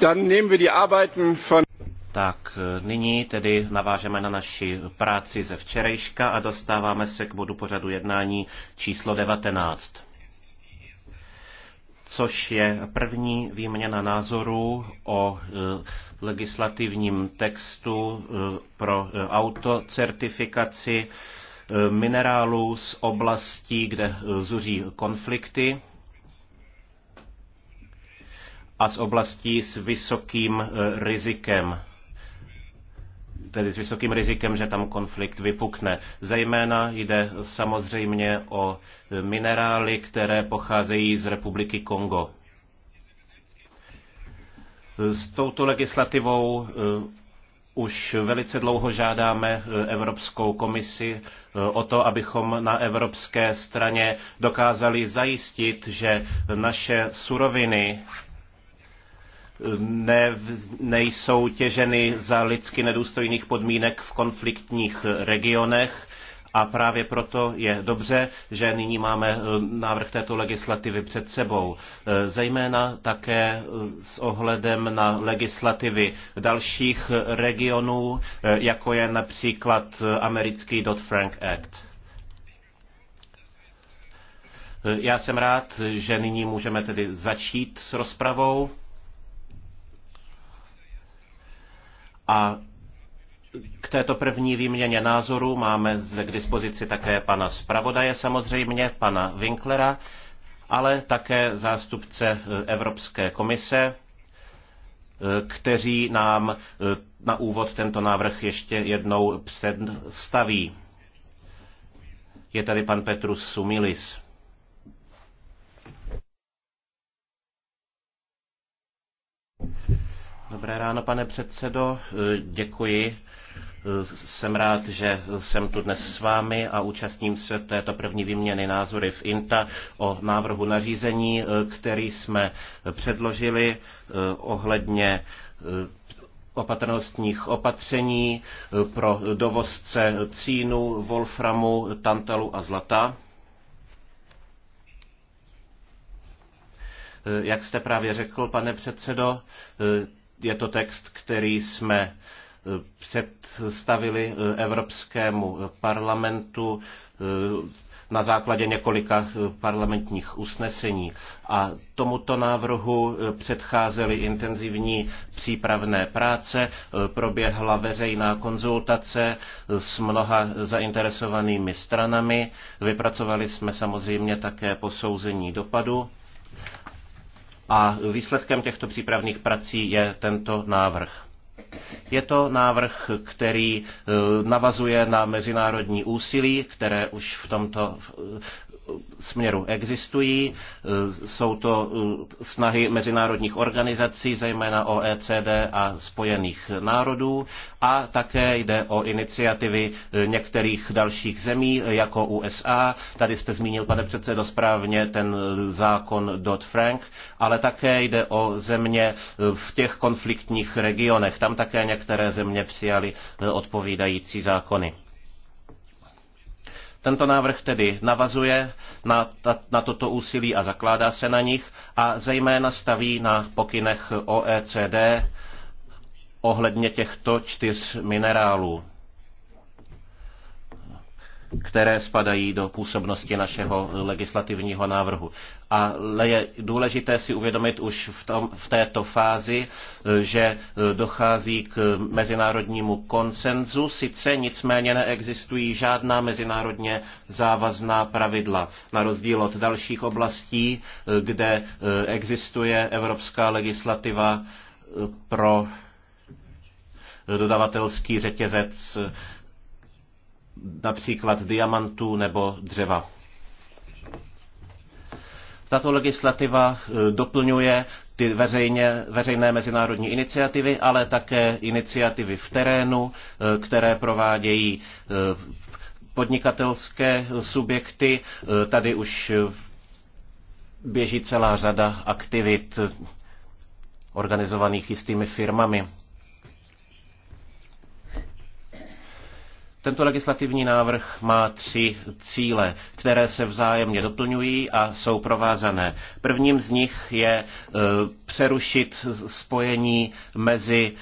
dann nehmen wir die Arbeiten von tak nyní tedy navážeme na naši práci ze včerejška a dostáváme se k bodu pořadu jednání číslo 19, což je první výměna názorů o eh, legislativním textu eh, pro eh, autocertifikaci minerálů z oblastí, kde zuří konflikty a z oblastí s vysokým eh, rizikem tedy s vysokým rizikem, že tam konflikt vypukne. Zejména jde samozřejmě o eh, minerály, které pocházejí z republiky Kongo. S touto legislativou eh, už velice dlouho žádáme Evropskou komisi o to, abychom na evropské straně dokázali zajistit, že naše suroviny ne, nejsou těženy za lidsky nedůstojných podmínek v konfliktních regionech. A právě proto je dobře, že nyní máme eh, návrh této legislativy před sebou. Eh, zejména také eh, s ohledem na legislativy dalších regionů, jako je například americký Dodd-Frank Act. Já jsem rád, že nyní můžeme tedy začít s rozpravou. A k této první výměně názorů máme zde k dispozici také pana zpravodaje samozřejmě, pana Winklera, ale také zástupce eh, Evropské komise, eh, kteří nám eh, na úvod tento návrh ještě jednou představí. Je tady pan Petrus Sumilis. Dobré ráno, pane předsedo. Děkuji. Jsem rád, že jsem tu dnes s vámi a účastním se této první výměny názory v INTA o návrhu nařízení, který jsme předložili eh, ohledně eh, opatrnostních opatření eh, pro dovozce cínu, wolframu, tantalu a zlata. Jak jste právě řekl, pane předsedo, je to text, který jsme eh, představili eh, Evropskému eh, parlamentu na základě několika parlamentních usnesení. A tomuto návrhu předcházely intenzivní přípravné práce, proběhla veřejná konzultace s mnoha zainteresovanými stranami, vypracovali jsme samozřejmě také posouzení dopadu a výsledkem těchto přípravných prací je tento návrh. Je to návrh, který eh, navazuje na mezinárodní úsilí, které už v tomto směru existují. Jsou to uh, snahy mezinárodních organizací, zejména OECD a Spojených národů a také jde o iniciativy uh, některých dalších zemí, uh, jako USA. Tady jste zmínil, pane předsedo, správně ten zákon Dodd-Frank, ale také jde o země v těch konfliktních regionech. Tam také některé země přijaly odpovídající zákony. Tento návrh tedy navazuje na, ta, na toto úsilí a zakládá se na nich a zejména staví na pokynech OECD ohledně těchto čtyř minerálů které spadají do působnosti našeho legislativního návrhu. A je důležité si uvědomit už v, tom, v této fázi, že dochází k mezinárodnímu konsenzu, sice nicméně neexistují žádná mezinárodně závazná pravidla, na rozdíl od dalších oblastí, kde existuje evropská legislativa pro dodavatelský řetězec například diamantů nebo dřeva. Tato legislativa eh, doplňuje ty veřejně, veřejné mezinárodní iniciativy, ale také iniciativy v terénu, eh, které provádějí eh, podnikatelské subjekty. Tady už běží celá řada aktivit organizovaných jistými firmami. Tento legislativní návrh má tři cíle, které se vzájemně doplňují a jsou provázané. Prvním z nich je e, přerušit spojení mezi e,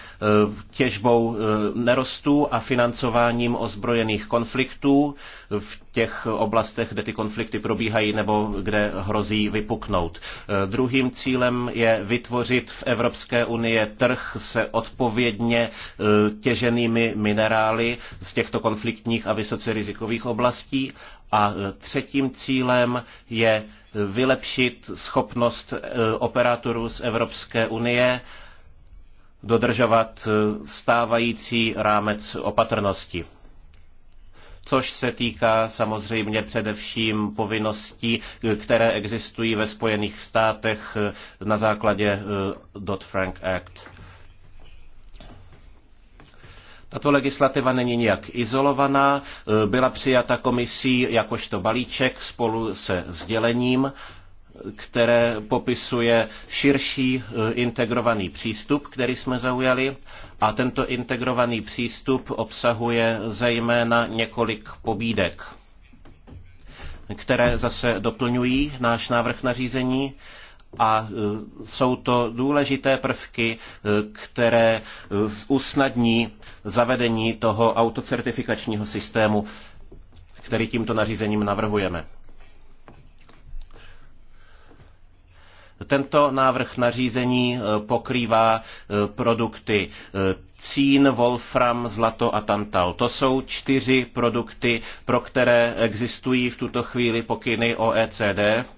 těžbou e, nerostů a financováním ozbrojených konfliktů, v těch oblastech, kde ty konflikty probíhají nebo kde hrozí vypuknout. Eh, druhým cílem je vytvořit v Evropské unii trh se odpovědně eh, těženými minerály z těchto konfliktních a vysoce rizikových oblastí. A eh, třetím cílem je vylepšit schopnost operátorů z Evropské unie dodržovat stávající rámec opatrnosti což se týká samozřejmě především povinností, které existují ve Spojených státech eh, na základě eh, Dodd-Frank Act. Tato legislativa není nijak izolovaná, eh, byla přijata komisí jakožto balíček spolu se sdělením které popisuje širší e, integrovaný přístup, který jsme zaujali. A tento integrovaný přístup obsahuje zejména několik pobídek, které zase doplňují náš návrh nařízení a e, jsou to důležité prvky, e, které usnadní zavedení toho autocertifikačního systému, který tímto nařízením navrhujeme. Tento návrh nařízení e, pokrývá e, produkty e, cín, wolfram, zlato a tantal. To jsou čtyři produkty, pro které existují v tuto chvíli pokyny OECD.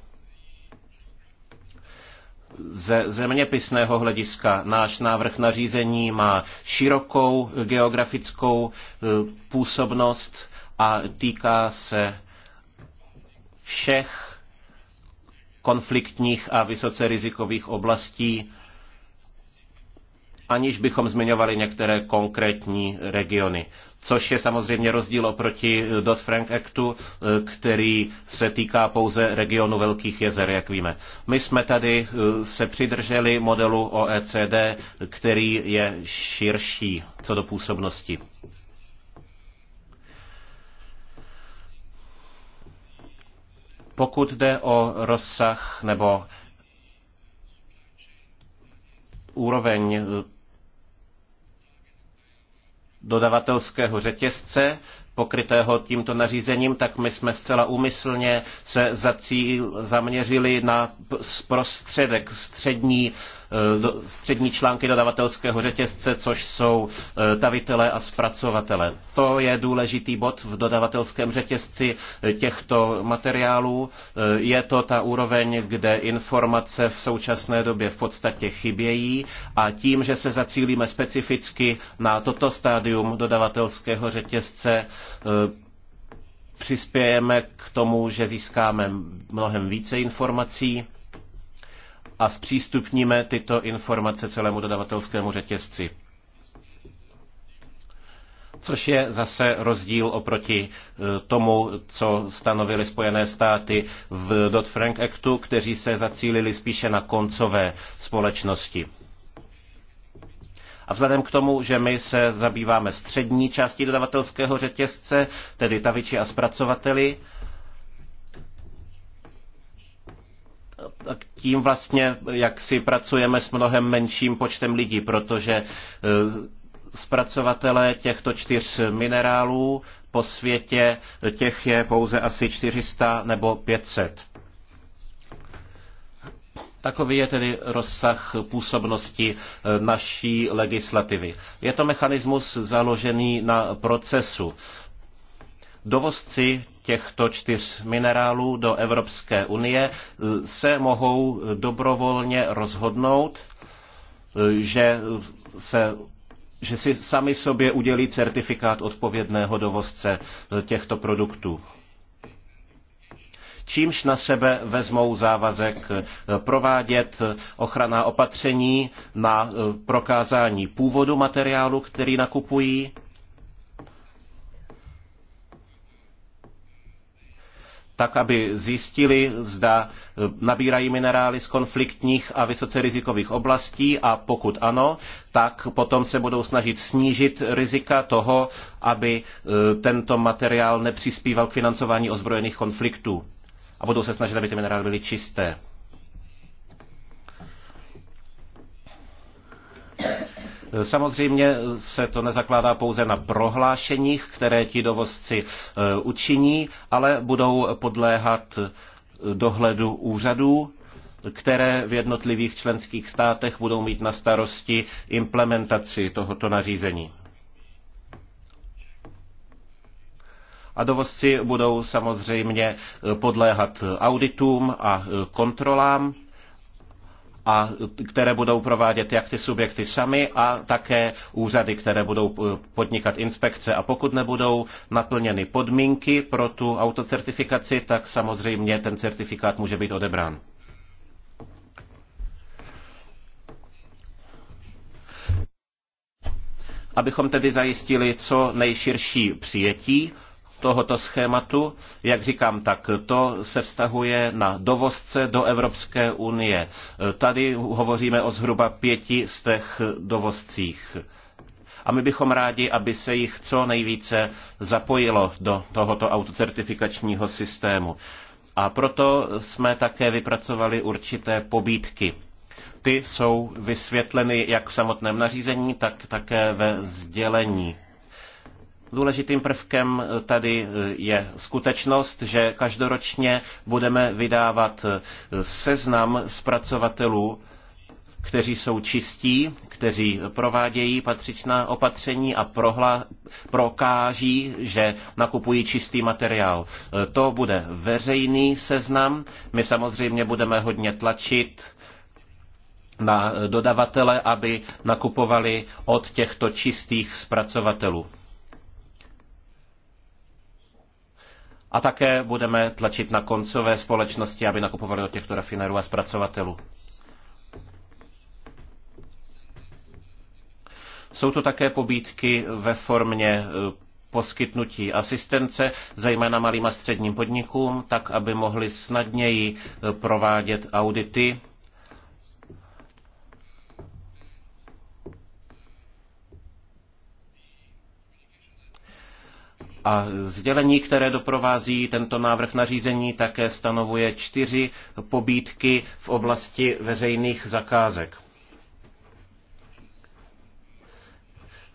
Ze zeměpisného hlediska náš návrh nařízení má širokou geografickou působnost a týká se všech konfliktních a vysoce rizikových oblastí, aniž bychom zmiňovali některé konkrétní regiony. Což je samozřejmě rozdíl oproti Dodd-Frank Actu, který se týká pouze regionu Velkých jezer, jak víme. My jsme tady eh, se přidrželi modelu OECD, který je širší co do působnosti. Pokud jde o rozsah nebo úroveň eh, dodavatelského řetězce pokrytého tímto nařízením, tak my jsme zcela úmyslně se za cíl zaměřili na prostředek střední Eh, střední články dodavatelského řetězce, což jsou tavitele eh, a zpracovatele. To je důležitý bod v dodavatelském řetězci eh, těchto materiálů. Je to ta úroveň, kde informace v současné době v podstatě chybějí a tím, že se zacílíme specificky na toto stádium dodavatelského řetězce, přispějeme k tomu, že získáme mnohem více informací a zpřístupníme tyto informace celému dodavatelskému řetězci. Což je zase rozdíl oproti e, tomu, co stanovili Spojené státy v Dodd-Frank Actu, kteří se zacílili spíše na koncové společnosti. A vzhledem k tomu, že my se zabýváme střední částí dodavatelského řetězce, tedy taviči a zpracovateli, tím vlastně, jak si pracujeme s mnohem menším počtem lidí, protože e, zpracovatele těchto čtyř minerálů po světě e, těch je pouze asi 400 nebo 500. Takový je tedy rozsah působnosti e, naší legislativy. Je to mechanismus založený na procesu. Dovozci těchto čtyř minerálů do Evropské unie e, se mohou dobrovolně rozhodnout, e, že, se, že si sami sobě udělí certifikát odpovědného dovozce e, těchto produktů čímž na sebe vezmou závazek provádět ochranná opatření na prokázání původu materiálu, který nakupují, tak, aby zjistili, zda eh, nabírají minerály z konfliktních a vysoce rizikových oblastí a pokud ano, tak potom se budou snažit snížit rizika toho, aby eh, tento materiál nepřispíval k financování ozbrojených konfliktů. A budou se snažit, aby ty minerály byly čisté. Samozřejmě se to nezakládá pouze na prohlášeních, které ti dovozci e, učiní, ale budou podléhat e, dohledu úřadů které v jednotlivých členských státech budou mít na starosti implementaci tohoto nařízení. A dovozci budou samozřejmě e, podléhat auditům a kontrolám a které budou provádět jak ty subjekty sami a také úřady, které budou eh, podnikat inspekce. A pokud nebudou naplněny podmínky pro tu autocertifikaci, tak samozřejmě ten certifikát může být odebrán. Abychom tedy zajistili co nejširší přijetí, tohoto schématu, jak říkám, tak to se vztahuje na dovozce do Evropské unie. Tady hovoříme o zhruba pěti z těch dovozcích. A my bychom rádi, aby se jich co nejvíce zapojilo do tohoto autocertifikačního systému. A proto jsme také vypracovali určité pobídky ty jsou vysvětleny jak v samotném nařízení, tak také ve sdělení. Důležitým prvkem eh, tady eh, je skutečnost, že každoročně budeme vydávat eh, seznam zpracovatelů kteří jsou čistí, kteří provádějí patřičná opatření a prohla, prokáží, že nakupují čistý materiál. To bude veřejný seznam. My samozřejmě budeme hodně tlačit na dodavatele, aby nakupovali od těchto čistých zpracovatelů. A také budeme tlačit na koncové společnosti, aby nakupovali od těchto rafinerů a zpracovatelů. Jsou to také pobídky ve formě e, poskytnutí asistence, zejména malým a středním podnikům, tak aby mohli snadněji e, provádět audity A sdělení, které doprovází tento návrh nařízení, také stanovuje čtyři pobídky v oblasti veřejných zakázek.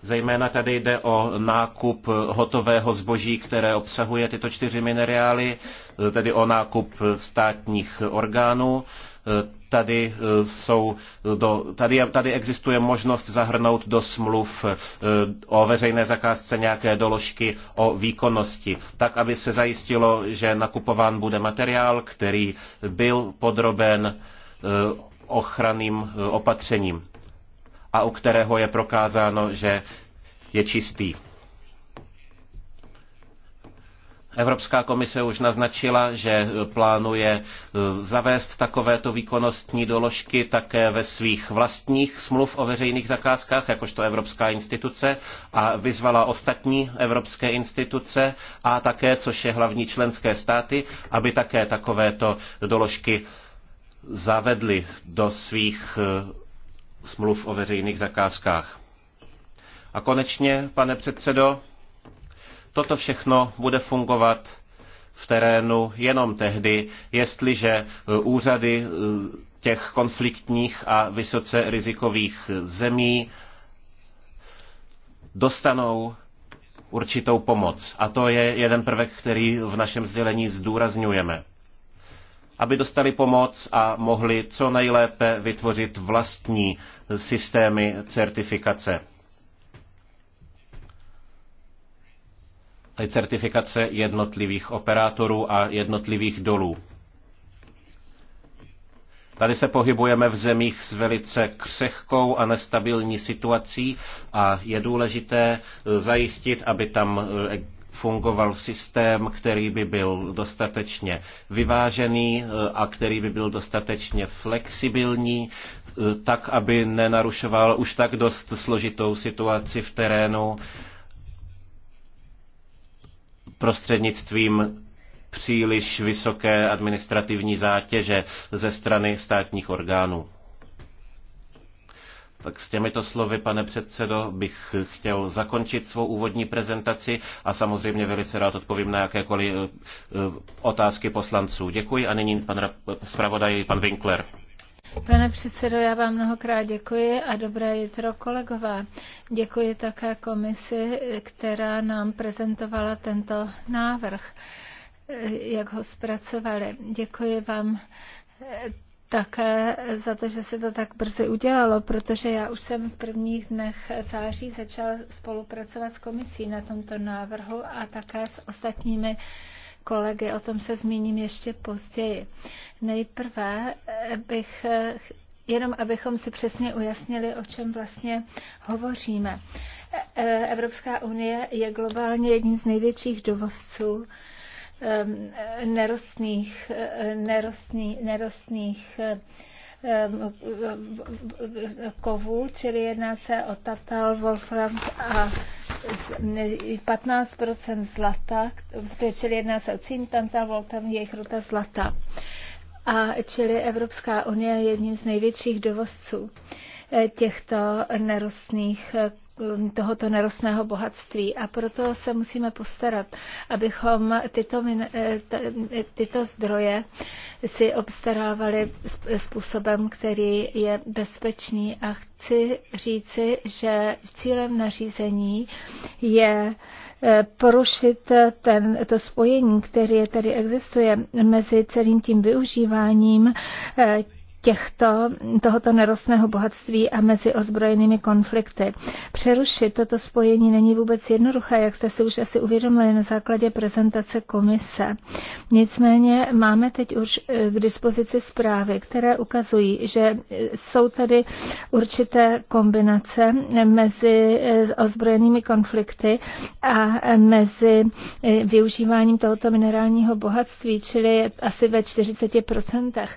Zejména tady jde o nákup hotového zboží, které obsahuje tyto čtyři minerály, tedy o nákup státních orgánů, tady, eh, jsou do, tady, tady existuje možnost zahrnout do smluv eh, o veřejné zakázce nějaké doložky o výkonnosti, tak aby se zajistilo, že nakupován bude materiál, který byl podroben eh, ochranným opatřením a u kterého je prokázáno, že je čistý. Evropská komise už naznačila, že eh, plánuje eh, zavést takovéto výkonnostní doložky také ve svých vlastních smluv o veřejných zakázkách, jakožto Evropská instituce, a vyzvala ostatní evropské instituce a také, což je hlavní členské státy, aby také takovéto doložky zavedly do svých eh, smluv o veřejných zakázkách. A konečně, pane předsedo, Toto všechno bude fungovat v terénu jenom tehdy, jestliže e, úřady e, těch konfliktních a vysoce rizikových zemí dostanou určitou pomoc. A to je jeden prvek, který v našem sdělení zdůrazňujeme. Aby dostali pomoc a mohli co nejlépe vytvořit vlastní systémy certifikace. certifikace jednotlivých operátorů a jednotlivých dolů. Tady se pohybujeme v zemích s velice křehkou a nestabilní situací a je důležité eh, zajistit, aby tam eh, fungoval systém, který by byl dostatečně vyvážený eh, a který by byl dostatečně flexibilní, tak, aby nenarušoval už tak dost složitou situaci v terénu prostřednictvím příliš vysoké administrativní zátěže ze strany státních orgánů. Tak s těmito slovy, pane předsedo, bych chtěl zakončit svou úvodní prezentaci a samozřejmě velice rád odpovím na jakékoliv eh, eh, otázky poslanců. Děkuji a nyní pan zpravodaj, pan Winkler. Pane předsedo, já vám mnohokrát děkuji a dobré jitro kolegové. Děkuji také komisi, která nám prezentovala tento návrh, jak ho zpracovali. Děkuji vám eh, také za to, že se to tak brzy udělalo, protože já už jsem v prvních dnech září začal spolupracovat s komisí na tomto návrhu a také s ostatními kolegy, o tom se zmíním ještě později. Nejprve eh, bych eh, jenom abychom si přesně ujasnili, o čem vlastně hovoříme. Eh, Evropská unie je globálně jedním z největších dovozců ehm, nerostných, nerostný, nerostných ehm, kovů, čili jedná se o tatal, wolfram a 15 zlata, čili jedná se o cintanta, voltam, je ruta zlata. A čili Evropská unie je jedním z největších dovozců. Eh, těchto nerostných eh, tohoto nerostného bohatství a proto se musíme postarat, abychom tyto, eh, tyto zdroje si obstarávali způsobem, který je bezpečný a chci říci, že cílem nařízení je porušit ten, to spojení, které tady existuje mezi celým tím využíváním těchto, tohoto nerostného bohatství a mezi ozbrojenými konflikty. Přerušit toto spojení není vůbec jednoduché, jak jste si už asi uvědomili na základě prezentace komise. Nicméně máme teď už eh, k dispozici zprávy, které ukazují, že eh, jsou tady určité kombinace mezi eh, ozbrojenými konflikty a mezi využíváním tohoto minerálního bohatství, čili asi ve 40%.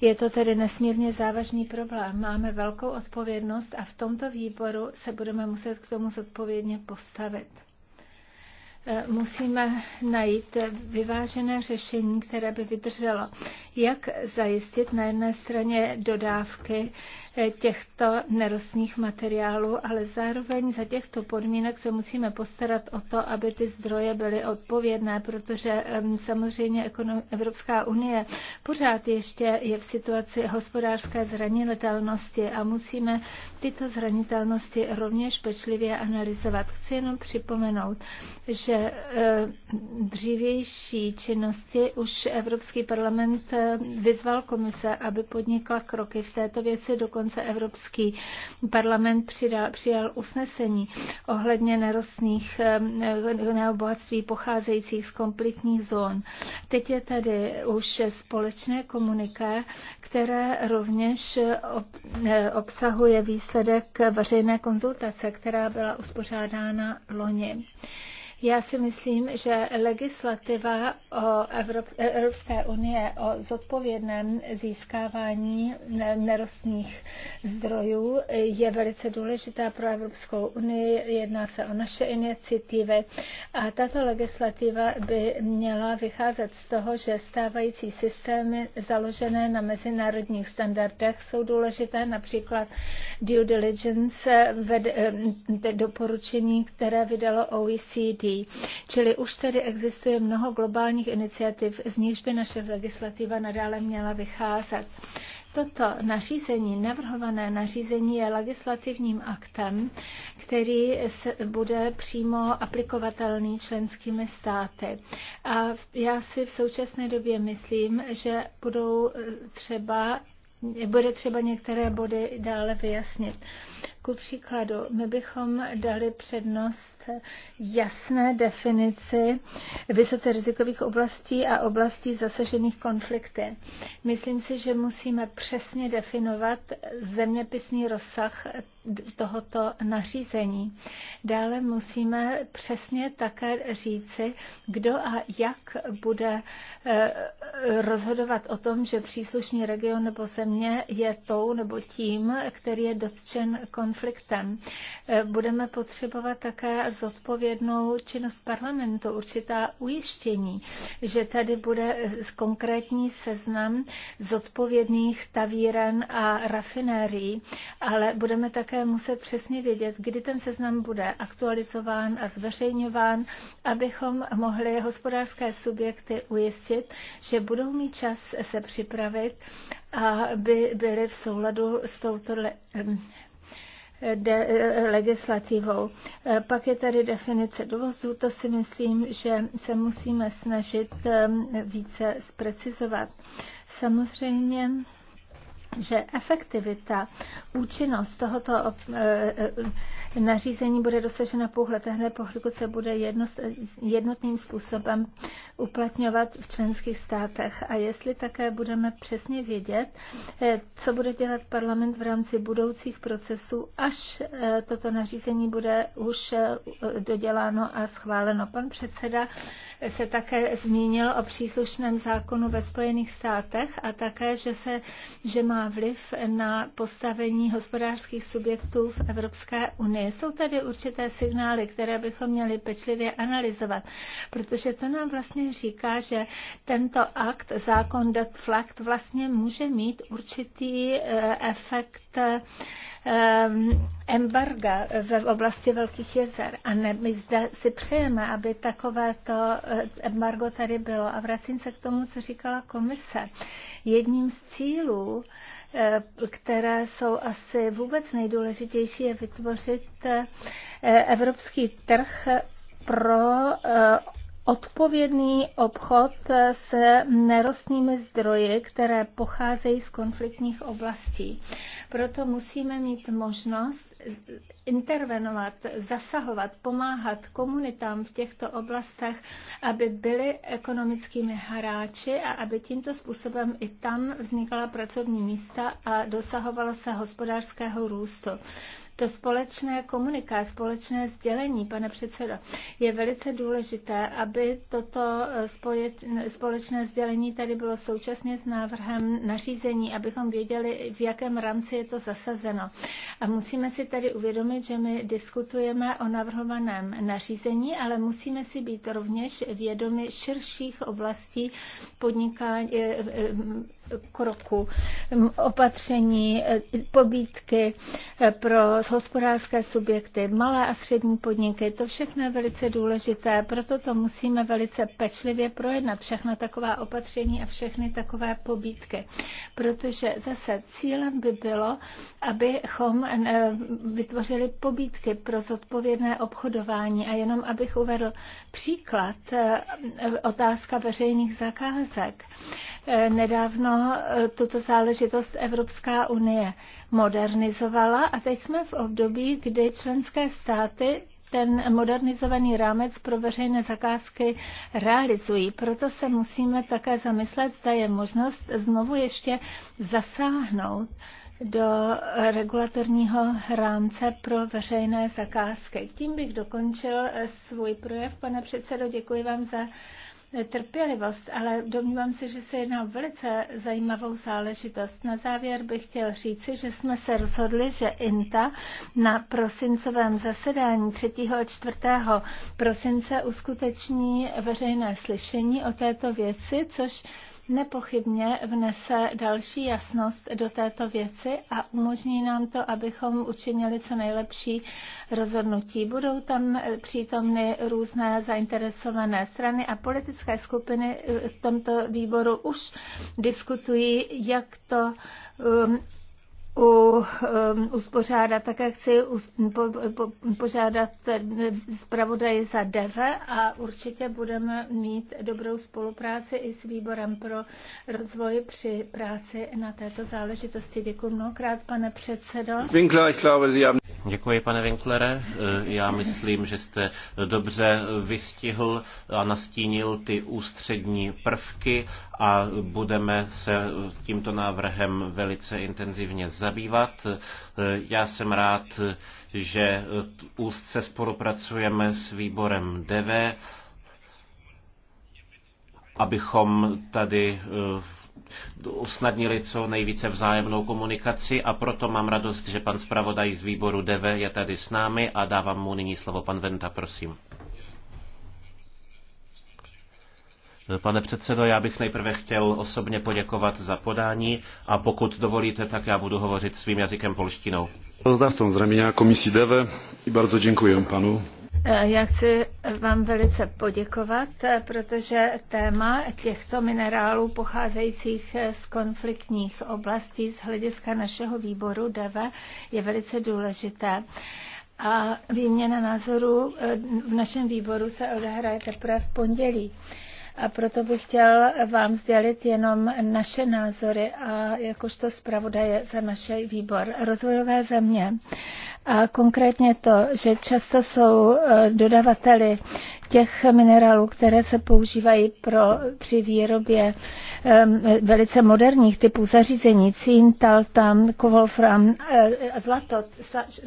Je to tedy nes nesmírně závažný problém. Máme velkou odpovědnost a v tomto výboru se budeme muset k tomu zodpovědně postavit. Eh, musíme najít vyvážené řešení, které by vydrželo. Jak zajistit na jedné straně dodávky Eh, těchto nerostných materiálů, ale zároveň za těchto podmínek se musíme postarat o to, aby ty zdroje byly odpovědné, protože samozřejmě Evropská unie pořád ještě je v situaci hospodářské zranitelnosti a musíme tyto zranitelnosti rovněž pečlivě analyzovat. Chci jenom připomenout, že eh, dřívější činnosti už Evropský parlament eh, vyzval komise, aby podnikla kroky v této věci dokonce dokonce Evropský parlament přidal, přijal usnesení ohledně nerostných neobohatství eh, eh, pocházejících z konfliktních zón. Teď je tady už společné komuniké, které rovněž eh, obsahuje výsledek veřejné konzultace, která byla uspořádána loni. Já si myslím, že legislativa o Evropské unie o zodpovědném získávání nerostných zdrojů je velice důležitá pro Evropskou unii. Jedná se o naše iniciativy a tato legislativa by měla vycházet z toho, že stávající systémy založené na mezinárodních standardech jsou důležité, například due diligence, eh, doporučení, které vydalo OECD zdraví. Čili už tedy existuje mnoho globálních iniciativ, z nichž by naše legislativa nadále měla vycházet. Toto nařízení, navrhované nařízení je legislativním aktem, který se bude přímo aplikovatelný členskými státy. A já si v současné době myslím, že budou třeba bude třeba některé body dále vyjasnit. Ku příkladu, my bychom dali přednost jasné definici vysoce rizikových oblastí a oblastí zasažených konflikty. Myslím si, že musíme přesně definovat zeměpisný rozsah tohoto nařízení. Dále musíme přesně také říci, kdo a jak bude eh, rozhodovat o tom, že příslušný region nebo země je tou nebo tím, který je dotčen konfliktem. Eh, budeme potřebovat také zodpovědnou činnost parlamentu, určitá ujištění, že tady bude konkrétní seznam zodpovědných tavíren a rafinérií, ale budeme také muset přesně vědět, kdy ten seznam bude aktualizován a zveřejňován, abychom mohli hospodářské subjekty ujistit, že budou mít čas se připravit a by byly v souladu s touto de, legislativou. Eh, pak je tady definice dovozu, to si myslím, že se musíme snažit eh, více zprecizovat. Samozřejmě že efektivita, účinnost tohoto eh, eh, nařízení bude dosažena pouhle tehle, pokud se bude jednotným způsobem uplatňovat v členských státech. A jestli také budeme přesně vědět, eh, co bude dělat parlament v rámci budoucích procesů, až toto nařízení bude už doděláno a schváleno. Pan předseda se také zmínil o příslušném zákonu ve Spojených státech a také, že, se, že má má vliv na postavení hospodářských subjektů v Evropské unii. Jsou tady určité signály, které bychom měli pečlivě analyzovat, protože to nám vlastně říká, že tento akt, zákon dat vlastně může mít určitý eh, efekt Ehm, embarga v oblasti Velkých jezer. A ne, my zde si přejeme, aby takovéto eh, embargo tady bylo. A vracím se k tomu, co říkala komise. Jedním z cílů, eh, které jsou asi vůbec nejdůležitější, je vytvořit eh, evropský trh pro odpovědný obchod s nerostnými zdroji, které pocházejí z konfliktních oblastí. Proto musíme mít možnost intervenovat, zasahovat, pomáhat komunitám v těchto oblastech, aby byly ekonomickými hráči a aby tímto způsobem i tam vznikala pracovní místa a dosahovalo se hospodářského růstu. To společné komuniká, společné sdělení, pane předsedo, je velice důležité, aby toto eh, společné sdělení tady bylo současně s návrhem nařízení, abychom věděli, v jakém rámci je to zasazeno. A musíme si tady uvědomit, že my diskutujeme o navrhovaném nařízení, ale musíme si být rovněž vědomi širších oblastí podnikání, eh, eh, kroku, opatření, e, pobídky e, pro hospodářské subjekty, malé a střední podniky, to všechno je velice důležité, proto to musíme velice pečlivě projednat, všechna taková opatření a všechny takové pobídky, protože zase cílem by bylo, abychom e, vytvořili pobídky pro zodpovědné obchodování a jenom abych uvedl příklad, otázka veřejných zakázek. Eh, nedávno eh, tuto záležitost Evropská unie modernizovala a teď jsme v období, kdy členské státy ten modernizovaný rámec pro veřejné zakázky realizují. Proto se musíme také zamyslet, zda je možnost znovu ještě zasáhnout do regulatorního rámce pro veřejné zakázky. Tím bych dokončil eh, svůj projev, pane předsedo. Děkuji vám za trpělivost, ale domnívám se, že se jedná o velice zajímavou záležitost. Na závěr bych chtěl říci, že jsme se rozhodli, že INTA na prosincovém zasedání 3. a 4. prosince uskuteční veřejné slyšení o této věci, což nepochybně vnese další jasnost do této věci a umožní nám to, abychom učinili co nejlepší rozhodnutí. Budou tam eh, přítomny různé zainteresované strany a politické skupiny eh, v tomto výboru už diskutují, jak to eh, u, um, uspořádat, také chci us, po, po, požádat eh, zpravodaji za DEVE a určitě budeme mít dobrou spolupráci i s výborem pro rozvoj při práci na této záležitosti. Děkuji mnohokrát, pane předsedo. Děkuji, pane Winklere. Eh, já myslím, že jste dobře vystihl a nastínil ty ústřední prvky a budeme se tímto návrhem velice intenzivně zabývat zabývat. Já jsem rád, že úzce spolupracujeme s výborem DV, abychom tady eh, usnadnili co nejvíce vzájemnou komunikaci a proto mám radost, že pan zpravodaj z výboru DV je tady s námi a dávám mu nyní slovo pan Venta, prosím. Pane předsedo, já bych nejprve chtěl osobně poděkovat za podání a pokud dovolíte, tak já budu hovořit svým jazykem polštinou. Rozdávcem z ramienia komisí DEVE i bardzo děkuji panu. Já chci vám velice poděkovat, protože téma těchto minerálů pocházejících z konfliktních oblastí z hlediska našeho výboru DEVE je velice důležité. A výměna názorů v našem výboru se odehraje teprve v pondělí a proto bych chtěl vám sdělit jenom naše názory a jakožto zpravodaje za naše výbor. Rozvojové země a konkrétně to, že často jsou eh, dodavateli těch minerálů, které se používají pro, při výrobě um, velice moderních typů zařízení, cín, taltan, kovolfram uh, zlato.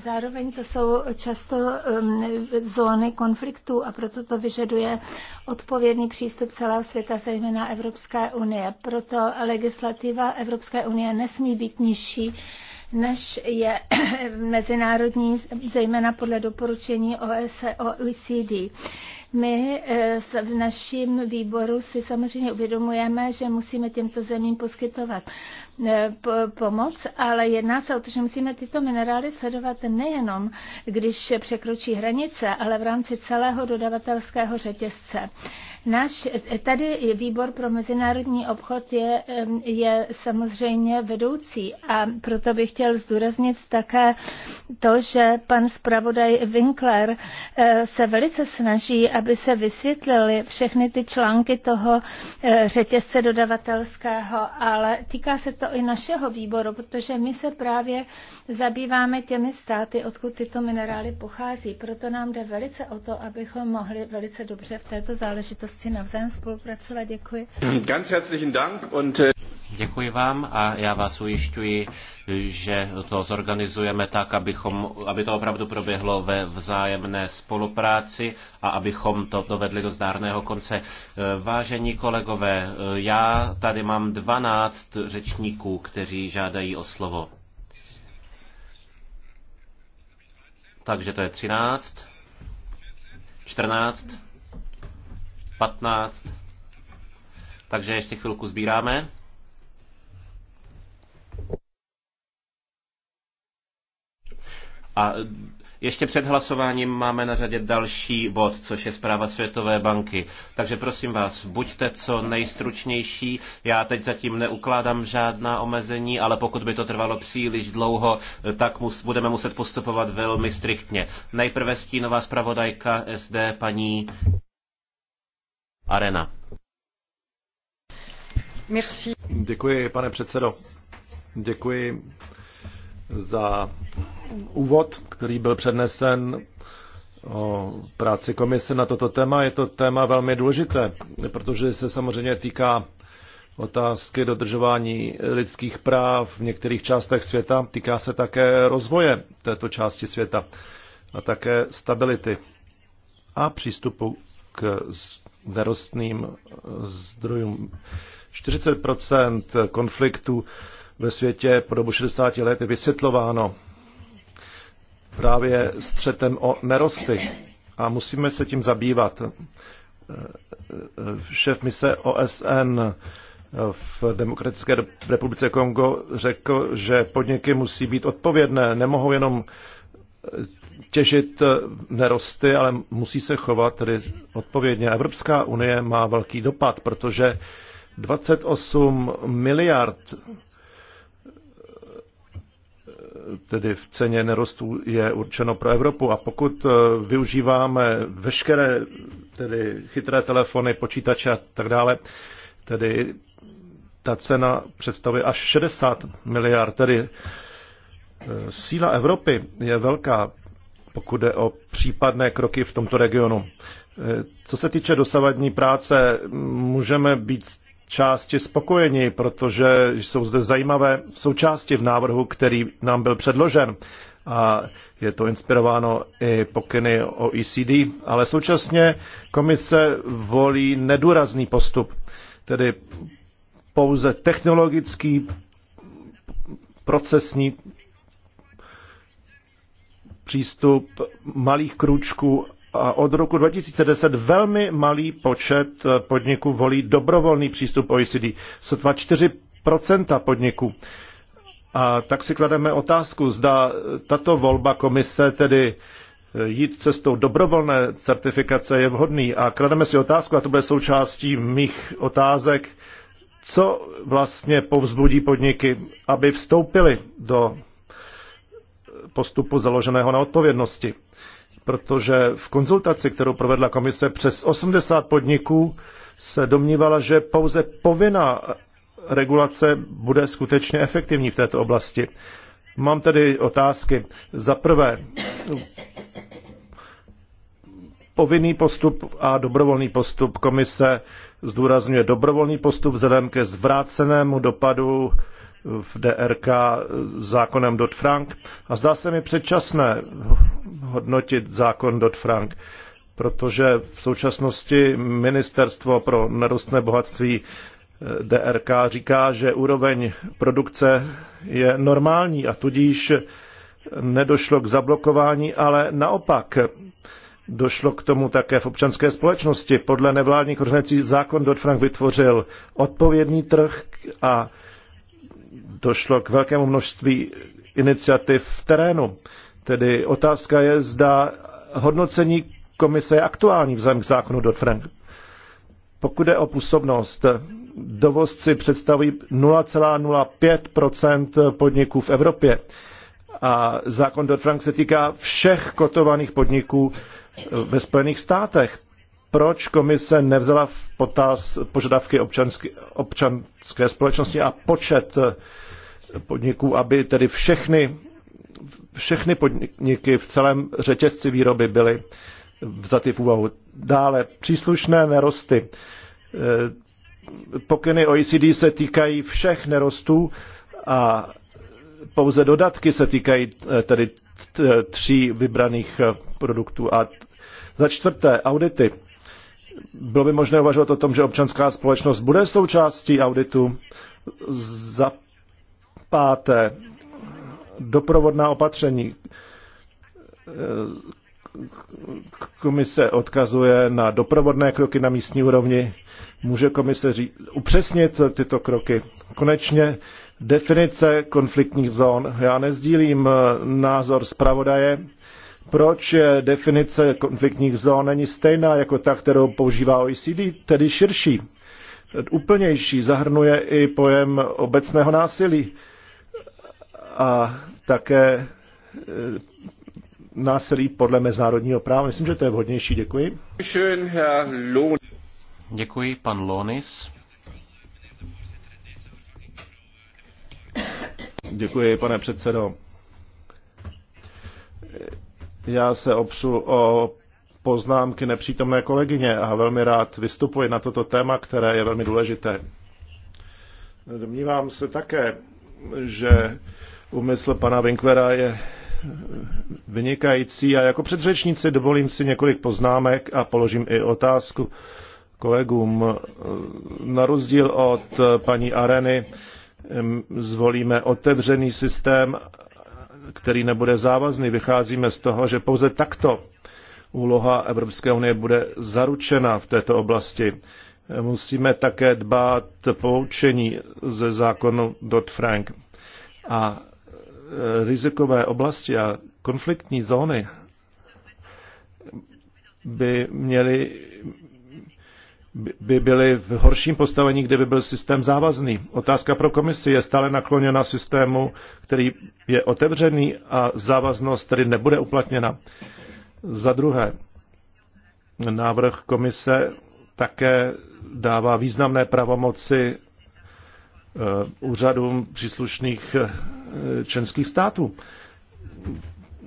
Zároveň to jsou často um, zóny konfliktů a proto to vyžaduje odpovědný přístup celého světa, zejména Evropské unie. Proto legislativa Evropské unie nesmí být nižší než je mezinárodní, zejména podle doporučení OECD. My eh, v našem výboru si samozřejmě uvědomujeme, že musíme těmto zemím poskytovat eh, pomoc, ale jedná se o to, že musíme tyto minerály sledovat nejenom, když překročí hranice, ale v rámci celého dodavatelského řetězce. Náš, tady výbor pro mezinárodní obchod je, je samozřejmě vedoucí a proto bych chtěl zdůraznit také to, že pan zpravodaj Winkler eh, se velice snaží, aby se vysvětlili všechny ty články toho eh, řetězce dodavatelského, ale týká se to i našeho výboru, protože my se právě zabýváme těmi státy, odkud tyto minerály pochází. Proto nám jde velice o to, abychom mohli velice dobře v této záležitosti možnosti navzájem spolupracovat. Děkuji. Ganz herzlichen Dank und äh, Děkuji vám a já vás ujišťuji, že to zorganizujeme tak, abychom, aby to opravdu proběhlo ve vzájemné spolupráci a abychom to dovedli do zdárného konce. Eh, vážení kolegové, eh, já tady mám 12 řečníků, kteří žádají o slovo. Takže to je 13, 14, 15. Takže ještě chvilku sbíráme. A ještě před hlasováním máme na řadě další bod, což je zpráva Světové banky. Takže prosím vás, buďte co nejstručnější. Já teď zatím neukládám žádná omezení, ale pokud by to trvalo příliš dlouho, tak mus, budeme muset postupovat velmi striktně. Nejprve stínová zpravodajka SD paní Arena. Merci. Děkuji, pane předsedo. Děkuji za úvod, který byl přednesen o práci komise na toto téma. Je to téma velmi důležité, protože se samozřejmě týká otázky dodržování lidských práv v některých částech světa. Týká se také rozvoje této části světa a také stability a přístupu k nerostným eh, zdrojům. 40 konfliktů ve světě po dobu 60 let je vysvětlováno právě střetem o nerosty a musíme se tím zabývat. Eh, eh, šéf mise OSN v Demokratické republice Kongo řekl, že podniky musí být odpovědné, nemohou jenom těžit eh, nerosty, ale musí se chovat tedy odpovědně. Evropská unie má velký dopad, protože 28 miliard eh, tedy v ceně nerostů je určeno pro Evropu a pokud eh, využíváme veškeré tedy chytré telefony, počítače a tak dále, tedy ta cena představuje až 60 miliard, tedy síla Evropy je velká, pokud jde o případné kroky v tomto regionu. E, co se týče dosavadní práce, můžeme být části spokojeni, protože jsou zde zajímavé součásti v návrhu, který nám byl předložen. A je to inspirováno i pokyny OECD, ale současně komise volí nedůrazný postup, tedy pouze technologický procesní přístup malých kručků a od roku 2010 velmi malý počet podniků volí dobrovolný přístup OECD, sotva 4 podniků. A tak si klademe otázku, zda tato volba komise tedy eh, jít cestou dobrovolné certifikace je vhodný. A klademe si otázku, a to bude součástí mých otázek, co vlastně povzbudí podniky, aby vstoupili do postupu založeného na odpovědnosti. Protože v konzultaci, kterou provedla komise, přes 80 podniků se domnívala, že pouze povinná regulace bude skutečně efektivní v této oblasti. Mám tedy otázky. Za prvé, povinný postup a dobrovolný postup. Komise zdůrazňuje dobrovolný postup vzhledem ke zvrácenému dopadu v DRK zákonem Dodd-Frank a zdá se mi předčasné hodnotit zákon Dodd-Frank, protože v současnosti Ministerstvo pro nerostné bohatství eh, DRK říká, že úroveň produkce je normální a tudíž nedošlo k zablokování, ale naopak došlo k tomu také v občanské společnosti. Podle nevládních organizací zákon Dodd-Frank vytvořil odpovědný trh a došlo k velkému množství iniciativ v terénu. Tedy otázka je, zda hodnocení komise je aktuální vzhledem k zákonu do frank Pokud je o působnost, dovozci představují 0,05 podniků v Evropě a zákon Dodd-Frank se týká všech kotovaných podniků ve Spojených státech proč komise nevzala v potaz požadavky občanské, občanské společnosti a počet eh, podniků, aby tedy všechny, všechny podniky v celém řetězci výroby byly vzaty v úvahu. Dále příslušné nerosty. Eh, pokyny OECD se týkají všech nerostů a pouze dodatky se týkají eh, tedy tří vybraných produktů. A za čtvrté, audity bylo by možné uvažovat o tom, že občanská společnost bude součástí auditu. Za páté, doprovodná opatření. Komise odkazuje na doprovodné kroky na místní úrovni. Může komise ří- upřesnit tyto kroky? Konečně definice konfliktních zón. Já nezdílím názor zpravodaje, proč definice konfliktních zón není stejná jako ta, kterou používá OECD, tedy širší. Úplnější zahrnuje i pojem obecného násilí a také e, násilí podle mezinárodního práva. Myslím, že to je vhodnější. Děkuji. Děkuji, pan Lonis. Děkuji, pane předsedo. Já se opřu o poznámky nepřítomné kolegyně a velmi rád vystupuji na toto téma, které je velmi důležité. Domnívám se také, že úmysl pana Winklera je vynikající a jako předřečníci dovolím si několik poznámek a položím i otázku kolegům. Na rozdíl od paní Areny zvolíme otevřený systém který nebude závazný. Vycházíme z toho, že pouze takto úloha Evropské unie bude zaručena v této oblasti. Musíme také dbát poučení ze zákonu Dodd-Frank. A e, rizikové oblasti a konfliktní zóny by měly by byly v horším postavení, kdyby byl systém závazný. Otázka pro komisi je stále nakloněna systému, který je otevřený a závaznost tedy nebude uplatněna. Za druhé, návrh komise také dává významné pravomoci eh, úřadům příslušných eh, členských států.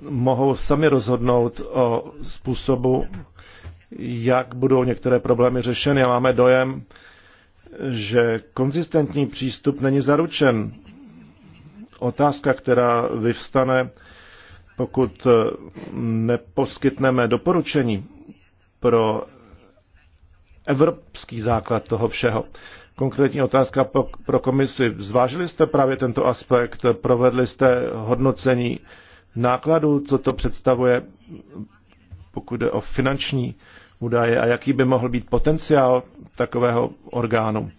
Mohou sami rozhodnout o způsobu jak budou některé problémy řešeny a máme dojem, že konzistentní přístup není zaručen. Otázka, která vyvstane, pokud eh, neposkytneme doporučení pro evropský základ toho všeho. Konkrétní otázka pro komisi. Zvážili jste právě tento aspekt, provedli jste hodnocení nákladů, co to představuje, pokud jde o finanční údaje a jaký by mohl být potenciál takového orgánu.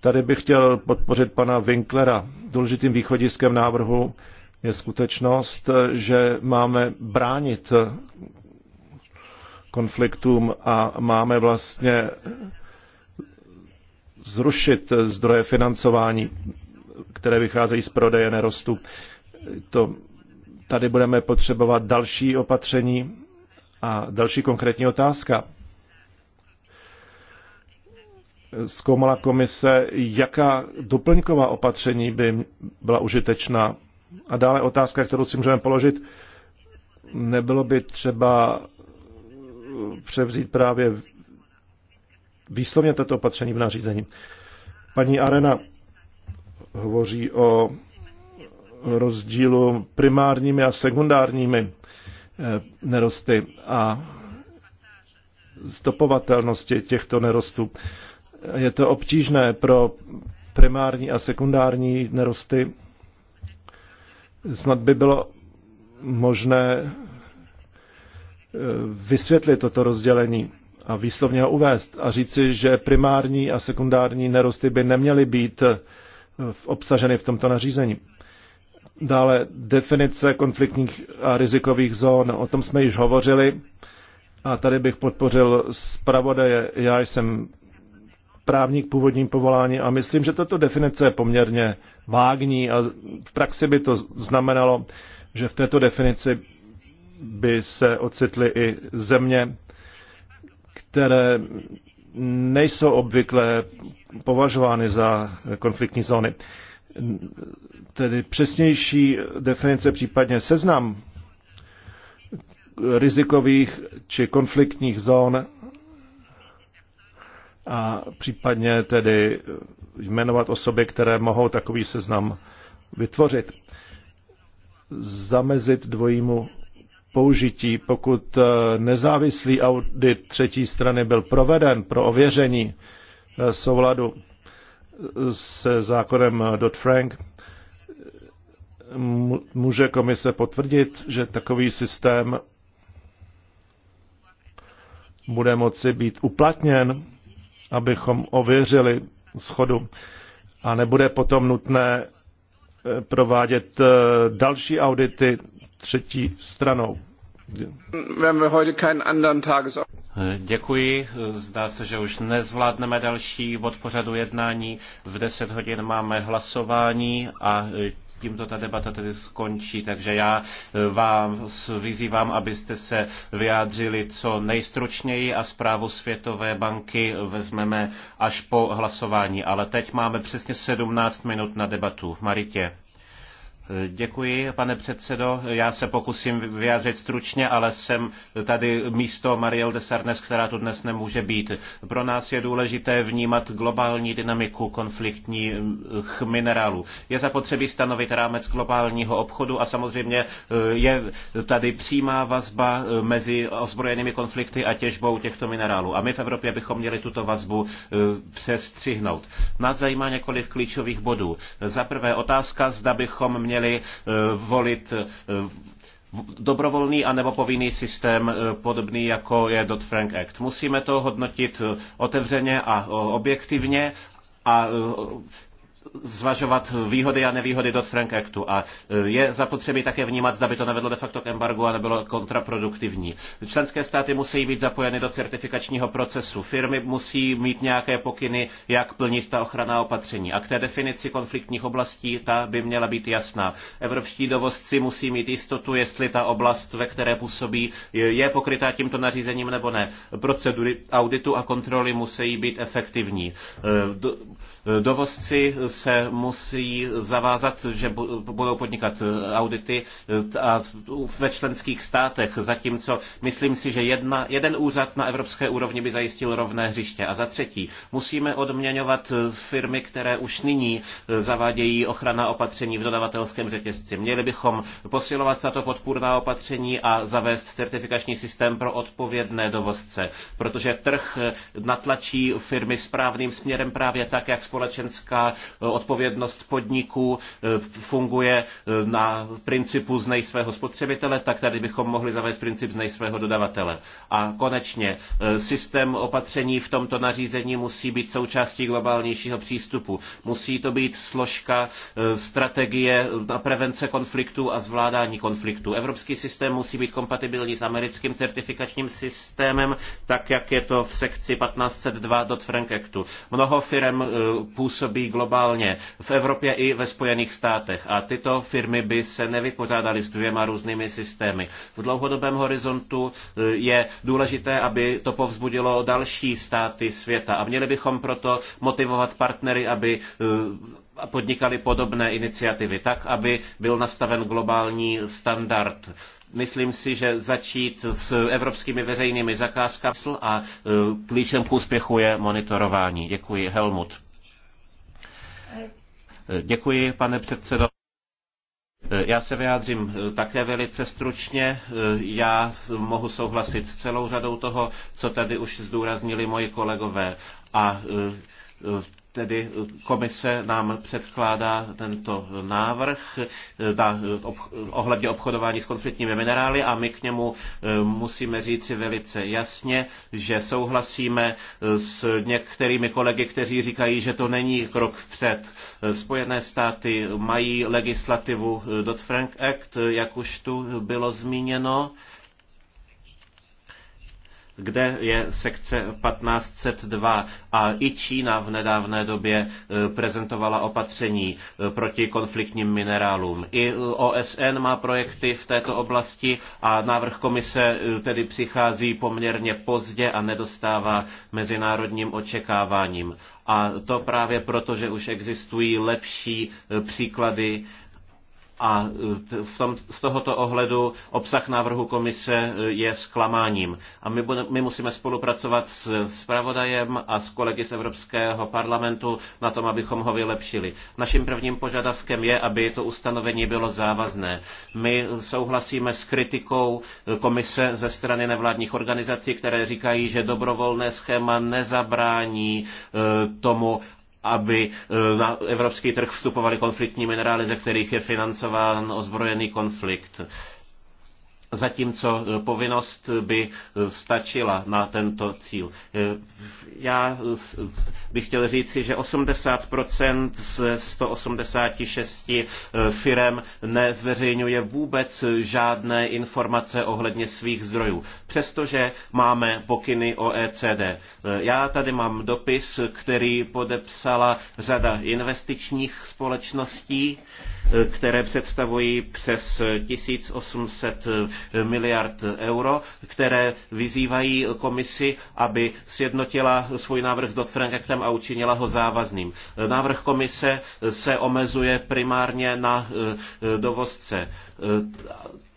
Tady bych chtěl podpořit pana Winklera. Důležitým východiskem návrhu je skutečnost, že máme bránit konfliktům a máme vlastně zrušit zdroje financování, které vycházejí z prodeje nerostu. To, tady budeme potřebovat další opatření a další konkrétní otázka. Zkoumala komise, jaká doplňková opatření by byla užitečná. A dále otázka, kterou si můžeme položit, nebylo by třeba převzít právě výslovně toto opatření v nařízení. Paní Arena hovoří o rozdílu primárními a sekundárními Eh, nerosty a stopovatelnosti těchto nerostů. Je to obtížné pro primární a sekundární nerosty. Snad by bylo možné eh, vysvětlit toto rozdělení a výslovně ho uvést a říci, že primární a sekundární nerosty by neměly být eh, obsaženy v tomto nařízení. Dále definice konfliktních a rizikových zón, o tom jsme již hovořili. A tady bych podpořil zpravodaje, já jsem právník původním povolání a myslím, že tato definice je poměrně vágní a v praxi by to znamenalo, že v této definici by se ocitly i země, které nejsou obvykle považovány za konfliktní zóny tedy přesnější definice, případně seznam rizikových či konfliktních zón a případně tedy jmenovat osoby, které mohou takový seznam vytvořit. Zamezit dvojímu použití, pokud eh, nezávislý audit třetí strany byl proveden pro ověření eh, souladu se zákonem Dodd-Frank může komise potvrdit, že takový systém bude moci být uplatněn, abychom ověřili schodu a nebude potom nutné eh, provádět eh, další audity třetí stranou. Děkuji. Zdá se, že už nezvládneme další bod pořadu jednání. V 10 hodin máme hlasování a e, tímto ta debata tedy skončí, takže já e, vám vyzývám, abyste se vyjádřili co nejstručněji a zprávu Světové banky vezmeme až po hlasování. Ale teď máme přesně 17 minut na debatu. Maritě. Děkuji, pane předsedo. Já se pokusím vyjádřit stručně, ale jsem tady místo Marielle de Sarnes, která tu dnes nemůže být. Pro nás je důležité vnímat globální dynamiku konfliktních minerálů. Je zapotřebí stanovit rámec globálního obchodu a samozřejmě eh, je tady přímá vazba eh, mezi ozbrojenými konflikty a těžbou těchto minerálů. A my v Evropě bychom měli tuto vazbu eh, přestřihnout. Nás zajímá několik klíčových bodů. Za prvé otázka, zda bychom měli měli eh, volit eh, dobrovolný a nebo povinný systém, eh, podobný jako je Dodd-Frank Act. Musíme to hodnotit otevřeně a objektivně a zvažovat výhody a nevýhody dot frank Actu. A e, je zapotřebí také vnímat, zda by to nevedlo de facto k embargu a nebylo kontraproduktivní. Členské státy musí být zapojeny do certifikačního procesu. Firmy musí mít nějaké pokyny, jak plnit ta ochranná opatření. A k té definici konfliktních oblastí, ta by měla být jasná. Evropští dovozci musí mít jistotu, jestli ta oblast, ve které působí, je pokrytá tímto nařízením nebo ne. Procedury auditu a kontroly musí být efektivní. E, Dovozci se musí zavázat, že budou podnikat audity a ve členských státech, zatímco myslím si, že jedna, jeden úřad na evropské úrovni by zajistil rovné hřiště. A za třetí, musíme odměňovat firmy, které už nyní zavádějí ochrana opatření v dodavatelském řetězci. Měli bychom posilovat za to podpůrná opatření a zavést certifikační systém pro odpovědné dovozce, protože trh natlačí firmy správným směrem právě tak, jak společenská eh, odpovědnost podniků eh, funguje eh, na principu znej svého spotřebitele, tak tady bychom mohli zavést princip znej svého dodavatele. A konečně systém opatření v tomto nařízení musí být součástí globálnějšího přístupu. Musí to být složka strategie na prevence konfliktů a zvládání konfliktů. Evropský systém musí být kompatibilní s americkým certifikačním systémem, tak jak je to v sekci 1502 dot Frankektu. Mnoho firm působí globálně v Evropě i ve Spojených státech. A tyto firmy by se nevypořádaly s dvěma různými systémy. V dlouhodobém horizontu eh, je důležité, aby to povzbudilo další státy světa. A měli bychom proto motivovat partnery, aby eh, podnikali podobné iniciativy tak, aby byl nastaven globální standard myslím si, že začít s evropskými veřejnými zakázkami a eh, klíčem k úspěchu je monitorování. Děkuji. Helmut. Děkuji, pane předsedo. Já se vyjádřím také velice stručně. Já mohu souhlasit s celou řadou toho, co tady už zdůraznili moji kolegové. A e, Tedy komise nám předkládá tento návrh na eh, eh, ob, ohledně obchodování s konfliktními minerály a my k němu eh, musíme říci velice jasně, že souhlasíme s některými kolegy, kteří říkají, že to není krok vpřed. Spojené státy mají legislativu Dodd-Frank Act, jak už tu bylo zmíněno, kde je sekce 1502 a i Čína v nedávné době e, prezentovala opatření e, proti konfliktním minerálům. I OSN má projekty v této oblasti a návrh komise e, tedy přichází poměrně pozdě a nedostává mezinárodním očekáváním. A to právě proto, že už existují lepší příklady a e, v tom, z tohoto ohledu obsah návrhu komise e, je zklamáním. A my, my musíme spolupracovat s zpravodajem a s kolegy z Evropského parlamentu na tom, abychom ho vylepšili. Naším prvním požadavkem je, aby to ustanovení bylo závazné. My souhlasíme s kritikou e, komise ze strany nevládních organizací, které říkají, že dobrovolné schéma nezabrání tomu, aby eh, na evropský trh vstupovaly konfliktní minerály, ze kterých je financován ozbrojený konflikt zatímco povinnost by stačila na tento cíl. Já bych chtěl říci, že 80% z 186 firem nezveřejňuje vůbec žádné informace ohledně svých zdrojů, přestože máme pokyny OECD. Já tady mám dopis, který podepsala řada investičních společností, které představují přes 1800 miliard euro, které vyzývají komisi, aby sjednotila svůj návrh s Dodd-Frank Actem a učinila ho závazným. Návrh komise se omezuje primárně na eh, dovozce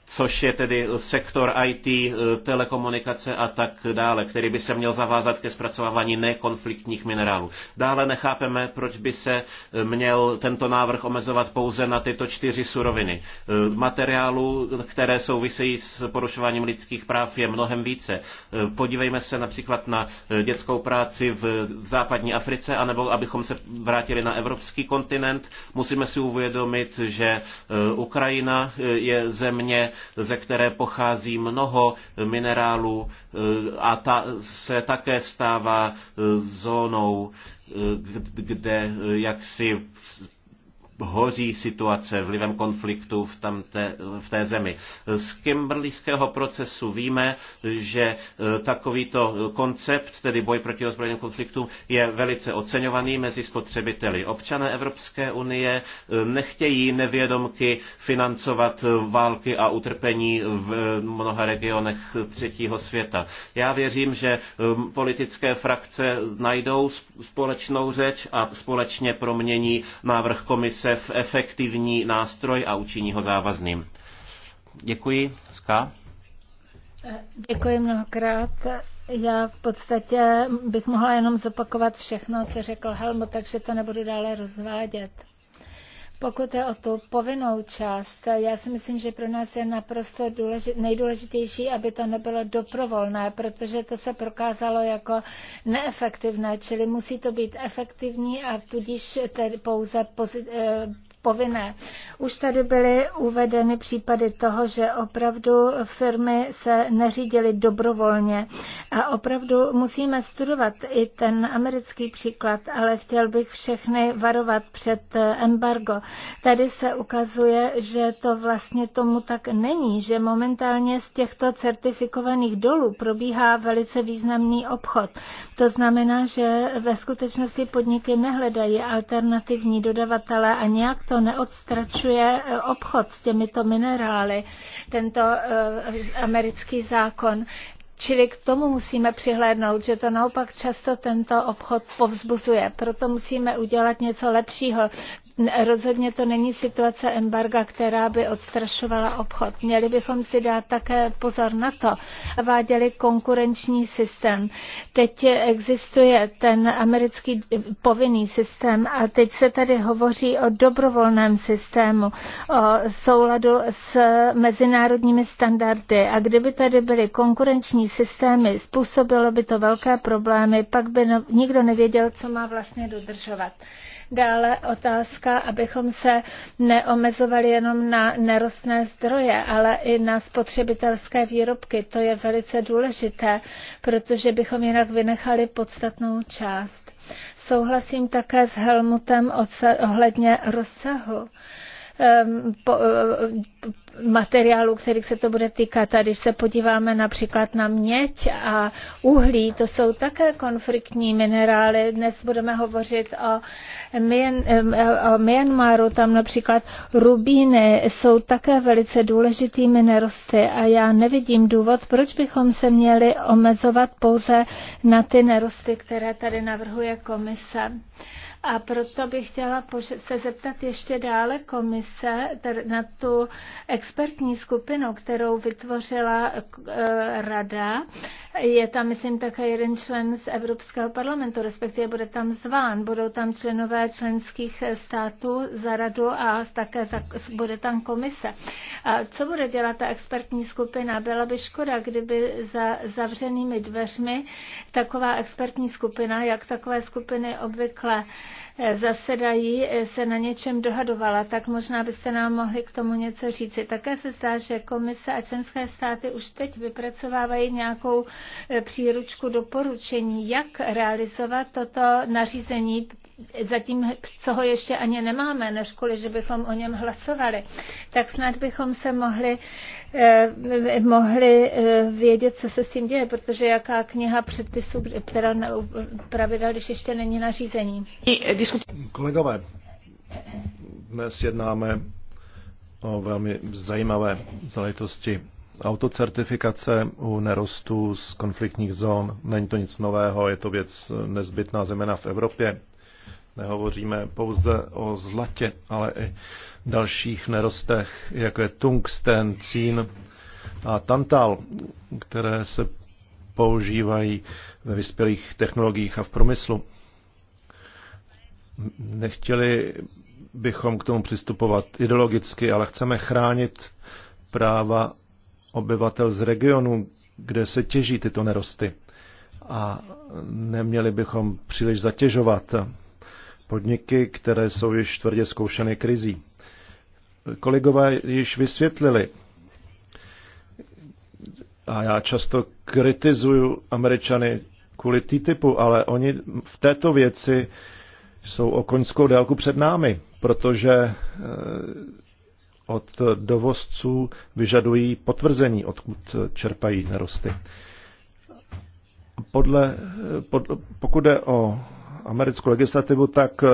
což je tedy sektor IT, eh, telekomunikace a tak dále, který by se měl zavázat ke zpracovávání nekonfliktních minerálů. Dále nechápeme, proč by se eh, měl tento návrh omezovat pouze na tyto čtyři suroviny. Eh, Materiálů, které souvisejí s porušováním lidských práv, je mnohem více. Podívejme se například na dětskou práci v západní Africe, anebo abychom se vrátili na evropský kontinent. Musíme si uvědomit, že Ukrajina je země, ze které pochází mnoho minerálů eh, a ta se také stává eh, zónou, eh, kde jaksi hoří situace vlivem konfliktu v, tamte, v té zemi. Z kimberlíského procesu víme, že e, takovýto koncept, tedy boj proti ozbrojeným konfliktům, je velice oceňovaný mezi spotřebiteli. Občané Evropské unie e, nechtějí nevědomky financovat války a utrpení v e, mnoha regionech třetího světa. Já věřím, že politické frakce najdou společnou řeč a společně promění návrh komise UNICEF efektivní nástroj a učiní ho závazným. Děkuji. Ska? Děkuji mnohokrát. Já v podstatě bych mohla jenom zopakovat všechno, co řekl Helmo, takže to nebudu dále rozvádět. Pokud je o tu povinnou část, já si myslím, že pro nás je naprosto důležit, nejdůležitější, aby to nebylo doprovolné, protože to se prokázalo jako neefektivné, čili musí to být efektivní a tudíž tedy pouze eh, povinné. Už tady byly uvedeny případy toho, že opravdu firmy se neřídily dobrovolně a opravdu musíme studovat i ten americký příklad, ale chtěl bych všechny varovat před embargo. Tady se ukazuje, že to vlastně tomu tak není, že momentálně z těchto certifikovaných dolů probíhá velice významný obchod. To znamená, že ve skutečnosti podniky nehledají alternativní dodavatele a nějak to to neodstračuje eh, obchod s těmito minerály, tento eh, americký zákon. Čili k tomu musíme přihlédnout, že to naopak často tento obchod povzbuzuje. Proto musíme udělat něco lepšího Rozhodně to není situace embarga, která by odstrašovala obchod. Měli bychom si dát také pozor na to. Váděli konkurenční systém. Teď existuje ten americký povinný systém a teď se tady hovoří o dobrovolném systému, o souladu s mezinárodními standardy. A kdyby tady byly konkurenční systémy, způsobilo by to velké problémy, pak by no, nikdo nevěděl, co má vlastně dodržovat. Dále otázka, abychom se neomezovali jenom na nerostné zdroje, ale i na spotřebitelské výrobky. To je velice důležité, protože bychom jinak vynechali podstatnou část. Souhlasím také s Helmutem ohledně rozsahu Ehm, eh, materiálů, kterých se to bude týkat. A když se podíváme například na měď a uhlí, to jsou také konfliktní minerály. Dnes budeme hovořit o, Myan, ehm, o Myanmaru, tam například rubíny jsou také velice důležitými nerosty a já nevidím důvod, proč bychom se měli omezovat pouze na ty nerosty, které tady navrhuje komise. A proto bych chtěla se zeptat ještě dále komise na tu expertní skupinu, kterou vytvořila eh, rada. Je tam, myslím, také jeden člen z Evropského parlamentu, respektive bude tam zván. Budou tam členové členských států za radu a také za, bude tam komise. A co bude dělat ta expertní skupina? Byla by škoda, kdyby za zavřenými dveřmi taková expertní skupina, jak takové skupiny obvykle zasedají, eh, se na něčem dohadovala, tak možná byste nám mohli k tomu něco říci. Také se zdá, že komise a členské státy už teď vypracovávají nějakou eh, příručku doporučení, jak realizovat toto nařízení zatím, co ho ještě ani nemáme, než kvůli, že bychom o něm hlasovali, tak snad bychom se mohli, eh, mohli eh, vědět, co se s tím děje, protože jaká kniha předpisů, která pravidel, když ještě není nařízení. Kolegové, dnes jednáme o velmi zajímavé záležitosti. Autocertifikace u nerostů z konfliktních zón, není to nic nového, je to věc nezbytná zejména v Evropě, Nehovoříme pouze o zlatě, ale i dalších nerostech, jako je tungsten, cín a tantal, které se používají ve vyspělých technologiích a v promyslu. Nechtěli bychom k tomu přistupovat ideologicky, ale chceme chránit práva obyvatel z regionu, kde se těží tyto nerosty. A neměli bychom příliš zatěžovat podniky, které jsou již tvrdě zkoušeny krizí. Kolegové již vysvětlili, a já často kritizuju Američany kvůli TTIPu, ale oni v této věci jsou o koňskou délku před námi, protože eh, od dovozců vyžadují potvrzení, odkud čerpají nerosty. Podle, eh, pod, pokud jde o americkou legislativu, tak eh,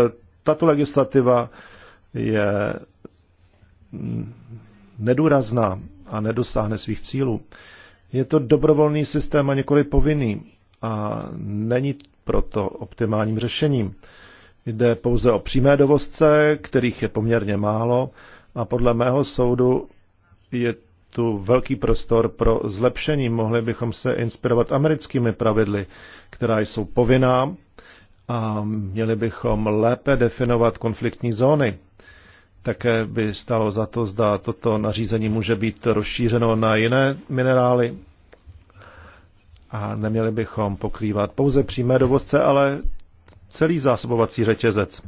tato legislativa je mm, nedůrazná a nedosáhne svých cílů. Je to dobrovolný systém a několik povinný a není proto optimálním řešením. Jde pouze o přímé dovozce, kterých je poměrně málo a podle mého soudu je tu velký prostor pro zlepšení. Mohli bychom se inspirovat americkými pravidly, která jsou povinná a měli bychom lépe definovat konfliktní zóny. Také by stalo za to, zda toto nařízení může být rozšířeno na jiné minerály a neměli bychom pokrývat pouze přímé dovozce, ale celý zásobovací řetězec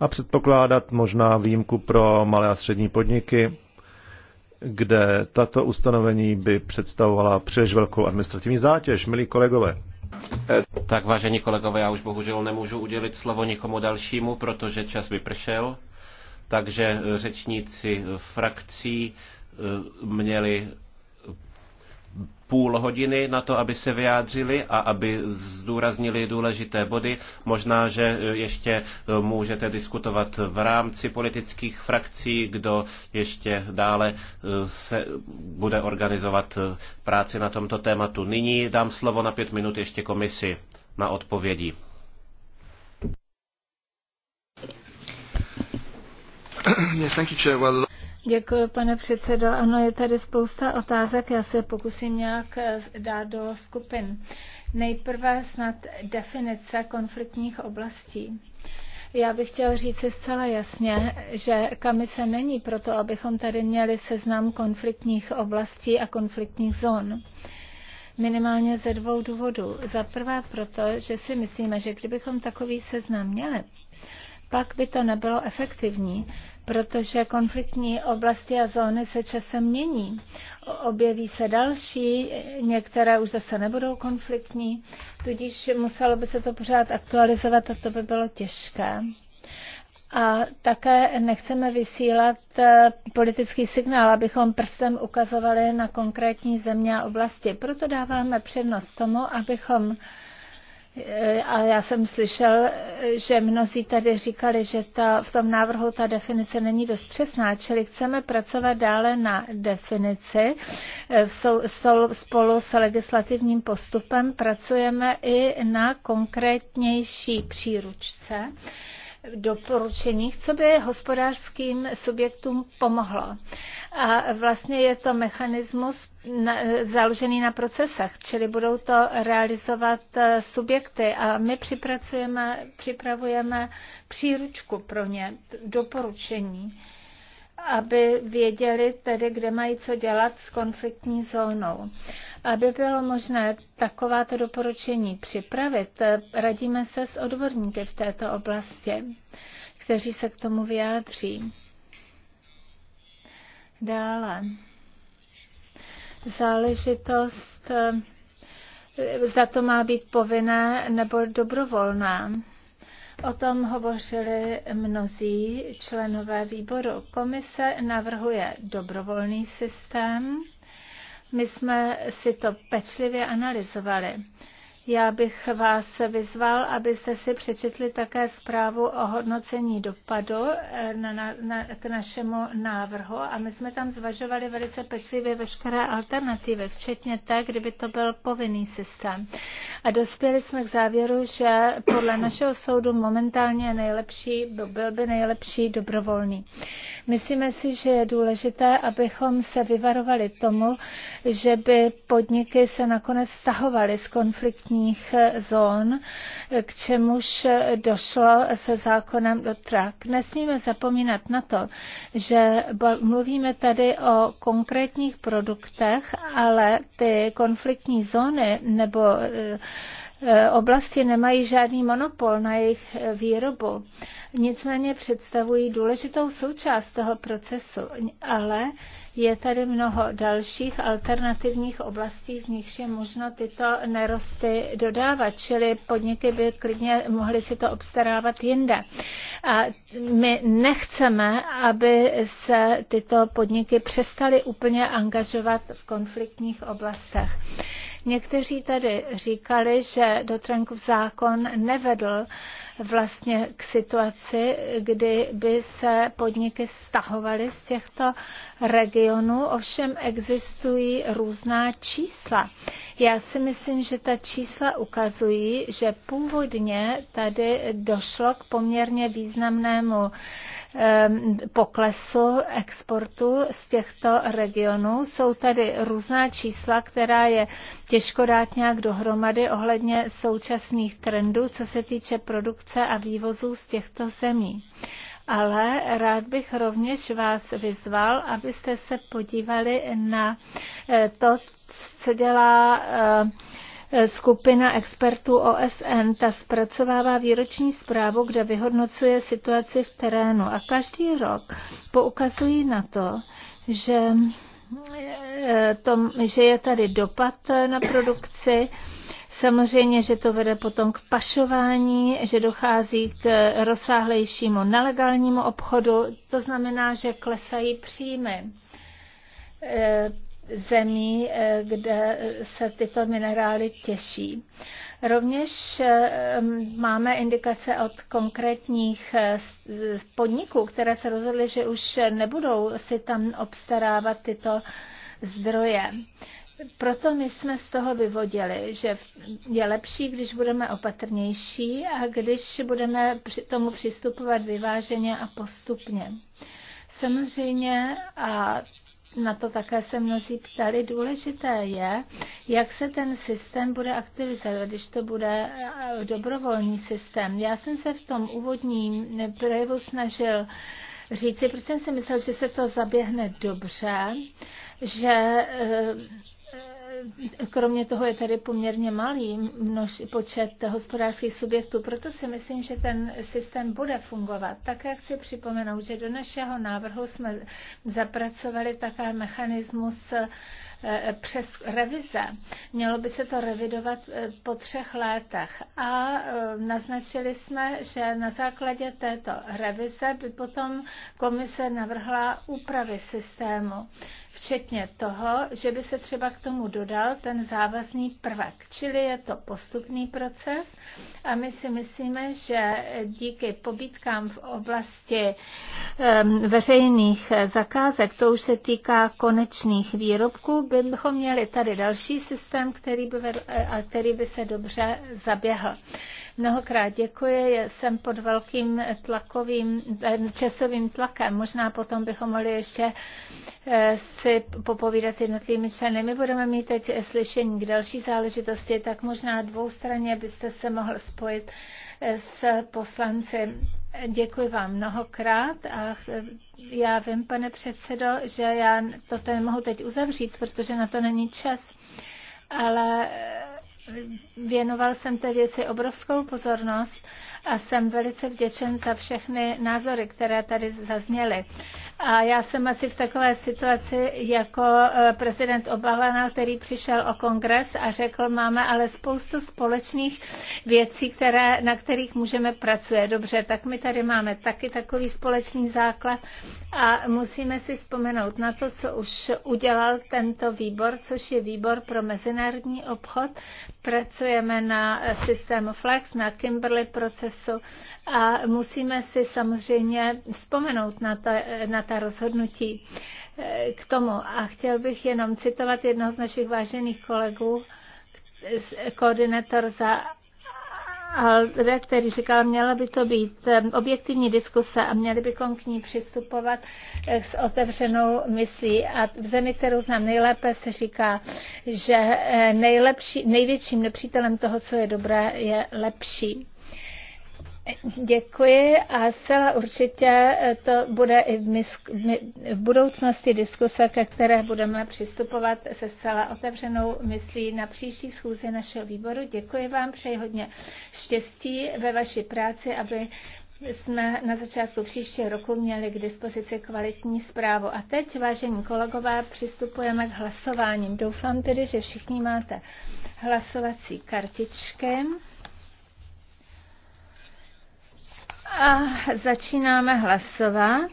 a předpokládat možná výjimku pro malé a střední podniky, kde tato ustanovení by představovala příliš velkou administrativní zátěž. Milí kolegové, tak vážení kolegové, já už bohužel nemůžu udělit slovo nikomu dalšímu, protože čas vypršel. Takže eh, řečníci eh, frakcí eh, měli půl hodiny na to, aby se vyjádřili a aby zdůraznili důležité body. Možná, že e, ještě e, můžete diskutovat v rámci politických frakcí, kdo ještě dále e, se bude organizovat práci na tomto tématu. Nyní dám slovo na pět minut ještě komisi na odpovědi. Yes, thank you, Chair. Well, Děkuji, pane předsedo. Ano, je tady spousta otázek, já se pokusím nějak eh, dát do skupin. Nejprve snad definice konfliktních oblastí. Já bych chtěl říct zcela jasně, že kamise není proto, abychom tady měli seznam konfliktních oblastí a konfliktních zón. Minimálně ze dvou důvodů. Za prvé proto, že si myslíme, že kdybychom takový seznam měli, pak by to nebylo efektivní, protože konfliktní oblasti a zóny se časem mění. Objeví se další, některé už zase nebudou konfliktní, tudíž muselo by se to pořád aktualizovat a to by bylo těžké. A také nechceme vysílat eh, politický signál, abychom prstem ukazovali na konkrétní země a oblasti. Proto dáváme přednost tomu, abychom a já jsem slyšel, že mnozí tady říkali, že ta, v tom návrhu ta definice není dost přesná, čili chceme pracovat dále na definici. Eh, sou, sou, spolu s legislativním postupem pracujeme i na konkrétnější příručce doporučeních, co by hospodářským subjektům pomohlo. A vlastně je to mechanismus na, založený na procesech, čili budou to realizovat eh, subjekty a my připravujeme příručku pro ně, doporučení aby věděli tedy, kde mají co dělat s konfliktní zónou. Aby bylo možné takováto doporučení připravit, radíme se s odborníky v této oblasti, kteří se k tomu vyjádří. Dále. Záležitost, eh, za to má být povinné nebo dobrovolná. O tom hovořili mnozí členové výboru. Komise navrhuje dobrovolný systém. My jsme si to pečlivě analyzovali. Já bych vás vyzval, abyste si přečetli také zprávu o hodnocení dopadu eh, na, na, na, k našemu návrhu a my jsme tam zvažovali velice pečlivě veškeré alternativy, včetně té, kdyby to byl povinný systém. A dospěli jsme k závěru, že podle našeho soudu momentálně nejlepší, byl by nejlepší dobrovolný. Myslíme si, že je důležité, abychom se vyvarovali tomu, že by podniky se nakonec stahovaly z konfliktní obchodních zón, k čemuž došlo se zákonem do trak. Nesmíme zapomínat na to, že mluvíme tady o konkrétních produktech, ale ty konfliktní zóny nebo e, e, oblasti nemají žádný monopol na jejich e, výrobu. Nicméně představují důležitou součást toho procesu, ale je tady mnoho dalších alternativních oblastí, z nichž je možno tyto nerosty dodávat, čili podniky by klidně mohly si to obstarávat jinde. A my nechceme, aby se tyto podniky přestaly úplně angažovat v konfliktních oblastech. Někteří tady říkali, že Dotrankův zákon nevedl vlastně k situaci, kdy by se podniky stahovaly z těchto regionů, ovšem existují různá čísla. Já si myslím, že ta čísla ukazují, že původně tady došlo k poměrně významnému Ehm, poklesu exportu z těchto regionů. Jsou tady různá čísla, která je těžko dát nějak dohromady ohledně současných trendů, co se týče produkce a vývozů z těchto zemí ale rád bych rovněž vás vyzval, abyste se podívali na eh, to, co dělá eh, skupina expertů OSN, ta zpracovává výroční zprávu, kde vyhodnocuje situaci v terénu. A každý rok poukazují na to, že, eh, to, že je tady dopad eh, na produkci, Samozřejmě, že to vede potom k pašování, že dochází k eh, rozsáhlejšímu nelegálnímu obchodu, to znamená, že klesají příjmy zemí, eh, kde eh, se tyto minerály těší. Rovněž eh, máme indikace od konkrétních podniků, které se rozhodly, že už nebudou si tam obstarávat tyto zdroje. Proto my jsme z toho vyvodili, že je lepší, když budeme opatrnější a když budeme tomu přistupovat vyváženě a postupně. Samozřejmě, a na to také se mnozí ptali, důležité je, jak se ten systém bude aktivizovat, když to bude eh, dobrovolný systém. Já jsem se v tom úvodním projevu snažil říci, protože jsem si myslel, že se to zaběhne dobře, že eh, kromě toho je tady poměrně malý množ, počet hospodářských subjektů, proto si myslím, že ten systém bude fungovat. Také chci připomenout, že do našeho návrhu jsme zapracovali také mechanismus Eh, přes revize. Mělo by se to revidovat eh, po třech letech. A eh, naznačili jsme, že na základě této revize by potom komise navrhla úpravy systému včetně toho, že by se třeba k tomu dodal ten závazný prvek. Čili je to postupný proces a my si myslíme, že díky pobítkám v oblasti veřejných zakázek, to už se týká konečných výrobků, bychom měli tady další systém, který by, vedl, eh, a který by se dobře zaběhl. Mnohokrát děkuji, jsem pod velkým tlakovým, eh, časovým tlakem. Možná potom bychom mohli ještě eh, si popovídat s jednotlivými členy. My budeme mít teď slyšení k další záležitosti, tak možná dvoustraně byste se mohl spojit s poslanci Děkuji vám mnohokrát a já vím, pane předsedo, že já toto nemohu teď uzavřít, protože na to není čas, ale eh, věnoval jsem té věci obrovskou pozornost a jsem velice vděčen za všechny názory, které tady zazněly. A já jsem asi v takové situaci jako eh, prezident Obama, který přišel o kongres a řekl, máme ale spoustu společných věcí, které, na kterých můžeme pracovat. Dobře, tak my tady máme taky takový společný základ a musíme si vzpomenout na to, co už udělal tento výbor, což je výbor pro mezinárodní obchod. Pracujeme na eh, systému Flex, na Kimberley procesu a musíme si samozřejmě vzpomenout na ta, na ta rozhodnutí eh, k tomu. A chtěl bych jenom citovat jednoho z našich vážených kolegů, eh, koordinátor za Alde, který říkal, měla by to být eh, objektivní diskuse a měli bychom k ní přistupovat s otevřenou myslí. A v zemi, kterou znám nejlépe, se říká, že nejlepší, největším nepřítelem toho, co je dobré, je lepší. Děkuji a zcela určitě eh, to bude i v, misk, v budoucnosti diskuse, ke které budeme přistupovat se zcela otevřenou myslí na příští schůzi našeho výboru. Děkuji vám, přeji hodně štěstí ve vaší práci, aby jsme na začátku příštího roku měli k dispozici kvalitní zprávu. A teď, vážení kolegové, přistupujeme k hlasováním. Doufám tedy, že všichni máte hlasovací kartičky. A začínáme hlasovat.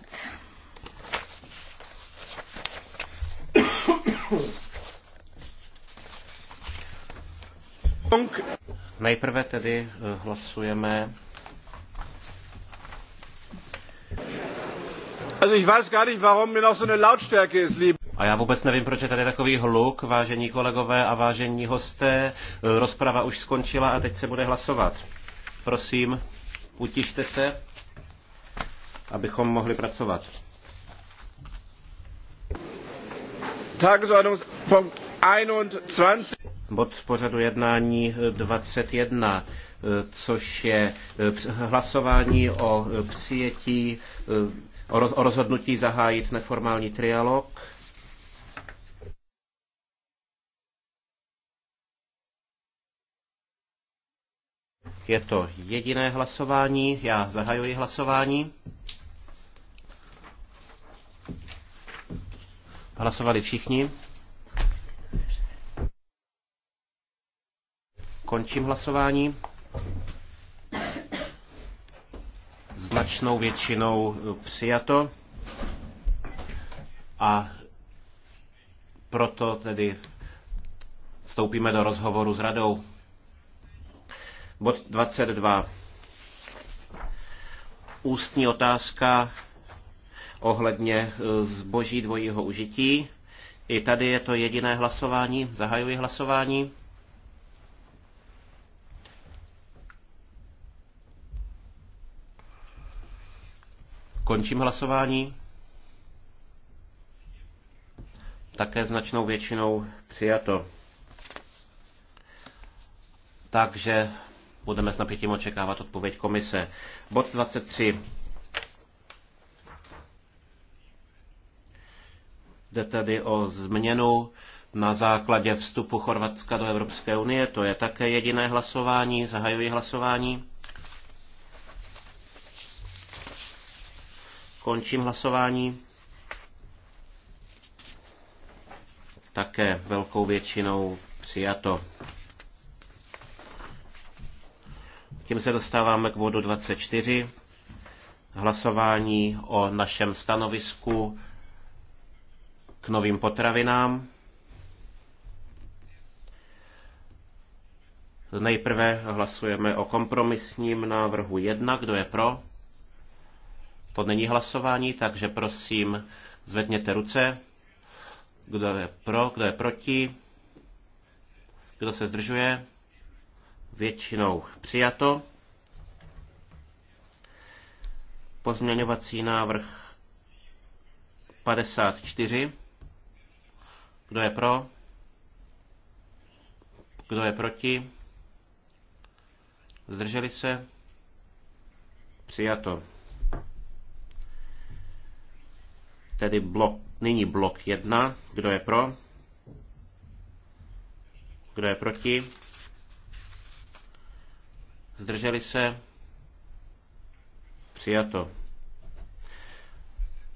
Nejprve tedy eh, hlasujeme. Also ich weiß gar nicht, warum mir noch so eine Lautstärke ist, lieb. A já vůbec nevím, proč je tady takový hluk, vážení kolegové a vážení hosté. Eh, rozprava už skončila a teď se bude hlasovat. Prosím utište se, abychom mohli pracovat. Tagesordnungspunkt 21. Bod pořadu jednání 21, eh, eh, což je eh, hlasování o přijetí, o rozhodnutí zahájit neformální trialog. Je to jediné hlasování. Já zahajuji hlasování. Hlasovali všichni. Končím hlasování. Značnou většinou přijato. A proto tedy vstoupíme do rozhovoru s radou. Bod 22. Ústní otázka ohledně e, zboží dvojího užití. I tady je to jediné hlasování. Zahajuji hlasování. Končím hlasování. Také značnou většinou přijato. Takže Budeme s napětím očekávat odpověď komise. Bod 23. Jde tedy o změnu na základě vstupu Chorvatska do Evropské unie. To je také jediné hlasování. Zahajuji hlasování. Končím hlasování. Také velkou většinou přijato. Tím se dostáváme k bodu 24, hlasování o našem stanovisku k novým potravinám. Nejprve hlasujeme o kompromisním návrhu 1. Kdo je pro? To není hlasování, takže prosím, zvedněte ruce. Kdo je pro, kdo je proti? Kdo se zdržuje? většinou přijato. Pozměňovací návrh 54. Kdo je pro? Kdo je proti? Zdrželi se? Přijato. Tedy blok, nyní blok 1. Kdo je pro? Kdo je proti? Zdrželi se? Přijato.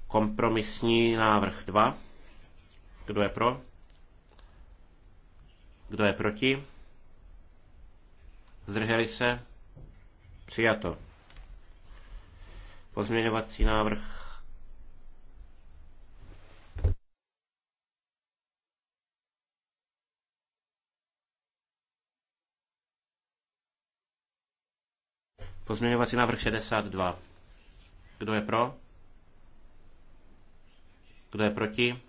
Kompromisní návrh 2. Kdo je pro? Kdo je proti? Zdrželi se? Přijato. Pozměňovací návrh Pozměňovací návrh 62. Kdo je pro? Kdo je proti?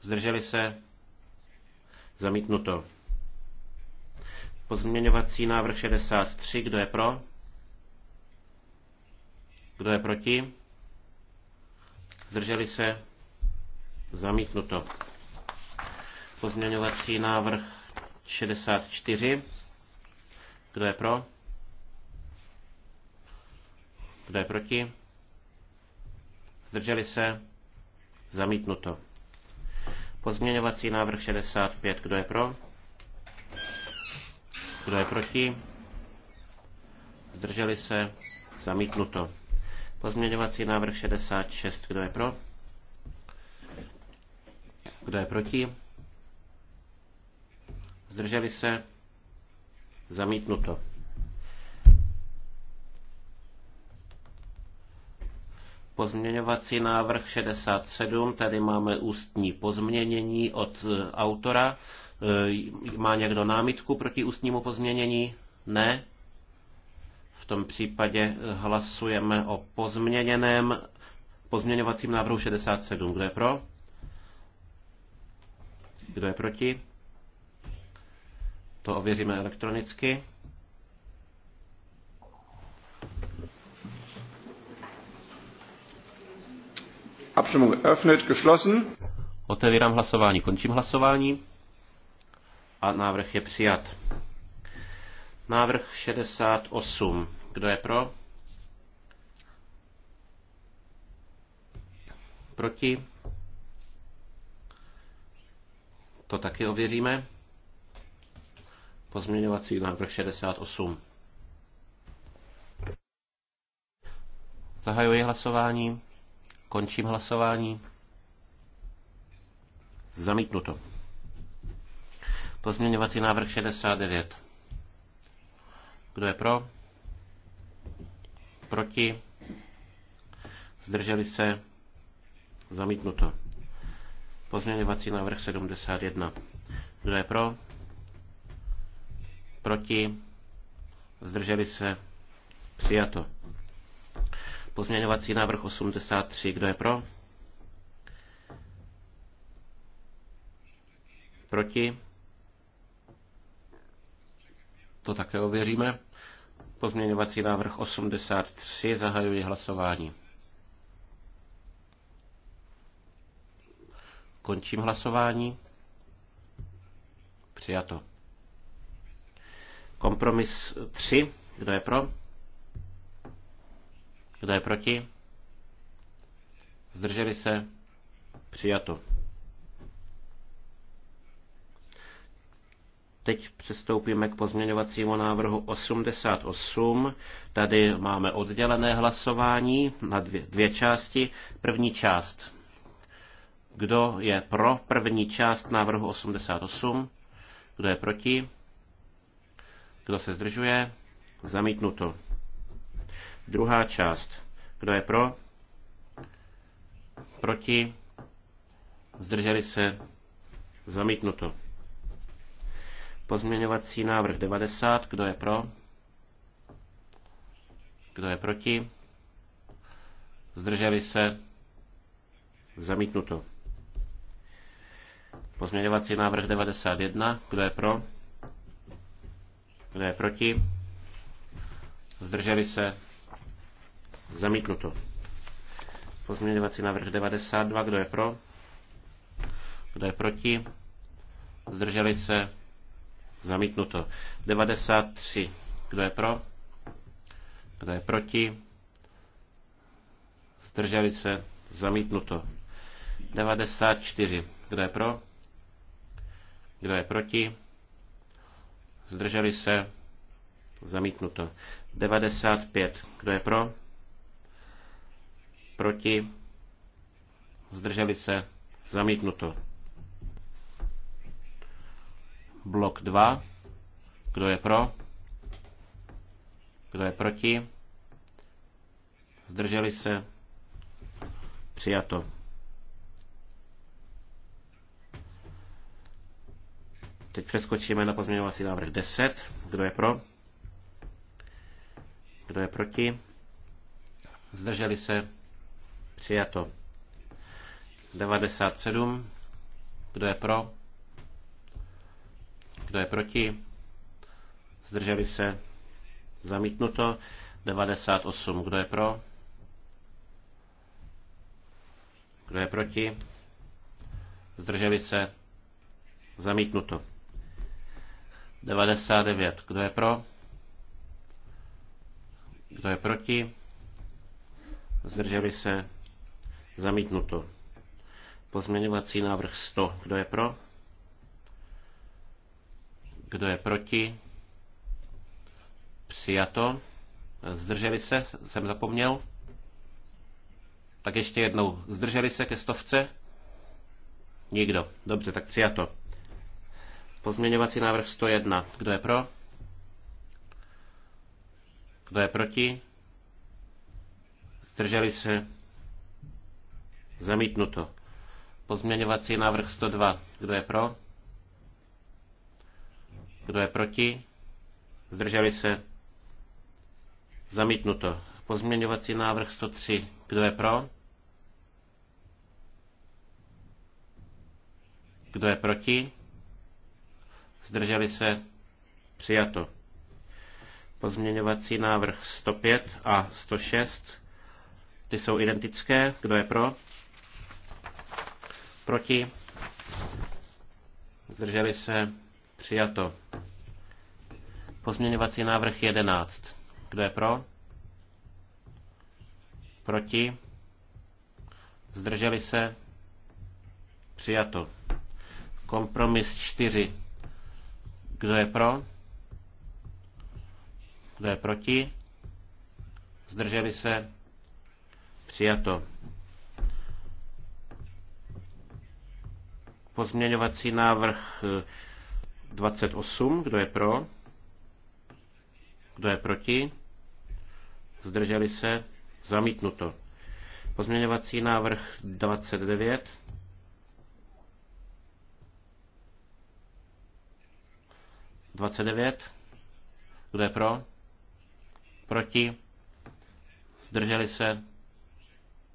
Zdrželi se? Zamítnuto. Pozměňovací návrh 63. Kdo je pro? Kdo je proti? Zdrželi se? Zamítnuto. Pozměňovací návrh 64. Kdo je pro? Kdo je proti? Zdrželi se? Zamítnuto. Pozměňovací návrh 65. Kdo je pro? Kdo je proti? Zdrželi se? Zamítnuto. Pozměňovací návrh 66. Kdo je pro? Kdo je proti? Zdrželi se? Zamítnuto. Pozměňovací návrh 67, tady máme ústní pozměnění od eh, autora. Eh, má někdo námitku proti ústnímu pozměnění? Ne. V tom případě eh, hlasujeme o pozměněném pozměňovacím návrhu 67. Kdo je pro? Kdo je proti? To ověříme elektronicky. Abstimmung eröffnet, geschlossen. Otevírám hlasování, končím hlasování a návrh je přijat. Návrh 68. Kdo je pro? Proti? To taky ověříme. Pozměňovací návrh 68. Zahajuji hlasování. Končím hlasování. Zamítnuto. Pozměňovací návrh 69. Kdo je pro? Proti? Zdrželi se? Zamítnuto. Pozměňovací návrh 71. Kdo je pro? Proti? Zdrželi se? Přijato. Pozměňovací návrh 83, kdo je pro? Proti? To také ověříme. Pozměňovací návrh 83, zahajuji hlasování. Končím hlasování. Přijato. Kompromis 3. Kdo je pro? Kdo je proti? Zdrželi se? Přijato. Teď přestoupíme k pozměňovacímu návrhu 88. Tady máme oddělené hlasování na dvě, dvě části. První část. Kdo je pro první část návrhu 88? Kdo je proti? Kdo se zdržuje? Zamítnuto. Druhá část. Kdo je pro? Proti? Zdrželi se? Zamítnuto. Pozměňovací návrh 90. Kdo je pro? Kdo je proti? Zdrželi se? Zamítnuto. Pozměňovací návrh 91. Kdo je pro? Kdo je proti? Zdrželi se? Zamítnuto. Pozměňovací návrh 92. Kdo je pro? Kdo je proti? Zdrželi se? Zamítnuto. 93. Kdo je pro? Kdo je proti? Zdrželi se? Zamítnuto. 94. Kdo je pro? Kdo je proti? Zdrželi se? Zamítnuto. 95. Kdo je pro? proti, zdrželi se, zamítnuto. Blok 2, kdo je pro, kdo je proti, zdrželi se, přijato. Teď přeskočíme na pozměňovací návrh 10. Kdo je pro? Kdo je proti? Zdrželi se? Přijato. 97. Kdo je pro? Kdo je proti? Zdrželi se? Zamítnuto. 98. Kdo je pro? Kdo je proti? Zdrželi se? Zamítnuto. 99. Kdo je pro? Kdo je proti? Zdrželi se? Zamítnuto. Pozměňovací návrh 100. Kdo je pro? Kdo je proti? Přijato. Zdrželi se? Jsem zapomněl. Tak ještě jednou. Zdrželi se ke stovce? Nikdo. Dobře, tak přijato. Pozměňovací návrh 101. Kdo je pro? Kdo je proti? Zdrželi se? Zamítnuto. Pozměňovací návrh 102. Kdo je pro? Kdo je proti? Zdrželi se? Zamítnuto. Pozměňovací návrh 103. Kdo je pro? Kdo je proti? Zdrželi se? Přijato. Pozměňovací návrh 105 a 106. Ty jsou identické. Kdo je pro? Proti? Zdrželi se? Přijato. Pozměňovací návrh 11. Kdo je pro? Proti? Zdrželi se? Přijato. Kompromis 4. Kdo je pro? Kdo je proti? Zdrželi se? Přijato. Pozměňovací návrh 28, eh, kdo je pro? Kdo je proti? Zdrželi se? Zamítnuto. Pozměňovací návrh 29. Dvacet devět. Kdo je pro? Proti? Zdrželi se?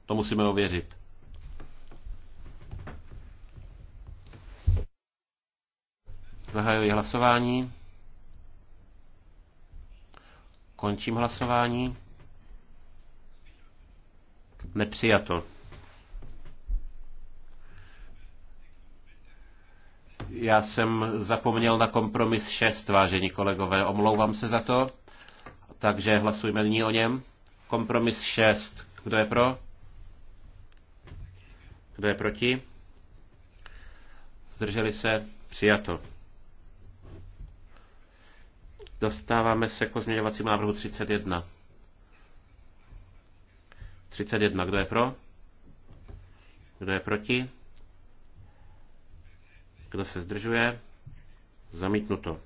To musíme ověřit. Zahajuji hlasování. Končím hlasování. Nepřijato. Já jsem zapomněl na kompromis 6, vážení kolegové. Omlouvám se za to. Takže hlasujme nyní o něm. Kompromis 6. Kdo je pro? Kdo je proti? Zdrželi se? Přijato. Dostáváme se k pozměňovacímu návrhu 31. 31. Kdo je pro? Kdo je proti? Kdo se zdržuje? Zamítnuto.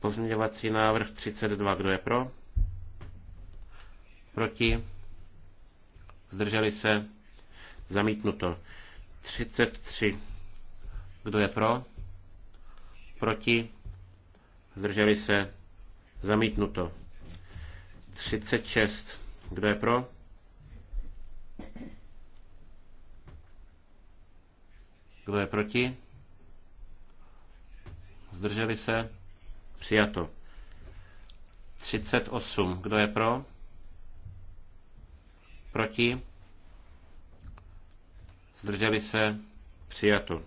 Pozměňovací návrh 32. Kdo je pro? Proti? Zdrželi se? Zamítnuto. 33. Kdo je pro? Proti? zdrželi se, zamítnuto. 36, kdo je pro? Kdo je proti? Zdrželi se? Přijato. 38. Kdo je pro? Proti? Zdrželi se? Přijato.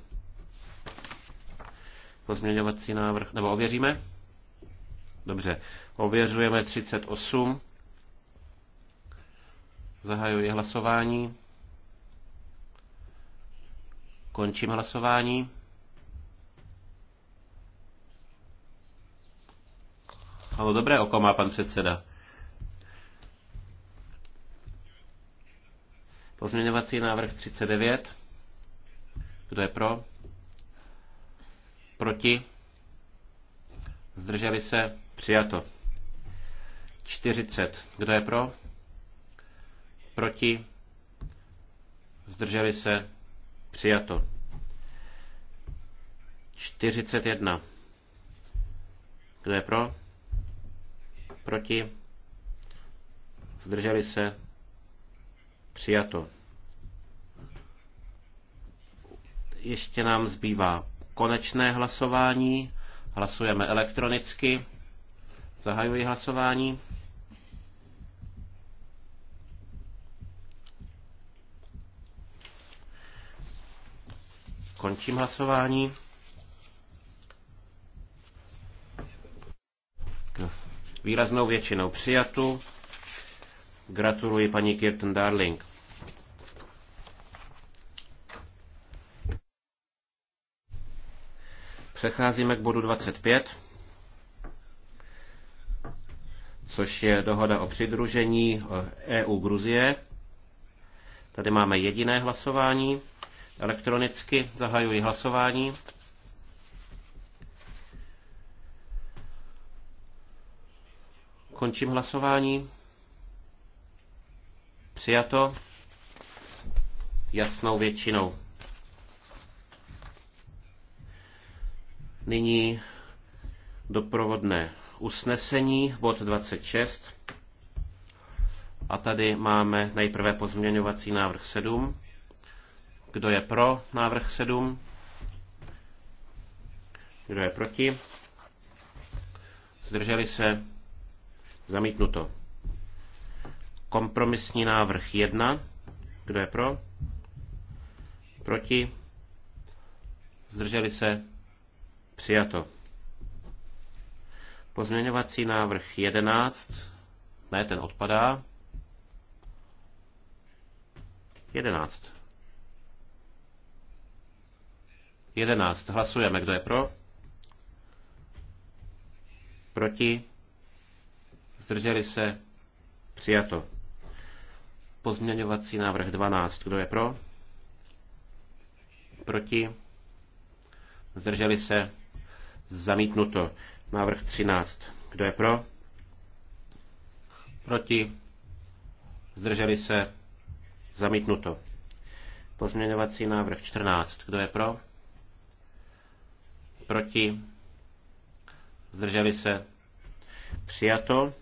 Pozměňovací návrh, nebo ověříme? Dobře, ověřujeme 38. Zahajuji hlasování. Končím hlasování. Ano, dobré oko má pan předseda. Pozměňovací návrh 39. Kdo je pro? Proti? Zdrželi se? Přijato. 40. Kdo je pro? Proti? Zdrželi se? Přijato. 41. Kdo je pro? Proti? Zdrželi se? Přijato. Ještě nám zbývá konečné hlasování. Hlasujeme elektronicky. Zahajuji hlasování. Končím hlasování. Výraznou většinou přijatu. Gratuluji paní Kirten Darling. Přecházíme k bodu 25 což je dohoda o přidružení EU-Gruzie. Tady máme jediné hlasování. Elektronicky zahajuji hlasování. Končím hlasování. Přijato jasnou většinou. Nyní doprovodné usnesení, bod 26. A tady máme nejprve pozměňovací návrh 7. Kdo je pro návrh 7? Kdo je proti? Zdrželi se? Zamítnuto. Kompromisní návrh 1. Kdo je pro? Proti? Zdrželi se? Přijato. Pozměňovací návrh 11. Ne, ten odpadá. 11. 11. Hlasujeme, kdo je pro. Proti. Zdrželi se. Přijato. Pozměňovací návrh 12. Kdo je pro? Proti? Zdrželi se? Zamítnuto. Návrh 13. Kdo je pro? Proti? Zdrželi se? Zamítnuto. Pozměňovací návrh 14. Kdo je pro? Proti? Zdrželi se? Přijato.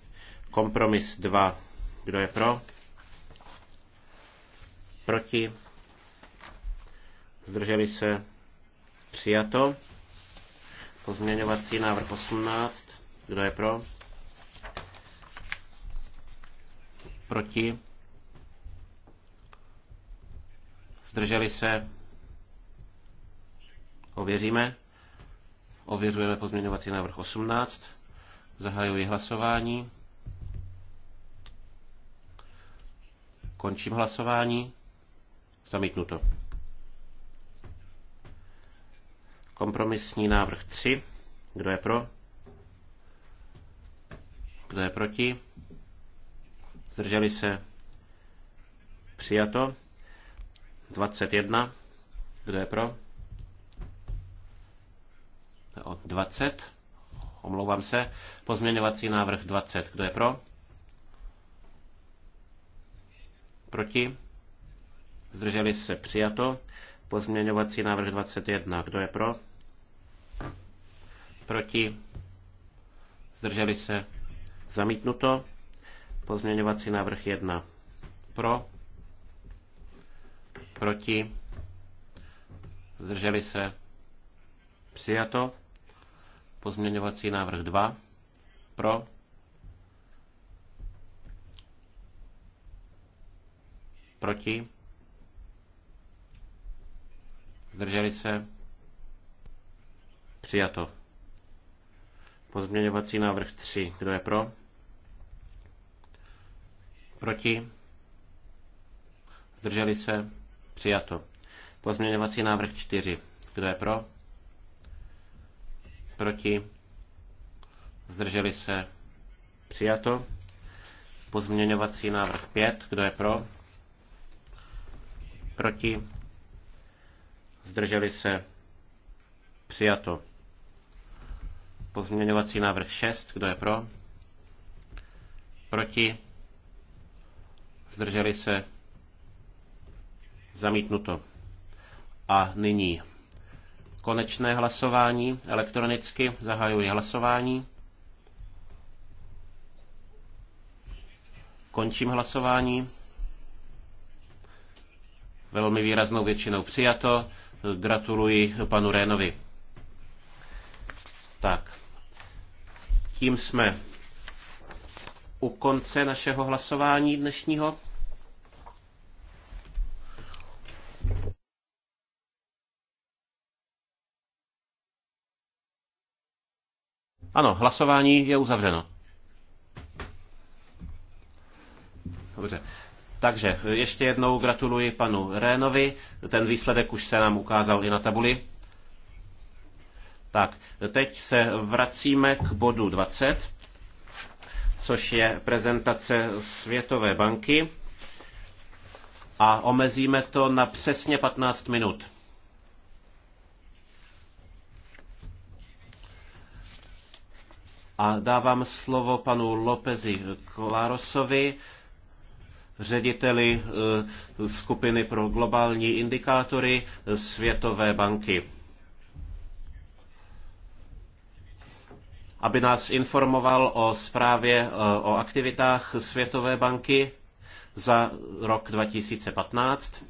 Kompromis 2. Kdo je pro? Proti? Zdrželi se? Přijato. Pozměňovací návrh 18. Kdo je pro? Proti? Zdrželi se? Ověříme. Ověřujeme pozměňovací návrh 18. Zahajuji hlasování. Končím hlasování. Zamítnuto. Kompromisní návrh 3. Kdo je pro? Kdo je proti? Zdrželi se? Přijato. 21. Kdo je pro? O 20. Omlouvám se. Pozměňovací návrh 20. Kdo je pro? Proti? Zdrželi se? Přijato. Pozměňovací návrh 21. Kdo je pro? Proti? Zdrželi se? Zamítnuto. Pozměňovací návrh 1. Pro? Proti? Zdrželi se? Přijato. Pozměňovací návrh 2. Pro? Proti? Zdrželi se? Přijato. Pozměňovací návrh 3. Kdo je pro? Proti? Zdrželi se? Přijato. Pozměňovací návrh 4. Kdo je pro? Proti? Zdrželi se? Přijato. Pozměňovací návrh 5. Kdo je pro? Proti? zdrželi se, přijato. Pozměňovací návrh 6, kdo je pro? Proti? Zdrželi se? Zamítnuto. A nyní konečné hlasování elektronicky. Zahajuji hlasování. Končím hlasování. Velmi výraznou většinou přijato. Gratuluji panu Rénovi. Tak, tím jsme u konce našeho hlasování dnešního. Ano, hlasování je uzavřeno. Dobře. Takže eh, ještě jednou gratuluji panu Rénovi. Ten výsledek už se nám ukázal i na tabuli. Tak, teď se vracíme k bodu 20, což je prezentace Světové banky a omezíme to na přesně 15 minut. A dávám slovo panu Lopezi Klárosovi, řediteli eh, skupiny pro globální indikátory eh, Světové banky. aby nás informoval o zprávě eh, o aktivitách Světové banky za rok 2015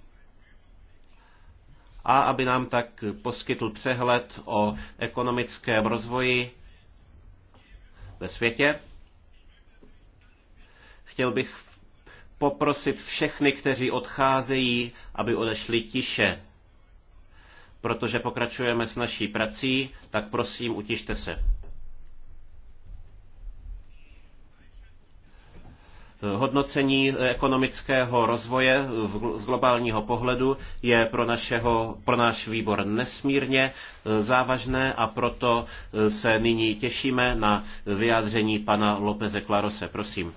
a aby nám tak poskytl přehled o ekonomickém rozvoji ve světě. Chtěl bych poprosit všechny, kteří odcházejí, aby odešli tiše. Protože pokračujeme s naší prací, tak prosím, utište se. hodnocení ekonomického rozvoje z globálního pohledu je pro, našeho, pro náš výbor nesmírně e, závažné a proto e, se nyní těšíme na vyjádření pana Lópeze Klarose. Prosím.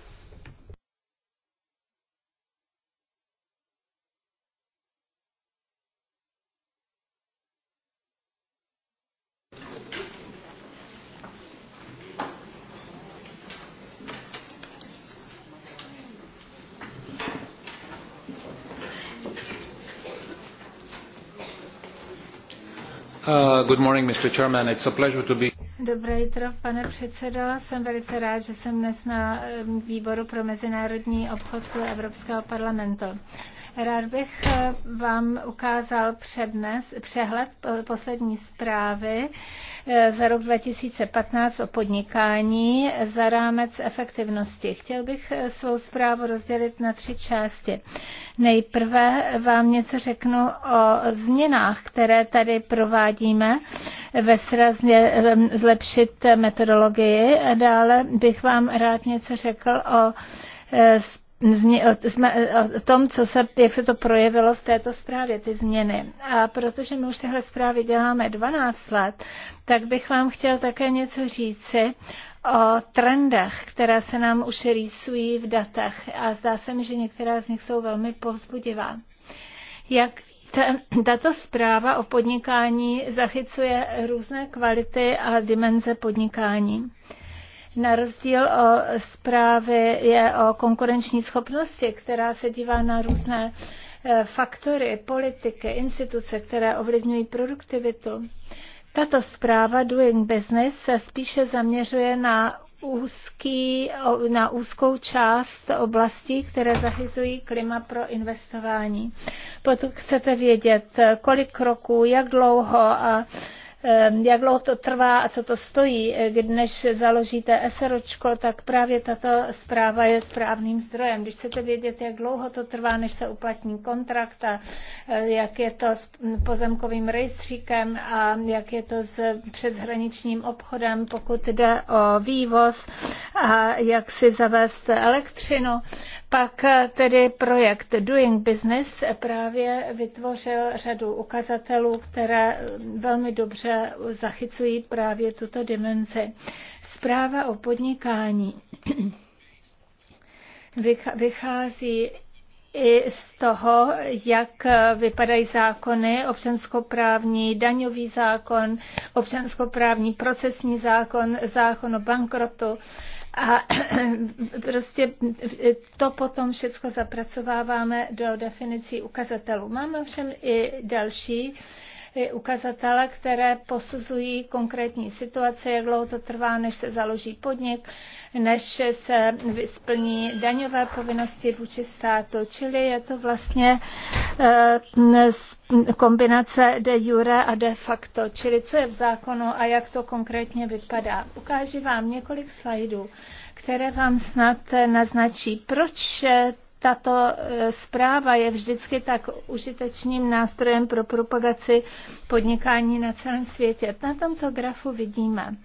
Good morning, Mr. Chairman. It's a pleasure to be... Dobré jitro, pane předsedo. Jsem velice rád, že jsem dnes na výboru pro mezinárodní obchod Evropského parlamentu. Rád bych eh, vám ukázal přednes, přehled poslední zprávy eh, za rok 2015 o podnikání za rámec efektivnosti. Chtěl bych eh, svou zprávu rozdělit na tři části. Nejprve vám něco řeknu o změnách, které tady provádíme ve srazně zlepšit metodologii. Dále bych vám rád něco řekl o e, o tom, co se, jak se to projevilo v této zprávě, ty změny. A protože my už tyhle zprávy děláme 12 let, tak bych vám chtěl také něco říci o trendech, které se nám už rýsují v datech a zdá se mi, že některá z nich jsou velmi povzbudivá. Jak tato zpráva o podnikání zachycuje různé kvality a dimenze podnikání. Na rozdíl od zprávy je o konkurenční schopnosti, která se dívá na různé e, faktory, politiky, instituce, které ovlivňují produktivitu. Tato zpráva Doing Business se spíše zaměřuje na úzký, na úzkou část oblastí, které zahizují klima pro investování. Potom chcete vědět, kolik kroků, jak dlouho a Ehm, jak dlouho to trvá a co to stojí. Než eh, založíte SROčko, tak právě tato zpráva je správným zdrojem. Když chcete vědět, jak dlouho to trvá, než se uplatní kontrakt a eh, jak je to s pozemkovým rejstříkem a jak je to s přeshraničním obchodem, pokud jde o vývoz a jak si zavést elektřinu, pak eh, tedy projekt Doing Business právě vytvořil řadu ukazatelů, které eh, velmi dobře zachycují právě tuto dimenzi. Zpráva o podnikání vychází i z toho, jak eh, vypadají zákony, občanskoprávní, daňový zákon, občanskoprávní procesní zákon, zákon o bankrotu a prostě to potom všechno zapracováváme do definicí ukazatelů. Máme ovšem i další ukazatele, které posuzují konkrétní situace, jak dlouho to trvá, než se založí podnik, než se splní daňové povinnosti vůči státu. Čili je to vlastně eh, kombinace de jure a de facto, čili co je v zákonu a jak to konkrétně vypadá. Ukážu vám několik slajdů, které vám snad naznačí, proč tato e, zpráva je vždycky tak užitečným nástrojem pro propagaci podnikání na celém světě. Na tomto grafu vidíme,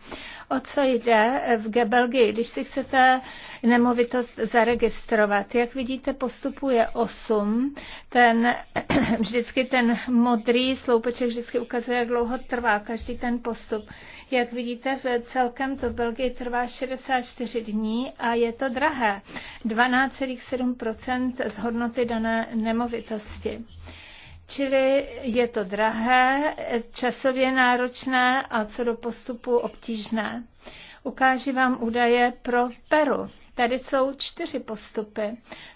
o co jde v Gebelgii, když si chcete nemovitost zaregistrovat. Jak vidíte, postupuje 8. Ten, vždycky ten modrý sloupeček vždycky ukazuje, jak dlouho trvá každý ten postup. Jak vidíte, celkem to Belgii trvá 64 dní a je to drahé. 12,7 z hodnoty dané nemovitosti. Čili je to drahé, časově náročné a co do postupu obtížné. Ukáži vám údaje pro Peru. Tady jsou čtyři postupy.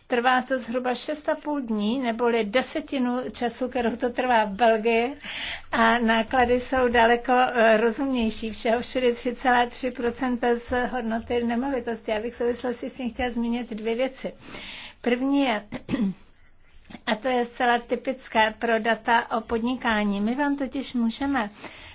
Trvá to zhruba 6,5 dní, neboli desetinu času, kterou to trvá v Belgii a náklady jsou daleko eh, rozumnější. Všeho všude 3,3% z hodnoty nemovitosti. Já bych v souvislosti s tím chtěla zmínit dvě věci. První je, a to je zcela typické pro data o podnikání. My vám totiž můžeme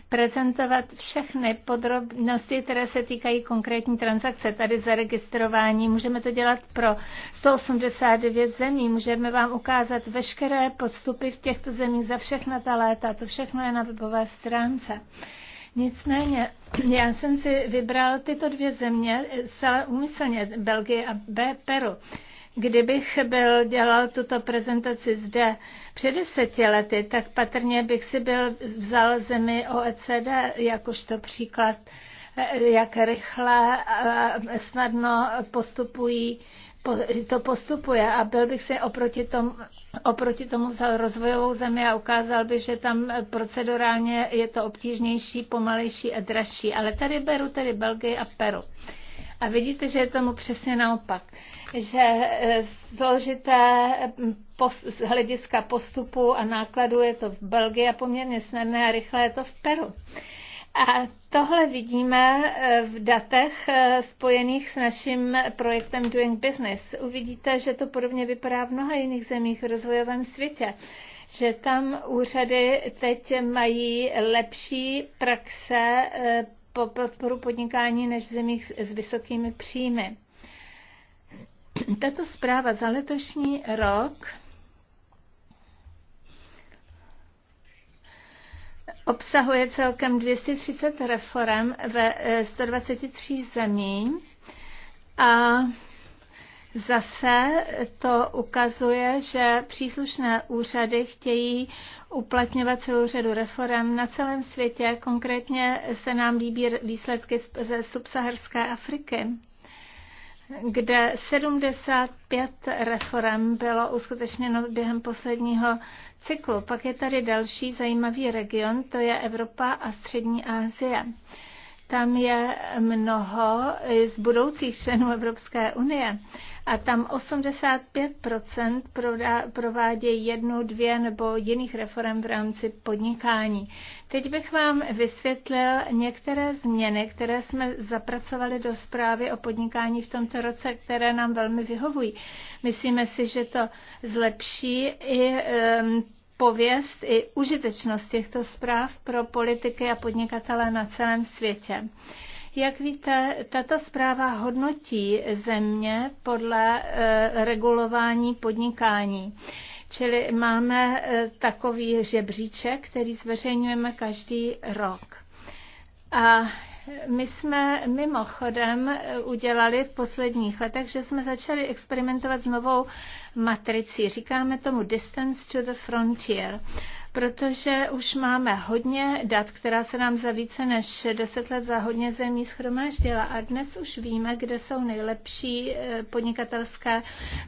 prezentovat všechny podrobnosti, které se týkají konkrétní transakce. Tady zaregistrování můžeme to dělat pro 189 zemí, můžeme vám ukázat veškeré podstupy v těchto zemích za všechna ta léta. To všechno je na webové stránce. Nicméně, já jsem si vybral tyto dvě země celé úmyslně, Belgii a Peru. Kdybych byl dělal tuto prezentaci zde před deseti lety, tak patrně bych si byl vzal zemi OECD jakožto příklad, jak rychle a snadno postupují to postupuje a byl bych si oproti tomu, oproti tomu vzal rozvojovou zemi a ukázal bych, že tam procedurálně je to obtížnější, pomalejší a dražší. Ale tady beru tedy Belgii a Peru. A vidíte, že je tomu přesně naopak, že eh, složité mm, z hlediska postupu a nákladů je to v Belgii a poměrně snadné a rychle je to v Peru. A tohle vidíme eh, v datech eh, spojených s naším projektem Doing Business. Uvidíte, že to podobně vypadá v mnoha jiných zemích v rozvojovém světě že tam úřady teď mají lepší praxe po podporu podnikání než v zemích s vysokými příjmy. Tato zpráva za letošní rok obsahuje celkem 230 reform ve 123 eh, zemí a Zase to ukazuje, že příslušné úřady chtějí uplatňovat celou řadu reform na celém světě. Konkrétně se nám líbí výsledky ze subsaharské Afriky kde 75 reform bylo uskutečněno během posledního cyklu. Pak je tady další zajímavý region, to je Evropa a Střední Asie. Tam je mnoho z budoucích členů Evropské unie a tam 85% provádějí jednu, dvě nebo jiných reform v rámci podnikání. Teď bych vám vysvětlil některé změny, které jsme zapracovali do zprávy o podnikání v tomto roce, které nám velmi vyhovují. Myslíme si, že to zlepší i um, pověst i užitečnost těchto zpráv pro politiky a podnikatele na celém světě. Uh, jak víte, tato zpráva hodnotí země podle eh, regulování podnikání. Čili máme eh, takový žebříček, který zveřejňujeme každý rok. A my jsme mimochodem eh, udělali v posledních letech, že jsme začali experimentovat s novou matricí. Říkáme tomu Distance to the Frontier protože už máme hodně dat, která se nám za více než 10 let za hodně zemí schromáždila a dnes už víme, kde jsou nejlepší eh, podnikatelské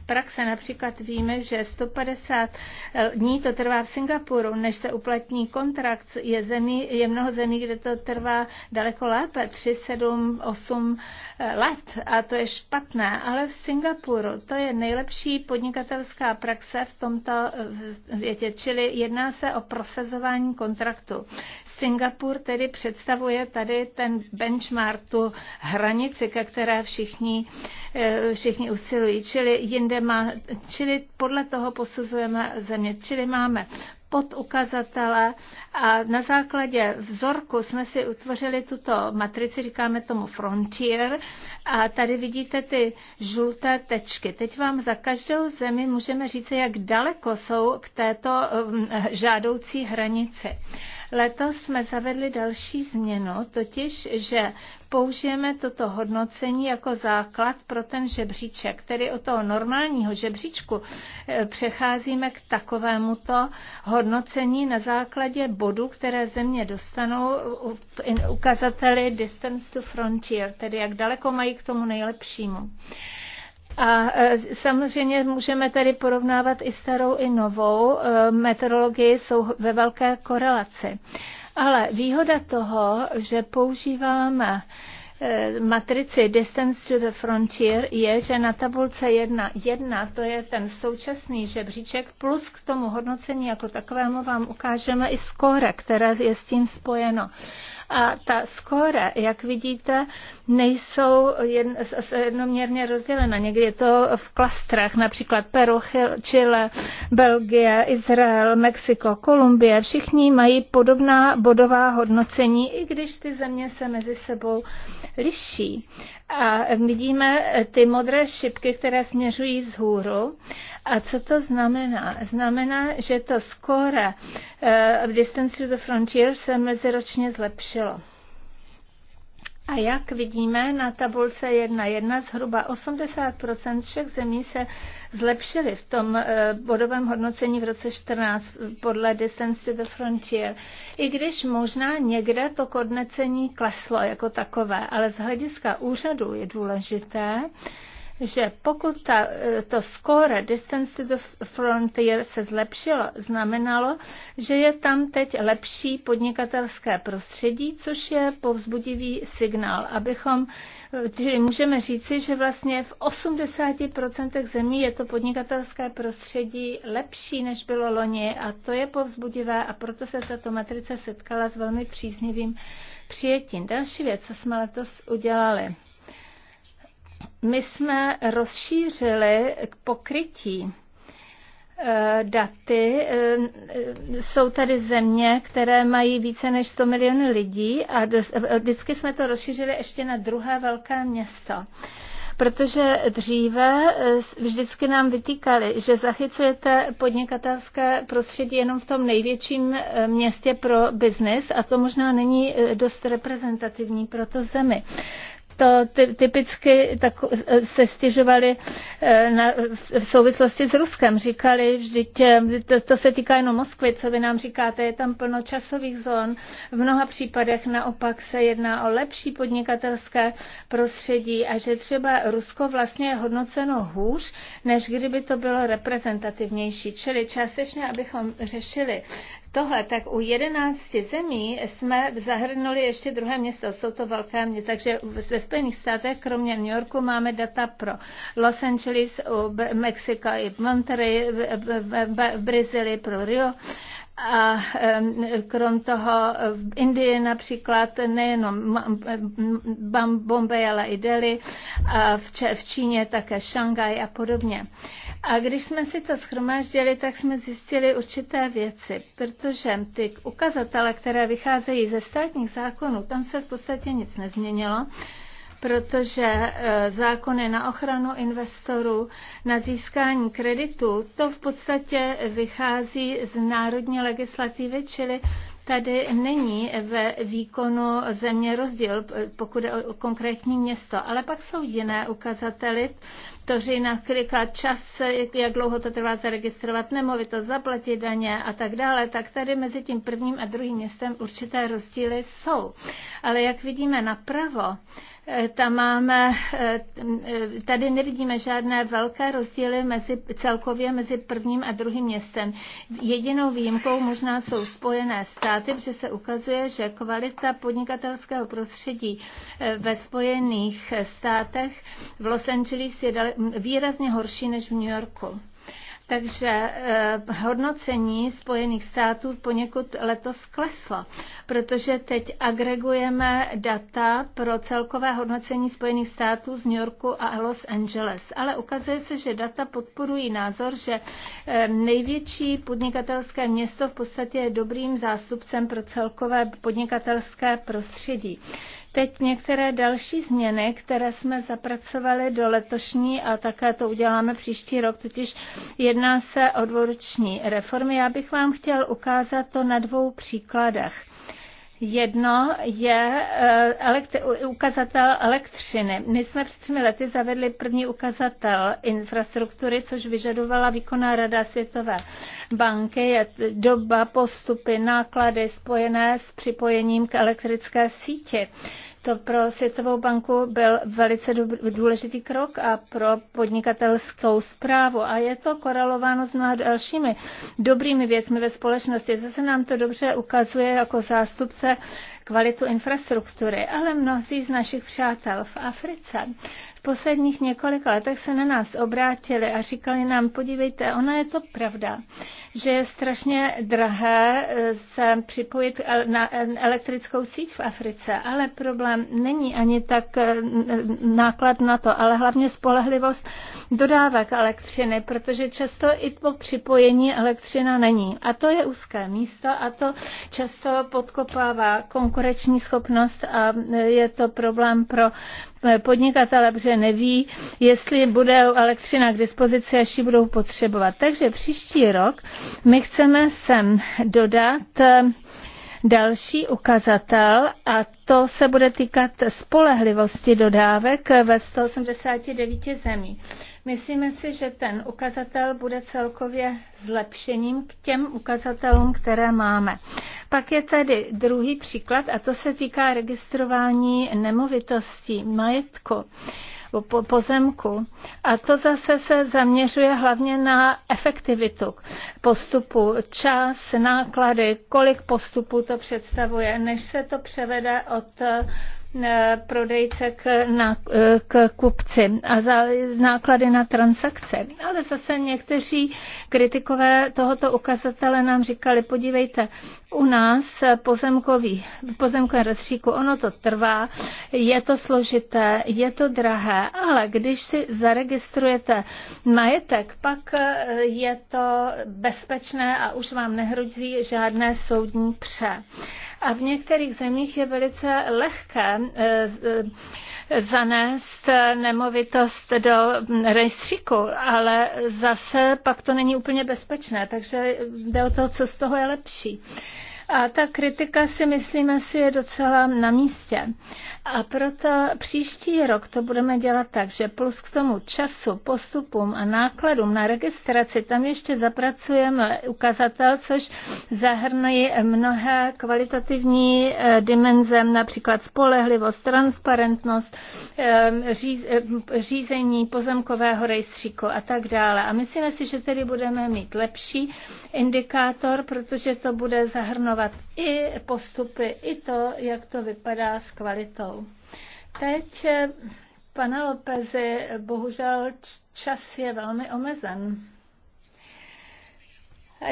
praxe. Například víme, že 150 eh, dní to trvá v Singapuru, než se uplatní kontrakt. Je, zemí, je mnoho zemí, kde to trvá daleko lépe, 3, 7, 8 let a to je špatné, ale v Singapuru to je nejlepší podnikatelská praxe v tomto eh, větě, čili jedná se o prosazování kontraktu. Singapur tedy představuje tady ten benchmark, tu hranici, ke které všichni, eh, všichni usilují. Čili, jinde má, čili podle toho posuzujeme země. Čili máme pod ukazatele a na základě vzorku jsme si utvořili tuto matrici, říkáme tomu Frontier a tady vidíte ty žluté tečky. Teď vám za každou zemi můžeme říct, jak daleko jsou k této um, žádoucí hranici. Letos jsme zavedli další změnu, totiž, že použijeme toto hodnocení jako základ pro ten žebříček, tedy od toho normálního žebříčku eh, přecházíme k takovémuto hodnocení na základě bodů, které země dostanou v ukazateli Distance to Frontier, tedy jak daleko mají k tomu nejlepšímu. A e, samozřejmě můžeme tady porovnávat i starou, i novou. E, meteorologie, jsou ve velké korelaci. Ale výhoda toho, že používáme e, matrici Distance to the Frontier je, že na tabulce 1, 1, to je ten současný žebříček, plus k tomu hodnocení jako takovému vám ukážeme i skóre, které je s tím spojeno. A ta skóre, jak vidíte, nejsou jen, jednoměrně rozdělena. Někdy je to v klastrech, například Peru, Chile, Belgie, Izrael, Mexiko, Kolumbie. Všichni mají podobná bodová hodnocení, i když ty země se mezi sebou liší. A vidíme ty modré šipky, které směřují vzhůru. A co to znamená? Znamená, že to skóre uh, eh, Distance to the Frontier se meziročně zlepšilo. A jak vidíme na tabulce 1.1, zhruba 80 všech zemí se zlepšily v tom eh, bodovém hodnocení v roce 14 podle Distance to the Frontier. I když možná někde to hodnocení kleslo jako takové, ale z hlediska úřadu je důležité, že pokud ta, eh, to score Distance to the Frontier se zlepšilo, znamenalo, že je tam teď lepší podnikatelské prostředí, což je povzbudivý signál, abychom, tedy eh, můžeme říci, že vlastně v 80% zemí je to podnikatelské prostředí lepší, než bylo loni a to je povzbudivé a proto se tato matrice setkala s velmi příznivým přijetím. Další věc, co jsme letos udělali my jsme rozšířili pokrytí eh, daty. Eh, jsou tady země, které mají více než 100 milionů lidí a eh, vždycky jsme to rozšířili ještě na druhé velké město protože dříve vždycky nám vytýkali, že zachycujete podnikatelské prostředí jenom v tom největším městě pro biznis a to možná není dost reprezentativní pro to zemi to ty, typicky tak, eh, se stěžovali eh, na, v souvislosti s Ruskem. Říkali, vždyť eh, to, to se týká jenom Moskvy, co vy nám říkáte, je tam plno časových zón. V mnoha případech naopak se jedná o lepší podnikatelské prostředí a že třeba Rusko vlastně je hodnoceno hůř, než kdyby to bylo reprezentativnější. Čili částečně, abychom řešili tohle, tak u 11 zemí jsme zahrnuli ještě druhé město. Jsou to velké města, takže ve Spojených státech, kromě New Yorku, máme data pro Los Angeles, Mexiko i Monterey, v Brazílii pro Rio a krom toho v Indii například nejenom Bombay, ale i Delhi, a v Číně také Šangaj a podobně. A když jsme si to schromáždili, tak jsme zjistili určité věci, protože ty ukazatele, které vycházejí ze státních zákonů, tam se v podstatě nic nezměnilo protože e, zákony na ochranu investorů, na získání kreditu, to v podstatě vychází z národní legislativy, čili tady není ve výkonu země rozdíl, e, pokud je o konkrétní město, ale pak jsou jiné ukazateli, to, že například čas, jak dlouho to trvá zaregistrovat nemovitost, zaplatit daně a tak dále, tak tady mezi tím prvním a druhým městem určité rozdíly jsou. Ale jak vidíme napravo, tam máme, eh, tady nevidíme žádné velké rozdíly mezi, celkově mezi prvním a druhým městem. Jedinou výjimkou možná jsou spojené státy, protože se ukazuje, že kvalita podnikatelského prostředí eh, ve spojených státech v Los Angeles je výrazně horší než v New Yorku. Takže eh, hodnocení Spojených států poněkud letos kleslo, protože teď agregujeme data pro celkové hodnocení Spojených států z New Yorku a Los Angeles. Ale ukazuje se, že data podporují názor, že eh, největší podnikatelské město v podstatě je dobrým zástupcem pro celkové podnikatelské prostředí. Teď některé další změny, které jsme zapracovali do letošní a také to uděláme příští rok, totiž jedná se o dvoruční reformy. Já bych vám chtěl ukázat to na dvou příkladech. Jedno je eh, elektri- ukazatel elektřiny. My jsme před třemi lety zavedli první ukazatel infrastruktury, což vyžadovala výkonná rada Světové banky. Je doba, postupy, náklady spojené s připojením k elektrické síti. To pro Světovou banku byl velice důležitý krok a pro podnikatelskou zprávu. A je to korelováno s mnoha dalšími dobrými věcmi ve společnosti. Zase nám to dobře ukazuje jako zástupce kvalitu infrastruktury, ale mnozí z našich přátel v Africe v posledních několika letech se na nás obrátili a říkali nám, podívejte, ona je to pravda, že je strašně drahé eh, se připojit na elektrickou síť v Africe, ale problém není ani tak eh, náklad na to, ale hlavně spolehlivost dodávek elektřiny, protože často i po připojení elektřina není. A to je úzké místo a to často podkopává konkurenční schopnost a eh, je to problém pro podnikatele, protože neví, jestli bude elektřina k dispozici, až ji budou potřebovat. Takže příští rok my chceme sem dodat další ukazatel a to se bude týkat spolehlivosti dodávek ve 189 zemí. Myslíme si, že ten ukazatel bude celkově zlepšením k těm ukazatelům, které máme. Pak je tady druhý příklad a to se týká registrování nemovitostí, majetku po pozemku. A to zase se zaměřuje hlavně na efektivitu postupu, čas, náklady, kolik postupů to představuje, než se to převede od Eh, prodejce k, na, eh, k kupci a za náklady na transakce. Ale zase někteří kritikové tohoto ukazatele nám říkali, podívejte, u nás pozemkový, pozemkovém rejstříku, ono to trvá, je to složité, je to drahé, ale když si zaregistrujete majetek, pak eh, je to bezpečné a už vám nehrozí žádné soudní pře a v některých zemích je velice lehké eh, eh, zanést eh, nemovitost do hm, rejstříku, ale zase pak to není úplně bezpečné, takže jde o to, co z toho je lepší. A ta kritika si myslím si je docela na místě. A proto příští rok to budeme dělat tak, že plus k tomu času, postupům a nákladům na registraci tam ještě zapracujeme ukazatel, což zahrnují mnohé kvalitativní eh, dimenze, například spolehlivost, transparentnost, eh, eh, řízení pozemkového rejstříku a tak dále. A myslíme si, že tedy budeme mít lepší indikátor, protože to bude zahrnovat sledovat i postupy, i to, jak to vypadá s kvalitou. Teď, eh, pane Lopezi, bohužel čas je velmi omezen.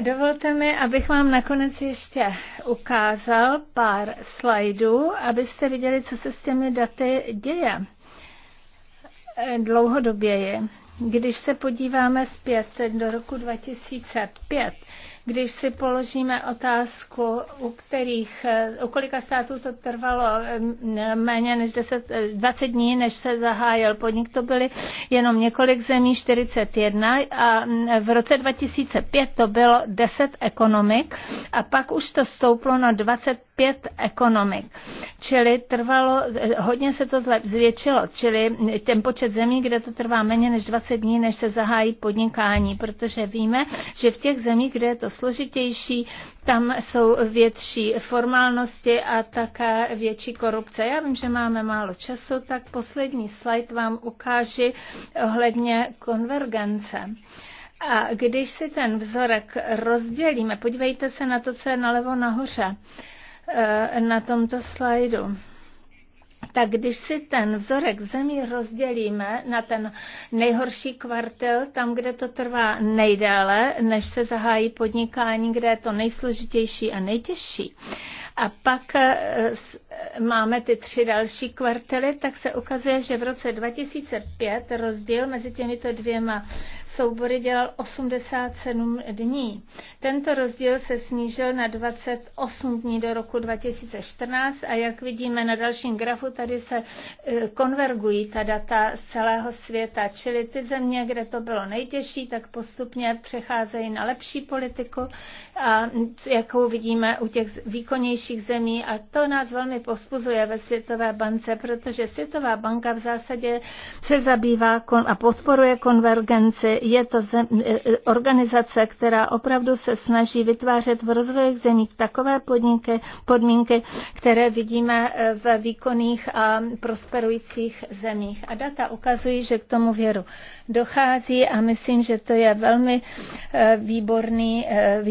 Dovolte mi, abych vám nakonec ještě ukázal pár slajdů, abyste viděli, co se s těmi daty děje eh, dlouhodoběji. Když se podíváme zpět do roku 2005, když si položíme otázku, u kterých, u kolika států to trvalo méně než 10, 20 eh, dní, než se zahájil podnik, to byly jenom několik zemí, 41 a mm, v roce 2005 to bylo 10 ekonomik a pak už to stouplo na 20 pět ekonomik. Čili trvalo, hodně se to zvětšilo, čili ten počet zemí, kde to trvá méně než 20 dní, než se zahájí podnikání, protože víme, že v těch zemích, kde je to složitější, tam jsou větší formálnosti a také větší korupce. Já vím, že máme málo času, tak poslední slide vám ukáži ohledně konvergence. A když si ten vzorek rozdělíme, podívejte se na to, co je nalevo nahoře. Eh, na tomto slajdu tak když si ten vzorek zemí rozdělíme na ten nejhorší kvartel, tam, kde to trvá nejdále, než se zahájí podnikání, kde je to nejsložitější a nejtěžší, a pak eh, eh, máme ty tři další kvartely, tak se ukazuje, že v roce 2005 rozdíl mezi těmito dvěma soubory dělal 87 dní. Tento rozdíl se snížil na 28 dní do roku 2014 a jak vidíme na dalším grafu, tady se e, konvergují ta data z celého světa, čili ty země, kde to bylo nejtěžší, tak postupně přecházejí na lepší politiku, a jakou vidíme u těch výkonnějších zemí a to nás velmi pospuzuje ve Světové bance, protože Světová banka v zásadě se zabývá a podporuje konvergenci je to zem, e, e, organizace, která opravdu se snaží vytvářet v rozvojových zemích takové podmínky, podmínky, které vidíme e, v výkonných a prosperujících zemích. A data ukazují, že k tomu věru dochází a myslím, že to je velmi výborný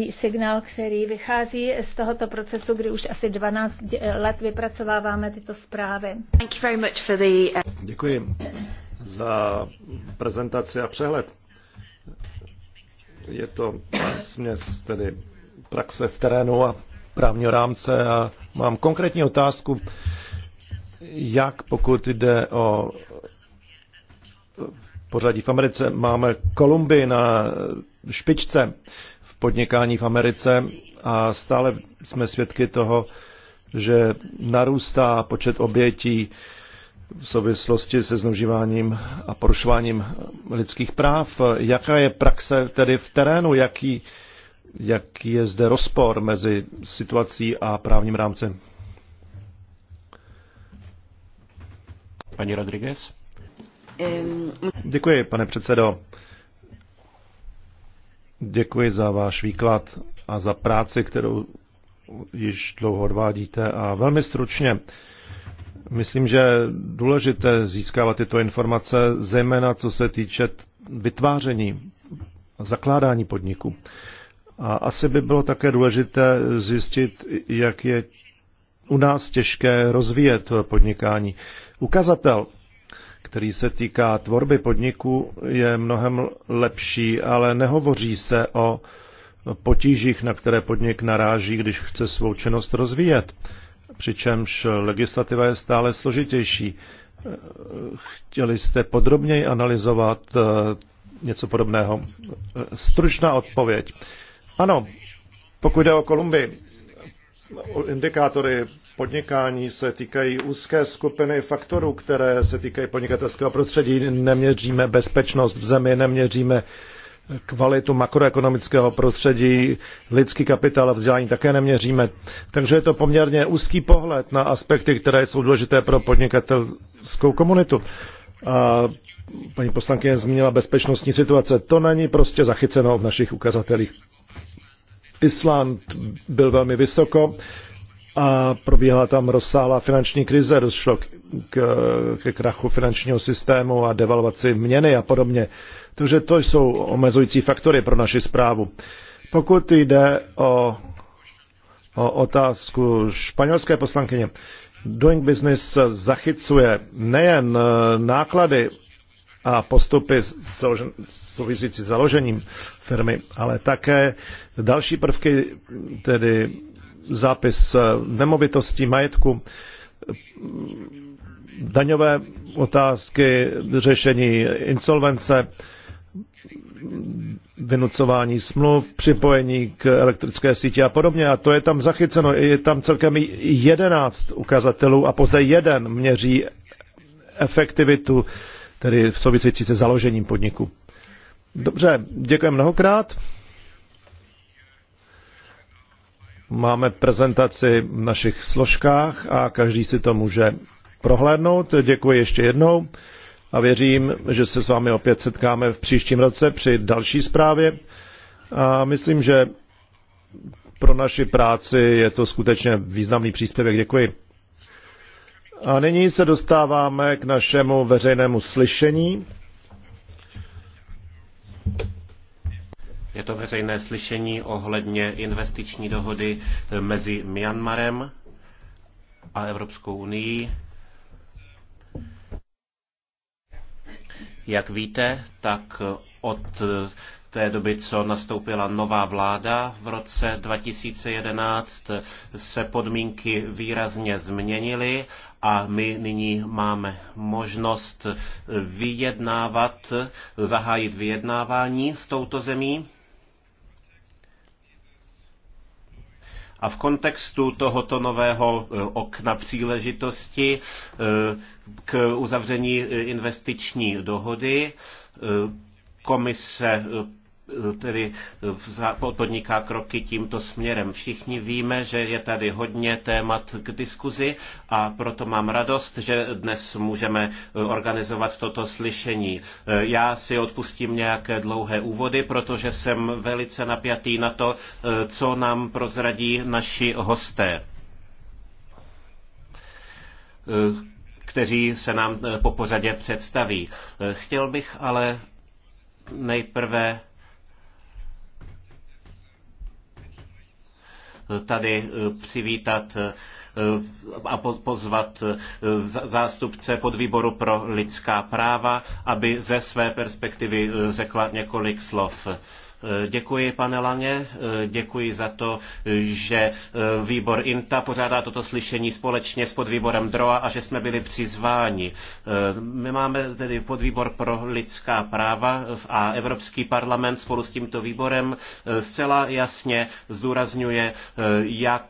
signál, který vychází z tohoto procesu, kdy už asi 12 let vypracováváme tyto zprávy. Děkuji za prezentaci a přehled. Je to směs tedy praxe v terénu a právního rámce a mám konkrétní otázku, jak pokud jde o pořadí v Americe, máme Kolumbii na špičce v podnikání v Americe a stále jsme svědky toho, že narůstá počet obětí v souvislosti se zneužíváním a porušováním lidských práv. Jaká je praxe tedy v terénu? Jaký, jaký je zde rozpor mezi situací a právním rámcem? Paní Rodriguez? Děkuji, pane předsedo. Děkuji za váš výklad a za práci, kterou již dlouho odvádíte. A velmi stručně, Myslím, že důležité získávat tyto informace, zejména co se týče vytváření, zakládání podniku. A asi by bylo také důležité zjistit, jak je u nás těžké rozvíjet podnikání. Ukazatel, který se týká tvorby podniku, je mnohem lepší, ale nehovoří se o potížích, na které podnik naráží, když chce svou činnost rozvíjet přičemž legislativa je stále složitější. Chtěli jste podrobněji analyzovat eh, něco podobného? Stručná odpověď. Ano, pokud jde o Kolumbii, indikátory podnikání se týkají úzké skupiny faktorů, které se týkají podnikatelského prostředí. Neměříme bezpečnost v zemi, neměříme kvalitu makroekonomického prostředí, lidský kapitál a vzdělání také neměříme. Takže je to poměrně úzký pohled na aspekty, které jsou důležité pro podnikatelskou komunitu. A paní poslankyně zmínila bezpečnostní situace. To není prostě zachyceno v našich ukazatelích. Island byl velmi vysoko a probíhala tam rozsáhlá finanční krize, došlo k, k, k krachu finančního systému a devalvaci měny a podobně. Takže to jsou omezující faktory pro naši zprávu. Pokud jde o, o otázku španělské poslankyně, Doing Business zachycuje nejen eh, náklady a postupy souvisící související s založením firmy, ale také další prvky, tedy zápis eh, nemovitostí, majetku, daňové otázky, řešení insolvence, vynucování smluv, připojení k elektrické síti a podobně. A to je tam zachyceno. Je tam celkem jedenáct ukazatelů a pouze jeden měří efektivitu, tedy v souvisící se založením podniku. Dobře, děkuji mnohokrát. Máme prezentaci v našich složkách a každý si to může prohlédnout. Děkuji ještě jednou a věřím, že se s vámi opět setkáme v příštím roce při další zprávě. A myslím, že pro naši práci je to skutečně významný příspěvek. Děkuji. A nyní se dostáváme k našemu veřejnému slyšení. Je to veřejné slyšení ohledně investiční dohody eh, mezi Myanmarem a Evropskou unii. Jak víte, tak eh, od eh, té doby, co nastoupila nová vláda v roce 2011, se podmínky výrazně změnily a my nyní máme možnost vyjednávat, zahájit vyjednávání s touto zemí. A v kontextu tohoto nového e, okna příležitosti e, k uzavření e, investiční dohody komise tedy eh, podniká kroky tímto směrem. Všichni víme, že je tady hodně témat k diskuzi a proto mám radost, že dnes můžeme eh, organizovat toto slyšení. Eh, já si odpustím nějaké dlouhé úvody, protože jsem velice napjatý na to, co nám prozradí naši hosté kteří se nám po pořadě představí. Chtěl bych ale nejprve tady eh, přivítat eh, a pozvat eh, zástupce podvýboru pro lidská práva, aby ze své perspektivy řekla několik slov. Eh, děkuji, pane Lange, eh, děkuji za to, že eh, výbor INTA pořádá toto slyšení společně s podvýborem DROA a že jsme byli přizváni. My máme tedy podvýbor pro lidská práva a Evropský parlament spolu s tímto výborem zcela jasně zdůrazňuje, jak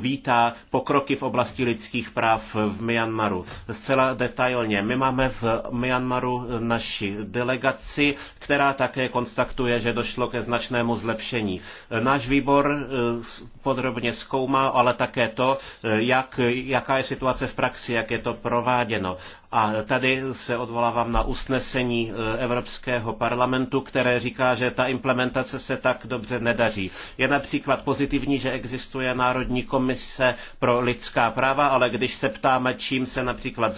vítá pokroky v oblasti lidských práv v Myanmaru. Zcela detailně. My máme v Myanmaru naši delegaci, která také konstatuje, že došlo ke značnému zlepšení. Náš výbor eh, podrobně zkoumá, ale také to, eh, jak, jaká je situace v praxi, jak je to prováděno. A tady se odvolávám na usnesení e, Evropského parlamentu, které říká, že ta implementace se tak dobře nedaří. Je například pozitivní, že existuje Národní komise pro lidská práva, ale když se ptáme, čím se například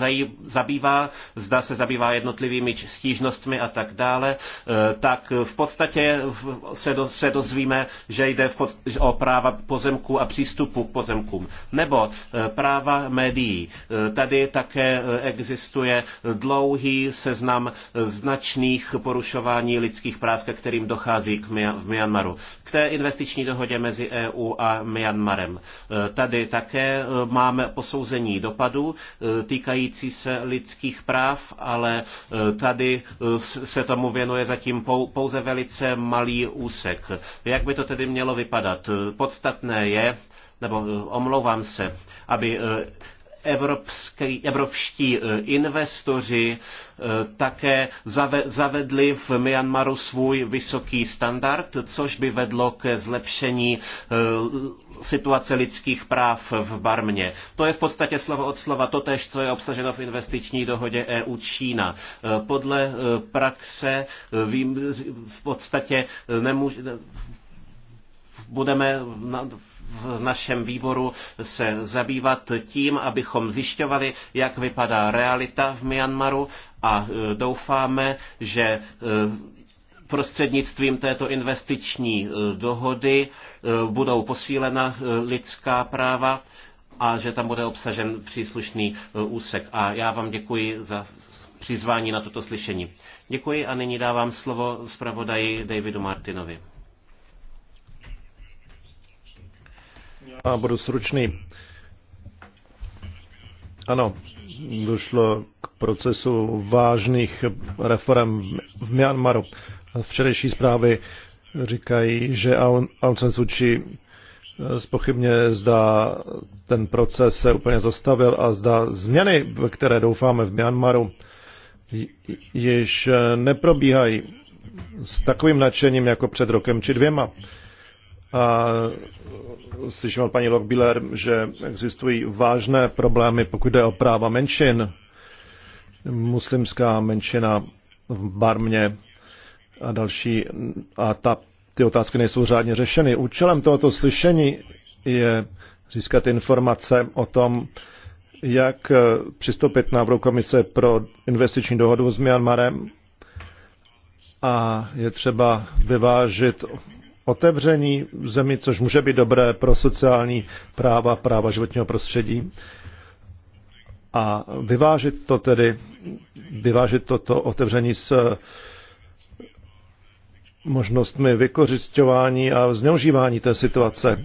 zabývá, zda se zabývá jednotlivými stížnostmi a tak dále, e, tak v podstatě se, do, se dozvíme, že jde v podst- o práva pozemků a přístupu k pozemkům. Nebo e, práva médií. Tady také existuje existuje dlouhý seznam značných porušování lidských práv, ke kterým dochází k v Myanmaru. K té investiční dohodě mezi EU a Myanmarem. E, tady také e, máme posouzení dopadů e, týkající se lidských práv, ale tady se tomu věnuje zatím pouze velice malý úsek. Jak by to tedy mělo vypadat? Podstatné je, nebo omlouvám se, aby evropský, evropští e, investoři e, také zavedli v Myanmaru svůj vysoký standard, což by vedlo ke zlepšení e, situace lidských práv v Barmě. To je v podstatě slovo od slova totež, co je obsaženo v investiční dohodě EU Čína. Podle praxe vím, v podstatě nemůže, budeme v našem výboru se zabývat tím, abychom zjišťovali, jak vypadá realita v Myanmaru a e, doufáme, že e, prostřednictvím této investiční e, dohody budou posílena lidská práva a že tam bude obsažen příslušný úsek. A já vám děkuji za přizvání na toto slyšení. Děkuji a nyní dávám slovo zpravodaji Davidu Martinovi. Já budu sručný. Ano, došlo k procesu vážných reform v Myanmaru. Včerejší zprávy říkají, že Aung San Suu Kyi spochybně zda ten proces se úplně zastavil a zda změny, ve které doufáme v Myanmaru, již neprobíhají s takovým nadšením jako před rokem či dvěma. A slyším od paní Lockbiller, že existují vážné problémy, pokud jde o práva menšin. Muslimská menšina v Barmě a další. A ta, ty otázky nejsou řádně řešeny. Účelem tohoto slyšení je získat informace o tom, jak přistoupit návrhu komise pro investiční dohodu s Myanmarem a je třeba vyvážit otevření zemi, což může být dobré pro sociální práva, práva životního prostředí. A vyvážit to tedy, vyvážit toto otevření s možnostmi vykořišťování a zneužívání té situace.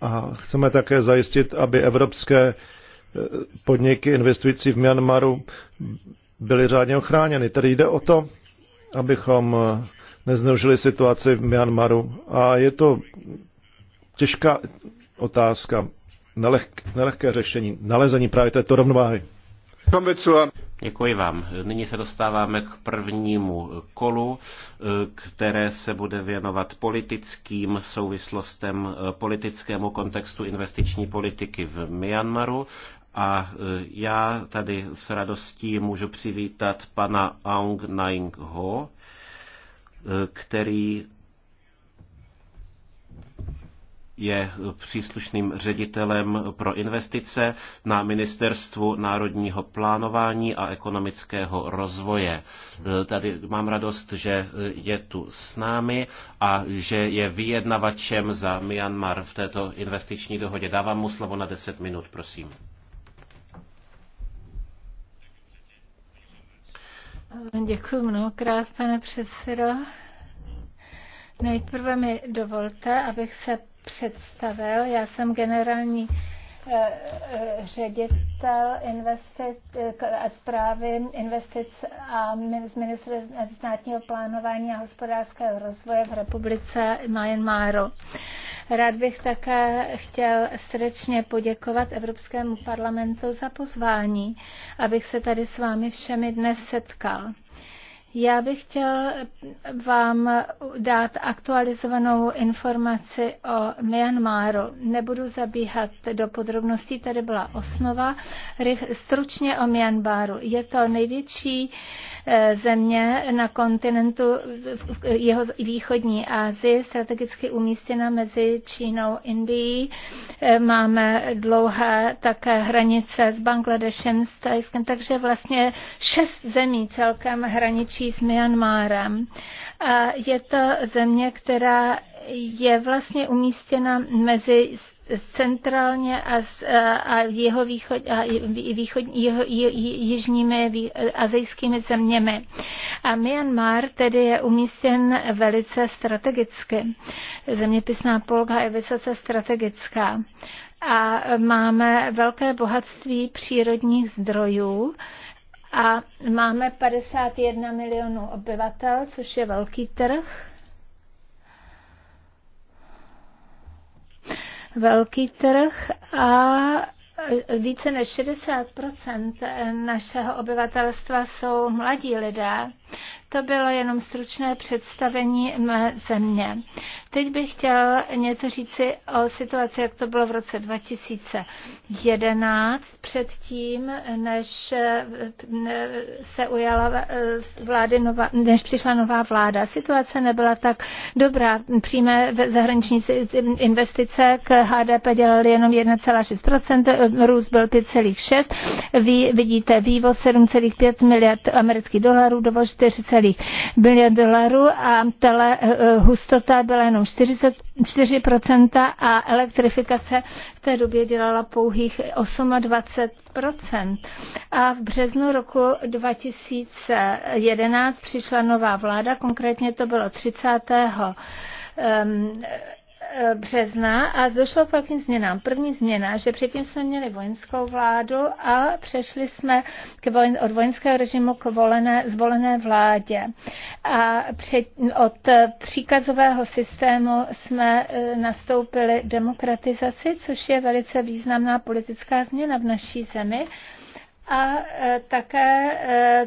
A chceme také zajistit, aby evropské eh, podniky investující v Myanmaru byly řádně ochráněny. Tady jde o to, abychom eh, nezneužili situaci v Myanmaru. A je to těžká otázka, nelehk, nelehké řešení, nalezení právě této rovnováhy. Děkuji vám. Nyní se dostáváme k prvnímu kolu, které se bude věnovat politickým souvislostem, politickému kontextu investiční politiky v Myanmaru. A já tady s radostí můžu přivítat pana Aung Naing Ho, který je příslušným ředitelem pro investice na Ministerstvu národního plánování a ekonomického rozvoje. Tady mám radost, že je tu s námi a že je vyjednavačem za Myanmar v této investiční dohodě. Dávám mu slovo na 10 minut, prosím. Děkuji mnohokrát, pane předsedo. Nejprve mi dovolte, abych se představil. Já jsem generální Eh, eh, ředitel investic, a eh, zprávy investic a z ministerstva státního plánování a hospodářského rozvoje v republice Myanmaru. Rád bych také chtěl srdečně poděkovat Evropskému parlamentu za pozvání, abych se tady s vámi všemi dnes setkal. Já bych chtěl vám dát aktualizovanou informaci o Myanmaru. Nebudu zabíhat do podrobností, tady byla osnova. Stručně o Myanmaru. Je to největší Eh, země na kontinentu jeho východní Asii, strategicky umístěna mezi Čínou a Indií. Eh, máme dlouhé také hranice s Bangladešem, s Tajskem, takže vlastně šest zemí celkem hraničí s Myanmarem. A je to země, která je vlastně umístěna mezi centrálně a, s, a, jeho východ, a východ, jeho, jižními azijskými zeměmi. A Myanmar tedy je umístěn velice strategicky. Zeměpisná polka je vysoce strategická. A máme velké bohatství přírodních zdrojů a máme 51 milionů obyvatel, což je velký trh velký trh a více než 60 našeho obyvatelstva jsou mladí lidé to bylo jenom stručné představení mé země. Teď bych chtěl něco říci o situaci, jak to bylo v roce 2011, předtím, než se ujala eh, vlády nová, než přišla nová vláda. Situace nebyla tak dobrá. Přímé zahraniční investice k HDP dělaly jenom 1,6%, růst byl 5,6%, Vy vidíte vývoz 7,5 miliard amerických dolarů, dovoz 4,4 bilion dolarů a tele, eh, eh, hustota byla jenom 44% a elektrifikace v té době dělala pouhých 28%. A v březnu roku 2011 přišla nová vláda, konkrétně to bylo 30. Um, ehm, E, března a došlo k velkým změnám. První změna, že předtím jsme měli vojenskou vládu a přešli jsme k vojen, od vojenského režimu k volené, zvolené vládě. A před, od příkazového systému jsme e, nastoupili demokratizaci, což je velice významná politická změna v naší zemi. A e, také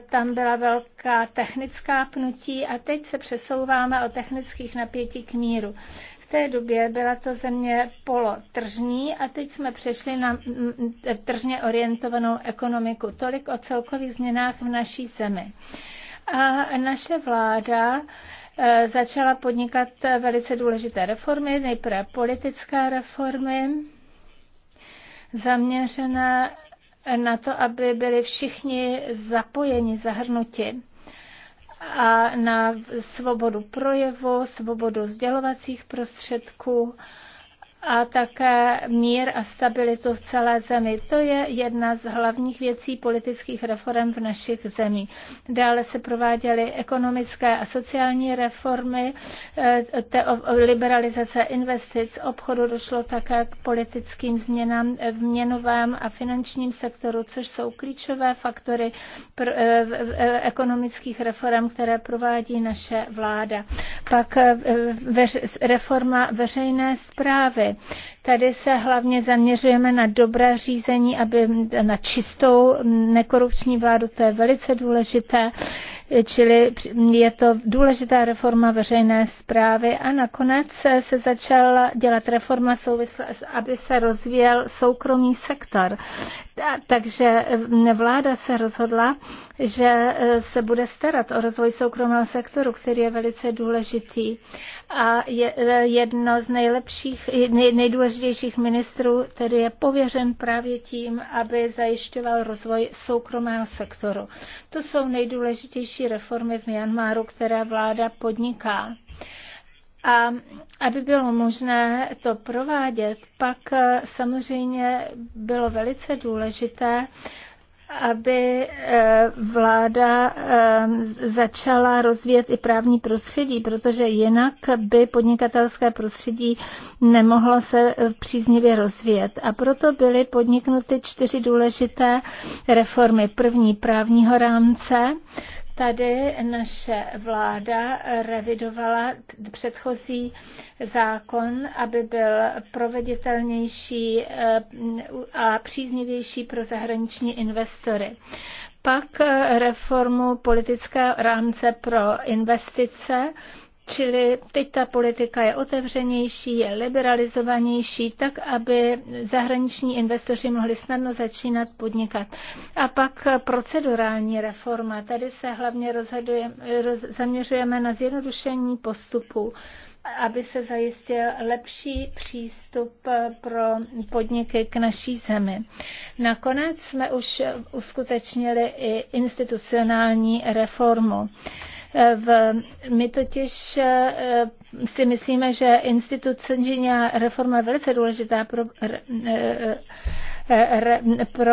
tam byla velká technická pnutí a teď se přesouváme o technických napětí k míru té době byla to země polotržní a teď jsme přešli na tržně orientovanou ekonomiku. Tolik o celkových změnách v naší zemi. A naše vláda e, začala podnikat velice důležité reformy, nejprve politické reformy, zaměřené na to, aby byli všichni zapojeni, zahrnuti a na svobodu projevu, svobodu sdělovacích prostředků a také mír a stabilitu v celé zemi. To je jedna z hlavních věcí politických reform v našich zemích. Dále se prováděly ekonomické a sociální reformy, eh, liberalizace investic, obchodu došlo také k politickým změnám v měnovém a finančním sektoru, což jsou klíčové faktory eh, ekonomických reform, které provádí naše vláda. Pak eh, reforma veřejné zprávy Tady se hlavně zaměřujeme na dobré řízení, aby na čistou nekorupční vládu, to je velice důležité. Čili je to důležitá reforma veřejné zprávy a nakonec se začala dělat reforma, souvisle, aby se rozvíjel soukromý sektor. Takže vláda se rozhodla, že e, se bude starat o rozvoj soukromého sektoru, který je velice důležitý. A je, e, jedno z nejlepších, nej, nejdůležitějších ministrů který je pověřen právě tím, aby zajišťoval rozvoj soukromého sektoru. To jsou nejdůležitější nejnovější reformy v Myanmaru, které vláda podniká. A aby bylo možné to provádět, pak samozřejmě bylo velice důležité, aby eh, vláda eh, začala rozvíjet i právní prostředí, protože jinak by podnikatelské prostředí nemohlo se eh, příznivě rozvíjet. A proto byly podniknuty čtyři důležité reformy. První právního rámce, Tady naše vláda revidovala předchozí zákon, aby byl proveditelnější eh, a příznivější pro zahraniční investory pak eh, reformu politického rámce pro investice Čili teď ta politika je otevřenější, je liberalizovanější, tak, aby zahraniční investoři mohli snadno začínat podnikat. A pak procedurální reforma. Tady se hlavně rozhoduje, roz, zaměřujeme na zjednodušení postupů aby se zajistil lepší přístup eh, pro podniky k naší zemi. Nakonec jsme už uskutečnili i institucionální reformu. V, my totiž eh, si myslíme, že instituce reforma je velice důležitá pro eh, eh, pro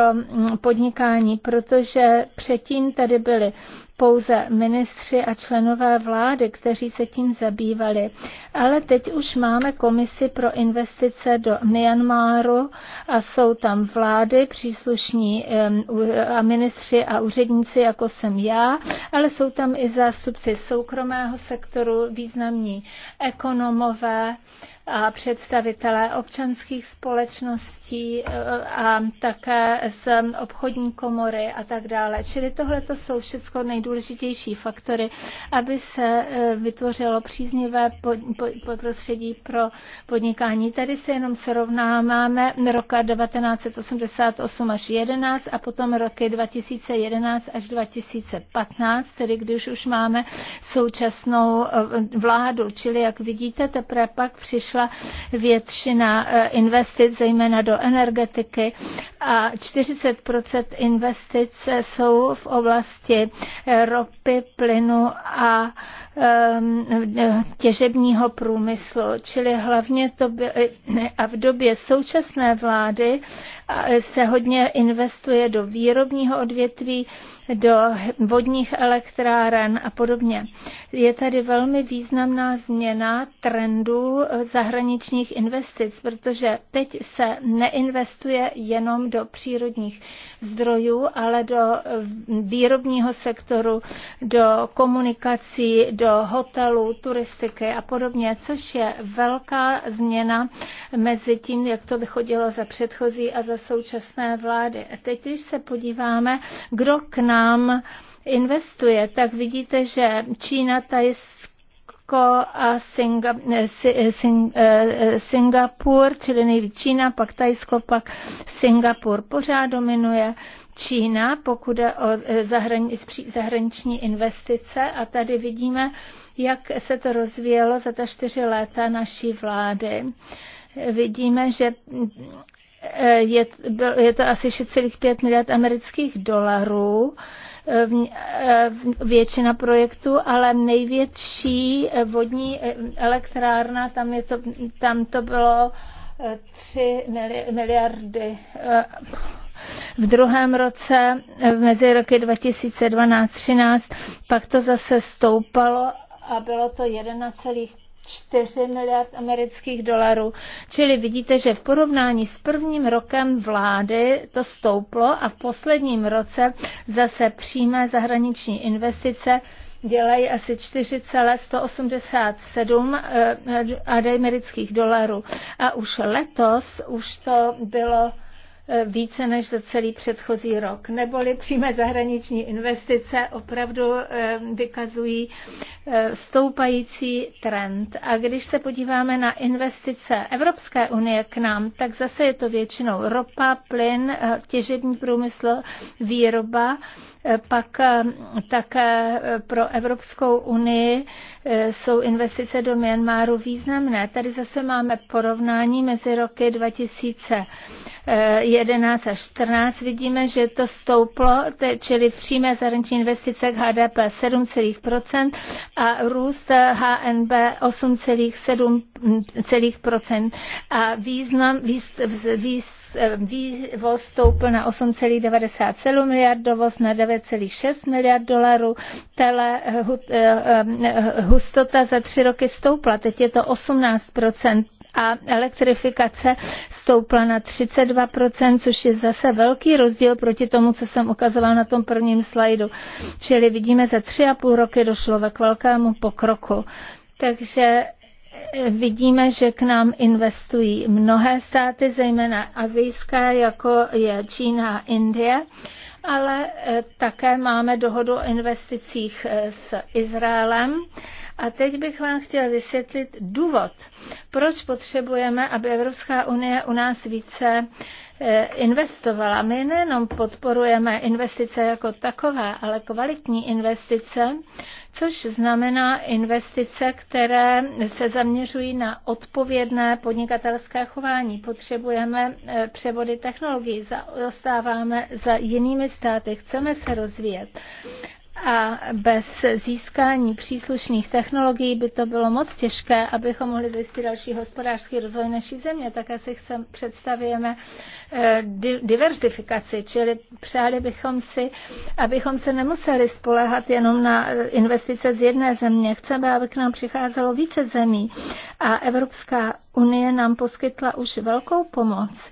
podnikání, protože předtím tady byly pouze ministři a členové vlády, kteří se tím zabývali. Ale teď už máme komisi pro investice do Myanmaru a jsou tam vlády, příslušní a ministři a úředníci, jako jsem já, ale jsou tam i zástupci soukromého sektoru, významní ekonomové, a představitelé občanských společností e, a také z obchodní komory a tak dále. Čili tohle to jsou všechno nejdůležitější faktory, aby se e, vytvořilo příznivé prostředí pro podnikání. Tady se jenom srovnáváme roka 1988 až 11 a potom roky 2011 až 2015, tedy když už máme současnou e, vládu. Čili jak vidíte, teprve pak přišla přišla většina eh, investic, zejména do energetiky a 40% investic jsou v oblasti eh, ropy, plynu a eh, těžebního průmyslu. Čili hlavně to by, a v době současné vlády E, se hodně investuje do výrobního odvětví, do vodních elektráren a podobně. Je tady velmi významná změna trendů zahraničních investic, protože teď se neinvestuje jenom do přírodních zdrojů, ale do e, výrobního sektoru, do komunikací, do hotelů, turistiky a podobně, což je velká změna mezi tím, jak to vychodilo za předchozí a za současné vlády. A teď, když se podíváme, kdo k nám investuje, tak vidíte, že Čína, Tajsko, a Singa, eh, eh, Sing, eh, Singapur, čili nejvíc Čína, pak Tajsko, pak Singapur. Pořád dominuje Čína, pokud jde o zahraniční investice a tady vidíme, jak se to rozvíjelo za ta čtyři léta naší vlády vidíme, že Eh, je, je to asi 6,5 miliard amerických dolarů, eh, eh, většina projektů, ale největší vodní elektrárna, tam, je to, tam to bylo 3 miliardy. V druhém roce, mezi roky 2012-2013, pak to zase stoupalo a bylo to 4 miliard amerických dolarů. Čili vidíte, že v porovnání s prvním rokem vlády to stouplo a v posledním roce zase přímé zahraniční investice dělají asi 4,187 eh, eh, amerických dolarů. A už letos už to bylo E, více než za celý předchozí rok. Neboli přímé zahraniční investice opravdu e, vykazují e, stoupající trend. A když se podíváme na investice Evropské unie k nám, tak zase je to většinou ropa, plyn, těžební průmysl, výroba, pak také pro Evropskou unii jsou investice do Myanmaru významné. Tady zase máme porovnání mezi roky 2000 11 až 14 vidíme, že to stouplo, čili přímé zahraniční investice k HDP 7,5% a růst HNB 8,7% a význam, víz víz vývoz stoupl na 8,97 miliard, dovoz na 9,6 miliard dolarů, tele eh, eh, hustota za tři roky stoupla, teď je to 18 a elektrifikace stoupla na 32%, což je zase velký rozdíl proti tomu, co jsem ukazoval na tom prvním slajdu. Čili vidíme, za tři a půl roky došlo k velkému pokroku. Takže eh, vidíme, že k nám investují mnohé státy, zejména azijské, jako je Čína a Indie, ale eh, také máme dohodu o investicích eh, s Izraelem a teď bych vám chtěl vysvětlit důvod, proč potřebujeme, aby Evropská unie u nás více e, investovala. My nejenom podporujeme investice jako takové, ale kvalitní investice, což znamená investice, které se zaměřují na odpovědné podnikatelské chování. Potřebujeme e, převody technologií, zaostáváme za jinými státy, chceme se rozvíjet a bez získání příslušných technologií by to bylo moc těžké, abychom mohli zajistit další hospodářský rozvoj naší země. Také si chcem, představujeme eh, diversifikaci, čili přáli bychom si, abychom se nemuseli spolehat jenom na eh, investice z jedné země. Chceme, aby k nám přicházelo více zemí a Evropská unie nám poskytla už velkou pomoc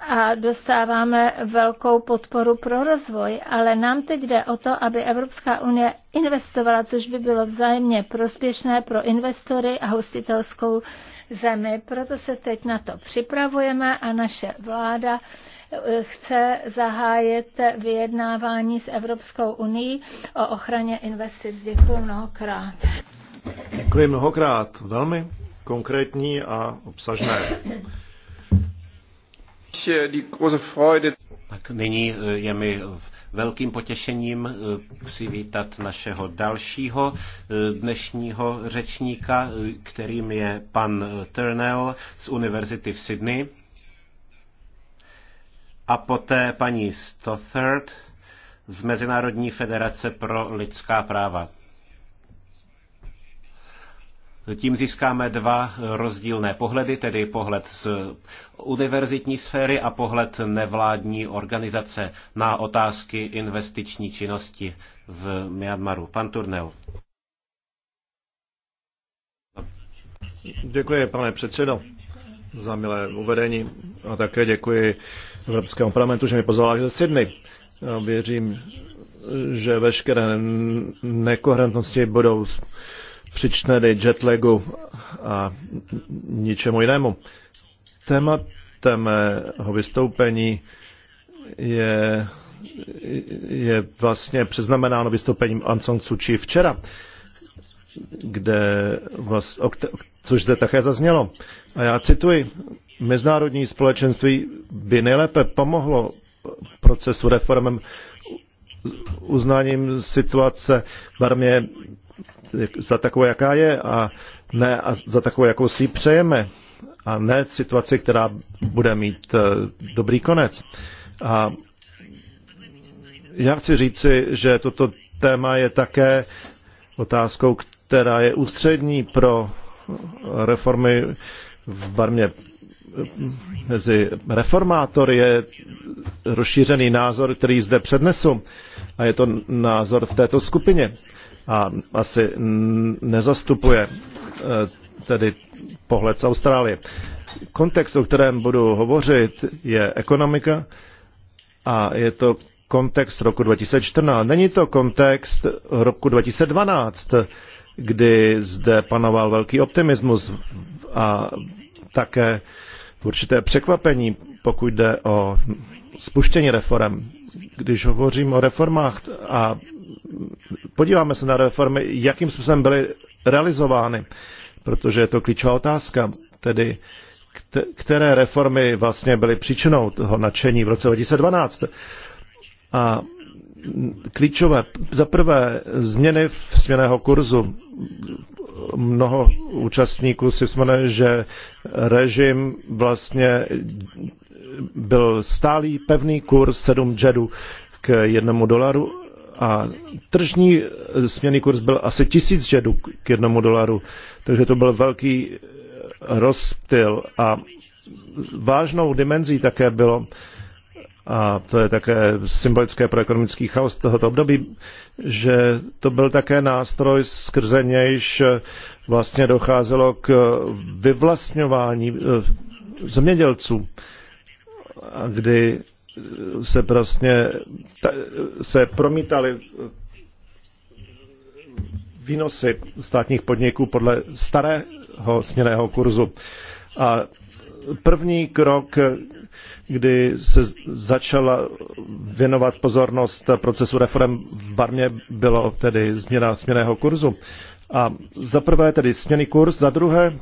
a dostáváme velkou podporu pro rozvoj, ale nám teď jde o to, aby Evropská unie investovala, což by bylo vzájemně prospěšné pro investory a hostitelskou zemi. Proto se teď na to připravujeme a naše vláda eh, chce zahájit vyjednávání s Evropskou unii o ochraně investic. Děkuji mnohokrát. Děkuji mnohokrát. Velmi konkrétní a obsažné. Eh, tak nyní eh, je mi eh, velkým potěšením přivítat našeho dalšího dnešního řečníka, kterým je pan Turnell z Univerzity v Sydney. A poté paní Stothard z Mezinárodní federace pro lidská práva. Tím získáme dva rozdílné pohledy, tedy pohled z univerzitní sféry a pohled nevládní organizace na otázky investiční činnosti v Myanmaru. Pan Turneu. Děkuji, pane předsedo, za milé uvedení a také děkuji Evropskému parlamentu, že mi pozvala ze Sydney. Věřím, že veškeré nekoherentnosti budou příčnedy jetlagu a ničemu jinému. Tématem jeho vystoupení je, je vlastně přeznamenáno vystoupením Ansong Suči včera, kde vlast, což zde také zaznělo. A já cituji, mezinárodní společenství by nejlépe pomohlo procesu reformem uznáním situace v armě za takovou, jaká je a ne a za takovou, jakou si přejeme a ne situaci, která bude mít eh, dobrý konec. A já chci říci, že toto téma je také otázkou, která je ústřední pro reformy v Barmě. Mezi reformátory je rozšířený názor, který zde přednesu a je to názor v této skupině a asi nezastupuje e, tedy pohled z Austrálie. Kontext, o kterém budu hovořit, je ekonomika a je to kontext roku 2014. Není to kontext roku 2012, kdy zde panoval velký optimismus a také určité překvapení, pokud jde o spuštění reform. Když hovořím o reformách a podíváme se na reformy, jakým způsobem byly realizovány, protože je to klíčová otázka, tedy které reformy vlastně byly příčinou toho nadšení v roce 2012. A klíčové, za prvé změny v směného kurzu. Mnoho účastníků si vzpomene, že režim vlastně byl stálý pevný kurz 7 džedů k jednomu dolaru a tržní eh, směný kurz byl asi tisíc žedů k jednomu dolaru, takže to byl velký eh, rozptyl a vážnou dimenzí také bylo, a to je také symbolické pro ekonomický chaos tohoto období, že to byl také nástroj, skrze nějž eh, vlastně docházelo k vyvlastňování zemědělců, kdy se prostě se promítaly výnosy státních podniků podle starého směného kurzu. A první krok, kdy se začala věnovat pozornost procesu reform v Barmě, bylo tedy změna směného kurzu. A za prvé tedy směný kurz, za druhé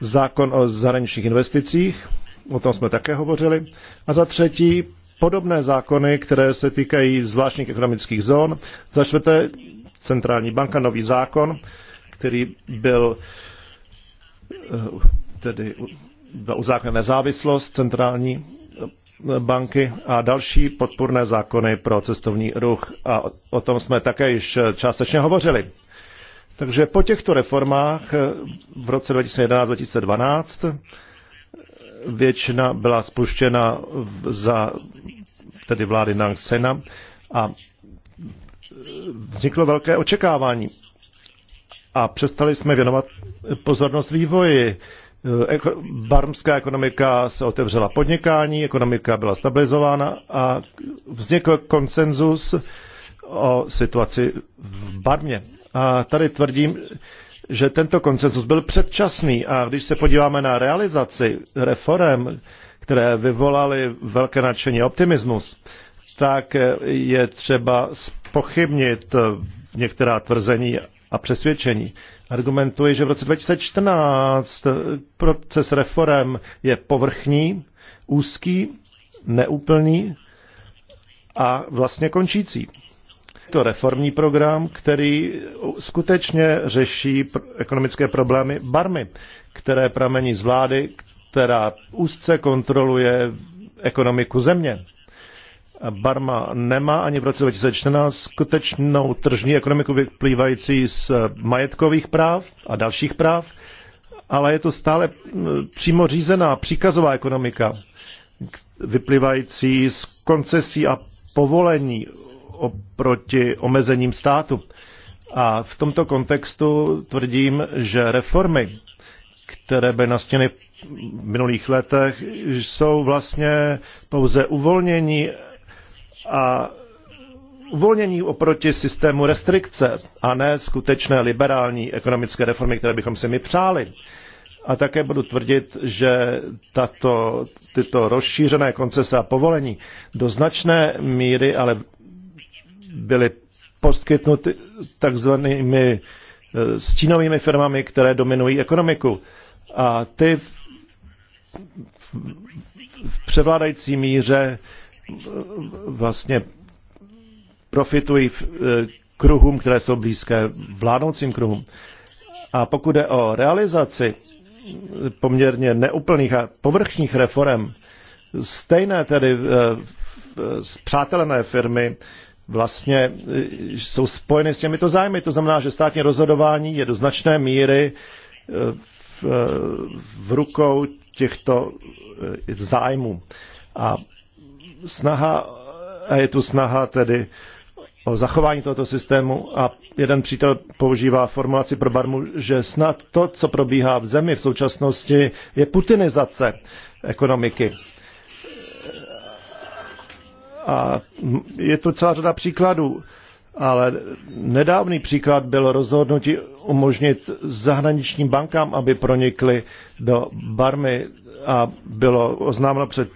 zákon o zahraničních investicích, o tom jsme také hovořili. A za třetí, podobné zákony, které se týkají zvláštních ekonomických zón. Za čtvrté, centrální banka, nový zákon, který byl eh, tedy byla uzákona nezávislost centrální eh, banky a další podpůrné zákony pro cestovní ruch. A o tom jsme také již částečně hovořili. Takže po těchto reformách eh, v roce 2011-2012 většina byla spuštěna za tedy vlády Nang Sena a vzniklo velké očekávání. A přestali jsme věnovat pozornost vývoji. Barmská ekonomika se otevřela podnikání, ekonomika byla stabilizována a vznikl konsenzus o situaci v Barmě. A tady tvrdím, že tento koncensus byl předčasný a když se podíváme na realizaci reform, které vyvolaly velké nadšení optimismus, tak je třeba spochybnit některá tvrzení a přesvědčení. Argumentuji, že v roce 2014 proces reform je povrchní, úzký, neúplný a vlastně končící to reformní program, který skutečně řeší ekonomické problémy Barmy, které pramení z vlády, která úzce kontroluje ekonomiku země. Barma nemá ani v roce 2014 skutečnou tržní ekonomiku vyplývající z majetkových práv a dalších práv, ale je to stále přímo řízená příkazová ekonomika, vyplývající z koncesí a povolení oproti omezením státu. A v tomto kontextu tvrdím, že reformy, které by nastěny v minulých letech, jsou vlastně pouze uvolnění a uvolnění oproti systému restrikce a ne skutečné liberální ekonomické reformy, které bychom si my přáli. A také budu tvrdit, že tato, tyto rozšířené koncese a povolení do značné míry, ale byly poskytnuty takzvanými eh, stínovými firmami, které dominují ekonomiku. A ty v, v převládající míře eh, vlastně profitují v eh, kruhům, které jsou blízké vládnoucím kruhům. A pokud je o realizaci poměrně neúplných a povrchních reform, stejné tedy zpřátelené firmy vlastně e, jsou spojeny s těmito zájmy. To znamená, že státní rozhodování je do značné míry e, v, e, v rukou těchto zájmů. A snaha, a je tu snaha tedy o zachování tohoto systému a jeden přítel používá formulaci pro Barmu, že snad to, co probíhá v zemi v současnosti, je putinizace ekonomiky. A je to celá řada příkladů, ale nedávný příklad byl rozhodnutí umožnit zahraničním bankám, aby pronikly do Barmy a bylo oznámeno před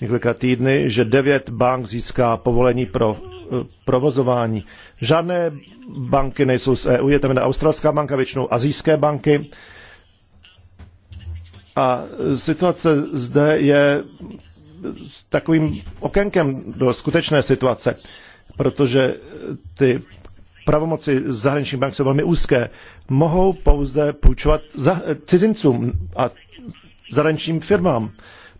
několika týdny, že devět bank získá povolení pro eh, provozování. Žádné banky nejsou z EU, je tam jedna australská banka, většinou azijské banky. A situace zde je s takovým okénkem do skutečné situace, protože ty pravomoci zahraničních bank jsou velmi úzké. Mohou pouze půjčovat za, cizincům a zahraničním firmám.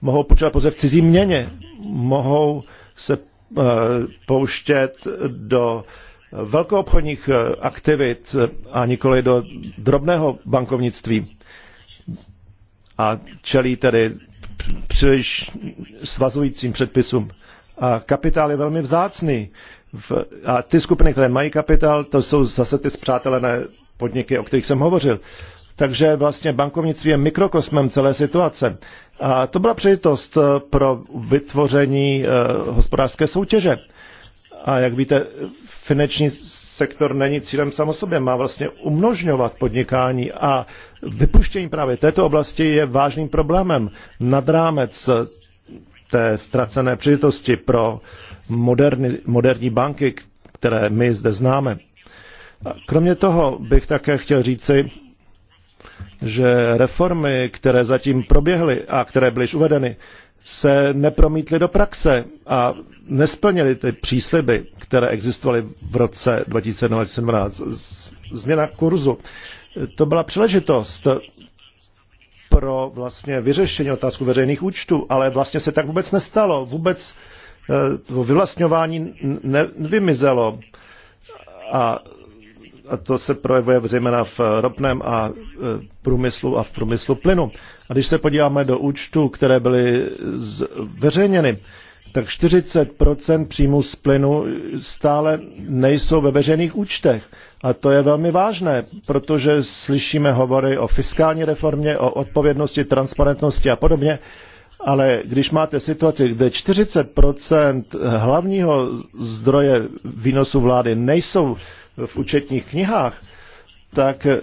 Mohou půjčovat pouze v cizí měně. Mohou se uh, pouštět do velkoobchodních eh, aktivit a nikoli do drobného bankovnictví. A čelí tedy příliš svazujícím předpisům. A kapitál je velmi vzácný. V, a ty skupiny, které mají kapitál, to jsou zase ty zpřátelené podniky, o kterých jsem hovořil. Takže vlastně bankovnictví je mikrokosmem celé situace. A to byla přejitost eh, pro vytvoření eh, hospodářské soutěže. A jak víte, finanční sektor není cílem samo sobě, má vlastně umnožňovat podnikání a vypuštění právě této oblasti je vážným problémem nad rámec té ztracené příležitosti pro moderní, moderní banky, které my zde známe. Kromě toho bych také chtěl říci, že reformy, které zatím proběhly a které byly uvedeny, se nepromítly do praxe a nesplnili ty přísliby, které existovaly v roce 2017. Změna kurzu. To byla příležitost pro vlastně vyřešení otázku veřejných účtů, ale vlastně se tak vůbec nestalo. Vůbec eh, to vyvlastňování nevymizelo a a to se projevuje zejména v ropném a e, průmyslu a v průmyslu plynu. A když se podíváme do účtů, které byly zveřejněny, tak 40% příjmů z plynu stále nejsou ve veřejných účtech. A to je velmi vážné, protože slyšíme hovory o fiskální reformě, o odpovědnosti, transparentnosti a podobně. Ale když máte situaci, kde 40% hlavního zdroje výnosu vlády nejsou v účetních knihách, tak eh,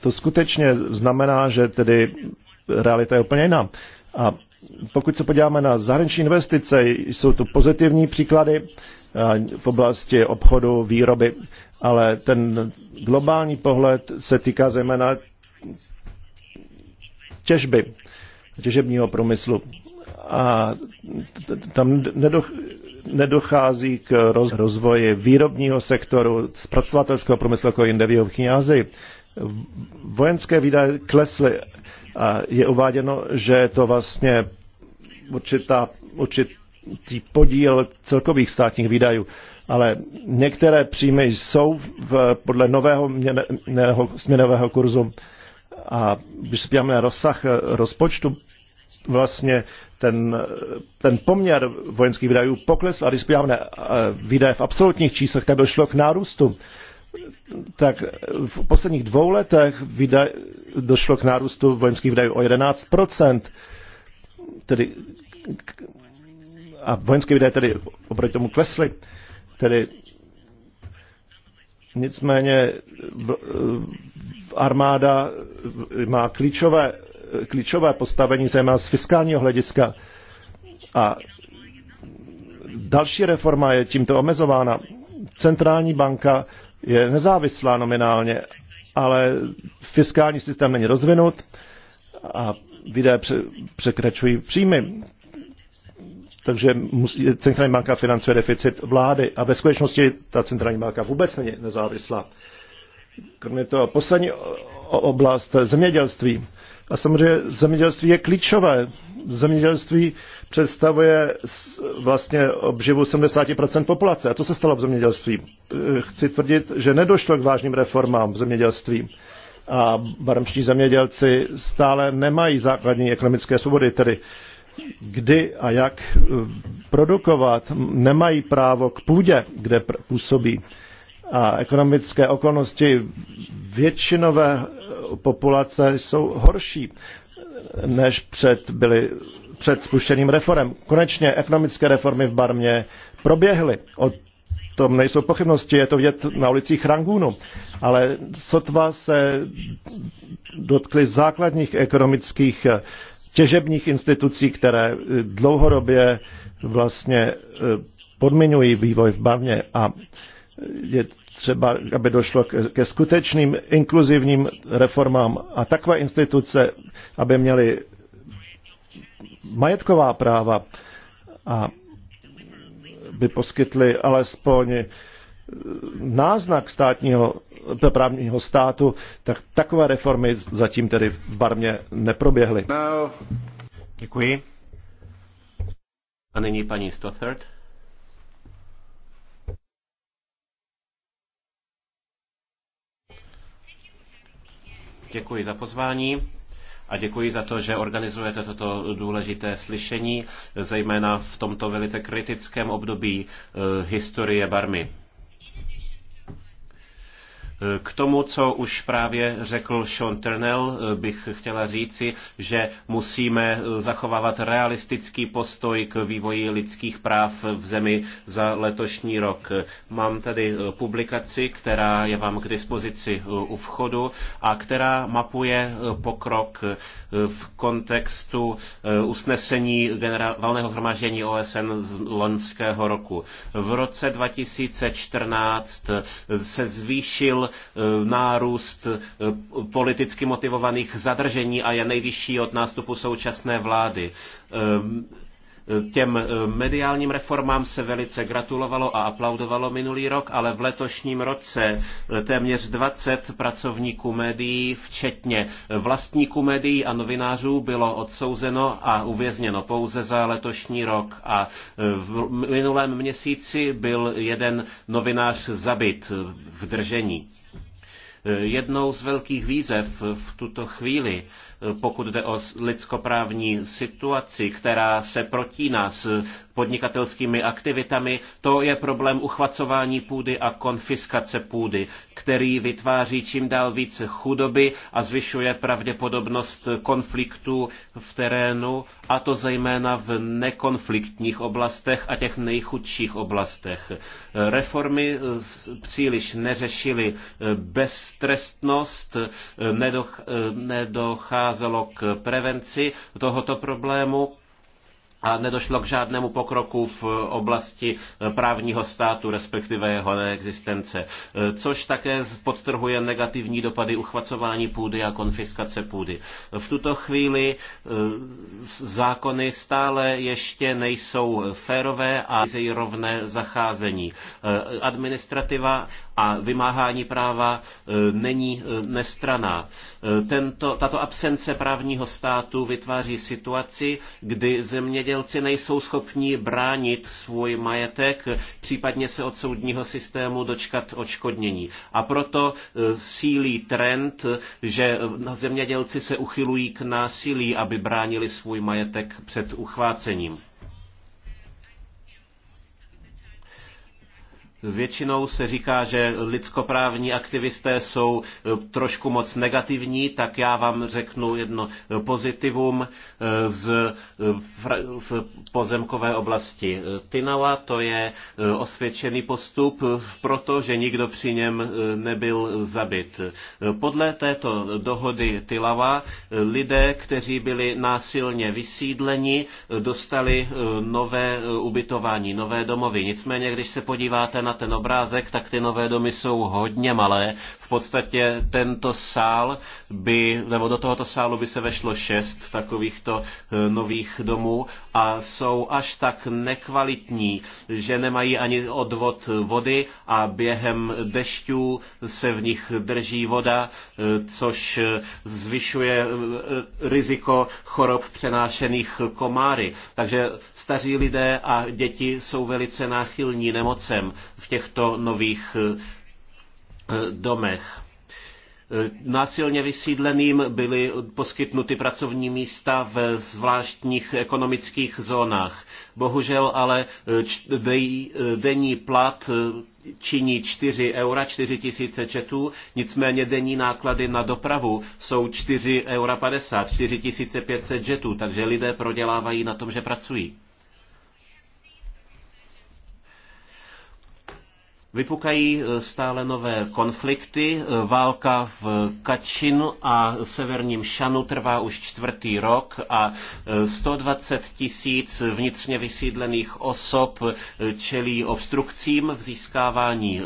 to skutečně znamená, že tedy realita je úplně jiná. A pokud se podíváme na zahraniční investice, jsou tu pozitivní příklady eh, v oblasti obchodu, výroby, ale ten globální pohled se týká zejména těžby těžebního průmyslu. A tam nedochází k rozvoji výrobního sektoru, zpracovatelského průmyslu jako jinde v Jihovní Vojenské výdaje klesly a je uváděno, že je to vlastně určitá, určitý podíl celkových státních výdajů. Ale některé příjmy jsou v, podle nového směnového kurzu a když se na rozsah eh, rozpočtu, vlastně ten, eh, ten poměr vojenských výdajů poklesl a když se na eh, výdaje v absolutních číslech, tak došlo k nárůstu. Tak v posledních dvou letech výdaj, došlo k nárůstu vojenských výdajů o 11%, tedy a vojenské výdaje tedy oproti tomu klesly. Tedy Nicméně armáda má klíčové, klíčové postavení, zejména z fiskálního hlediska. A další reforma je tímto omezována. Centrální banka je nezávislá nominálně, ale fiskální systém není rozvinut a lidé překračují příjmy takže musí, centrální banka financuje deficit vlády a ve skutečnosti ta centrální banka vůbec není nezávislá. Kromě toho poslední oblast zemědělství. A samozřejmě zemědělství je klíčové. Zemědělství představuje vlastně obživu 70% populace. A co se stalo v zemědělství? Eh, chci tvrdit, že nedošlo k vážným reformám v zemědělství. A barmští zemědělci stále nemají základní ekonomické svobody, tedy kdy a jak eh, produkovat, nemají právo k půdě, kde působí. A ekonomické okolnosti většinové eh, populace jsou horší, eh, než před, byly, před spuštěným reformem. Konečně ekonomické reformy v Barmě proběhly. O tom nejsou pochybnosti, je to vidět na ulicích Rangunu. Ale sotva se dotkli základních ekonomických těžebních institucí, které eh, dlouhodobě eh, vlastně eh, podmiňují vývoj v bavně a je třeba, aby došlo ke skutečným inkluzivním reformám a takové instituce, aby měly majetková práva a by poskytly alespoň náznak státního právního státu, tak takové reformy zatím tedy v Barmě neproběhly. No. Děkuji. A nyní paní Stothard. Děkuji za pozvání a děkuji za to, že organizujete toto důležité slyšení, zejména v tomto velice kritickém období eh, historie Barmy. K tomu, co už právě řekl Sean Turnell, bych chtěla říci, že musíme zachovávat realistický postoj k vývoji lidských práv v zemi za letošní rok. Mám tady publikaci, která je vám k dispozici u vchodu a která mapuje pokrok v kontextu usnesení generál, valného zhromaždění OSN z loňského roku. V roce 2014 se zvýšil Eh, nárůst eh, politicky motivovaných zadržení a je nejvyšší od nástupu současné vlády. Ehm, eh, těm mediálním reformám se velice gratulovalo a aplaudovalo minulý rok, ale v letošním roce téměř 20 pracovníků médií, včetně vlastníků médií a novinářů, bylo odsouzeno a uvězněno pouze za letošní rok. A v minulém měsíci byl jeden novinář zabit v držení. Eh, jednou z velkých výzev v tuto chvíli pokud jde o lidskoprávní situaci, která se protíná s podnikatelskými aktivitami, to je problém uchvacování půdy a konfiskace půdy, který vytváří čím dál více chudoby a zvyšuje pravděpodobnost konfliktů v terénu, a to zejména v nekonfliktních oblastech a těch nejchudších oblastech. Reformy příliš neřešily beztrestnost, nedochází nedocházelo k prevenci tohoto problému a nedošlo k žádnému pokroku v oblasti právního státu, respektive jeho neexistence, což také podtrhuje negativní dopady uchvacování půdy a konfiskace půdy. V tuto chvíli e, zákony stále ještě nejsou férové a jsou rovné zacházení. E, administrativa a vymáhání práva e, není nestraná. Tento, tato absence právního státu vytváří situaci, kdy zemědělci nejsou schopni bránit svůj majetek, případně se od soudního systému dočkat odškodnění. A proto e, sílí trend, že zemědělci se uchylují k násilí, aby bránili svůj majetek před uchvácením. Většinou se říká, že lidskoprávní aktivisté jsou eh, trošku moc negativní, tak já vám řeknu jedno eh, pozitivum eh, z, z pozemkové oblasti Tynala To je osvědčený postup, protože nikdo při něm nebyl zabit. Podle této dohody Tylava lidé, kteří byli násilně vysídleni, dostali nové ubytování, nové domovy. Nicméně, když se podíváte na na ten obrázek, tak ty nové domy jsou hodně malé. V podstatě tento sál by, nebo do tohoto sálu by se vešlo šest takovýchto eh, nových domů a jsou až tak nekvalitní, že nemají ani odvod vody a během dešťů se v nich drží voda, eh, což eh, zvyšuje riziko chorob přenášených komáry. Takže staří lidé a děti jsou velice náchylní nemocem v těchto nových eh, domech. Eh, násilně vysídleným byly poskytnuty pracovní místa v zvláštních ekonomických zónách. Bohužel ale eh, denní plat činí 4 eura, 4 tisíce četů, nicméně denní náklady na dopravu jsou 4 eura 50, 4 500 jetů, takže lidé prodělávají na tom, že pracují. Vypukají eh, stále nové konflikty. Eh, válka v Kačinu a severním Šanu trvá už čtvrtý rok a 120 eh, tisíc vnitřně vysídlených osob čelí obstrukcím v získávání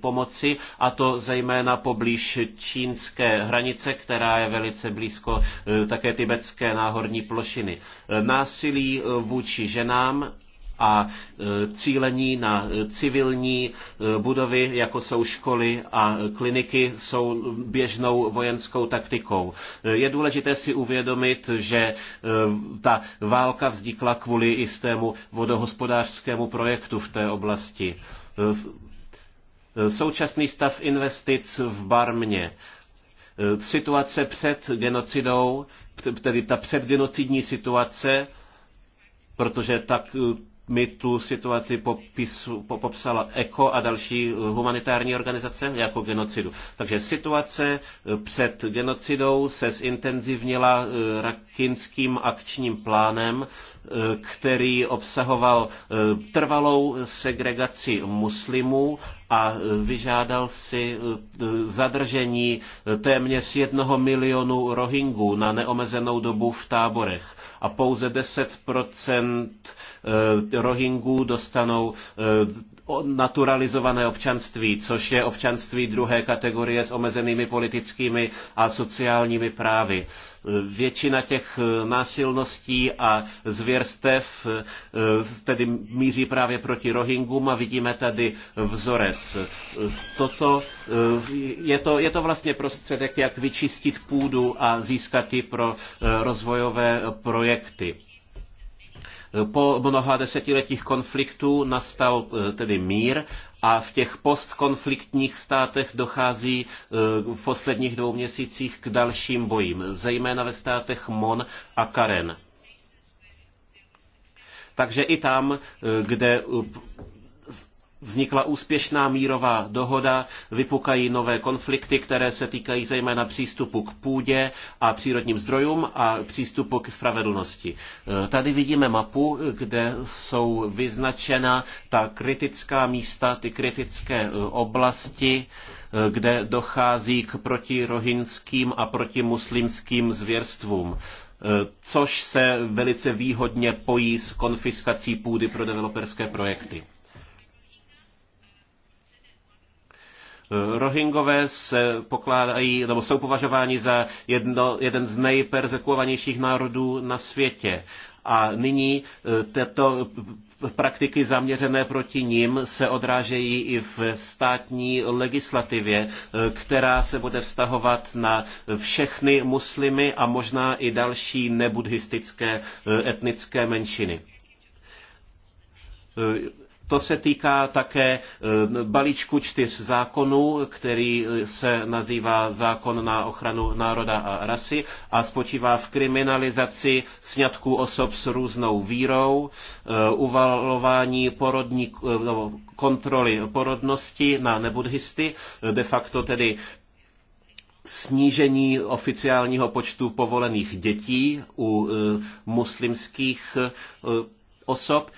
pomoci a to zejména poblíž čínské hranice, která je velice blízko také tibetské náhorní plošiny. Násilí vůči ženám a e, cílení na e, civilní e, budovy, jako jsou školy a kliniky, jsou běžnou vojenskou taktikou. Je důležité si uvědomit, že ta válka vznikla kvůli jistému vodohospodářskému projektu v té oblasti. Současný stav investic v Barmě. Situace před genocidou, tedy ta předgenocidní situace, protože tak mi tu situaci popisu, popsala ECO a další eh, humanitární organizace jako genocidu. Takže situace eh, před genocidou se zintenzivnila eh, rakinským akčním plánem, který obsahoval trvalou segregaci muslimů a vyžádal si zadržení téměř jednoho milionu rohingů na neomezenou dobu v táborech. A pouze 10 Eh, Rohingů dostanou eh, naturalizované občanství, což je občanství druhé kategorie s omezenými politickými a sociálními právy. Eh, většina těch násilností a zvěrstev tedy míří právě proti Rohingům a vidíme tady vzorec. Toto, je, to, je to vlastně prostředek, jak vyčistit půdu a získat ji pro rozvojové projekty. Po mnoha desetiletích konfliktů nastal eh, tedy mír a v těch postkonfliktních státech dochází eh, v posledních dvou měsících k dalším bojím, zejména ve státech Mon a Karen. Takže i tam, eh, kde vznikla úspěšná mírová dohoda, vypukají nové konflikty, které se týkají zejména přístupu k půdě a přírodním zdrojům a přístupu k spravedlnosti. E, tady vidíme mapu, kde jsou vyznačena ta kritická místa, ty kritické e, oblasti, e, kde dochází k protirohinským a protimuslimským zvěrstvům což se velice výhodně pojí s konfiskací půdy pro developerské projekty. Rohingové se pokládají, nebo jsou považováni za jedno, jeden z nejperzekuovanějších národů na světě. A nyní e, tyto praktiky zaměřené proti ním se odrážejí i v státní legislativě, e, která se bude vztahovat na všechny muslimy a možná i další nebudhistické e, etnické menšiny to se týká také eh, balíčku čtyř zákonů, který eh, se nazývá zákon na ochranu národa a rasy a spočívá v kriminalizaci sňatků osob s různou vírou, eh, uvalování porodní, no, kontroly porodnosti na nebudhisty, de facto tedy snížení oficiálního počtu povolených dětí u muslimských osob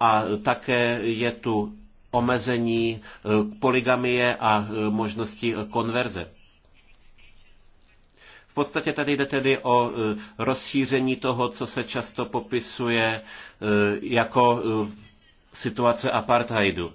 a také je tu omezení eh, poligamie a eh, možnosti eh, konverze. V podstatě tady jde tedy o rozšíření toho, co se často popisuje jako situace apartheidu.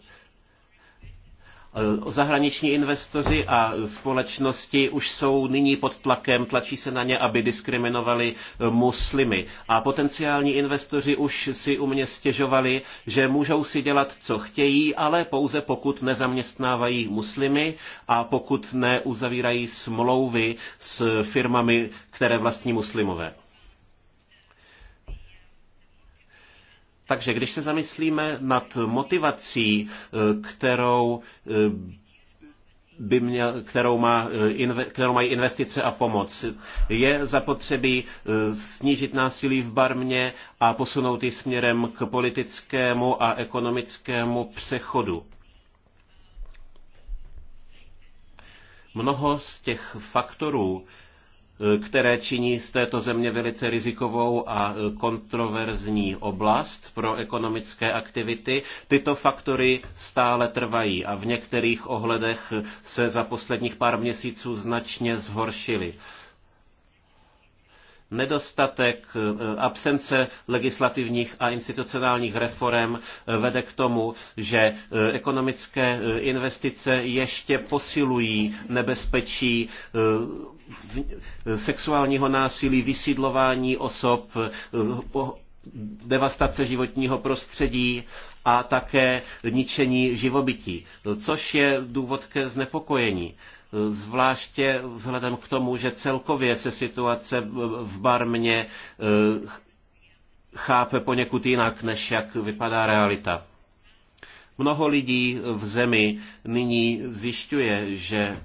Eh, zahraniční investoři a společnosti už jsou nyní pod tlakem, tlačí se na ně, aby diskriminovali eh, muslimy. A potenciální investoři už si u mě stěžovali, že můžou si dělat, co chtějí, ale pouze pokud nezaměstnávají muslimy a pokud neuzavírají smlouvy s firmami, které vlastní muslimové. Takže když se zamyslíme nad motivací, eh, kterou eh, by měl, kterou, má, eh, kterou mají investice a pomoc. Je zapotřebí snížit násilí v Barmě a posunout ji směrem k politickému a ekonomickému přechodu. Mnoho z těch faktorů, které činí z této země velice rizikovou a kontroverzní oblast pro ekonomické aktivity. Tyto faktory stále trvají a v některých ohledech se za posledních pár měsíců značně zhoršily nedostatek, eh, absence legislativních a institucionálních reform eh, vede k tomu, že eh, ekonomické investice ještě posilují nebezpečí sexuálního násilí, vysídlování osob, devastace životního prostředí a také ničení živobytí, což je důvod ke znepokojení zvláště vzhledem k tomu, že celkově se situace v Barmě eh, chápe poněkud jinak, než jak vypadá realita. Mnoho lidí v zemi nyní zjišťuje, že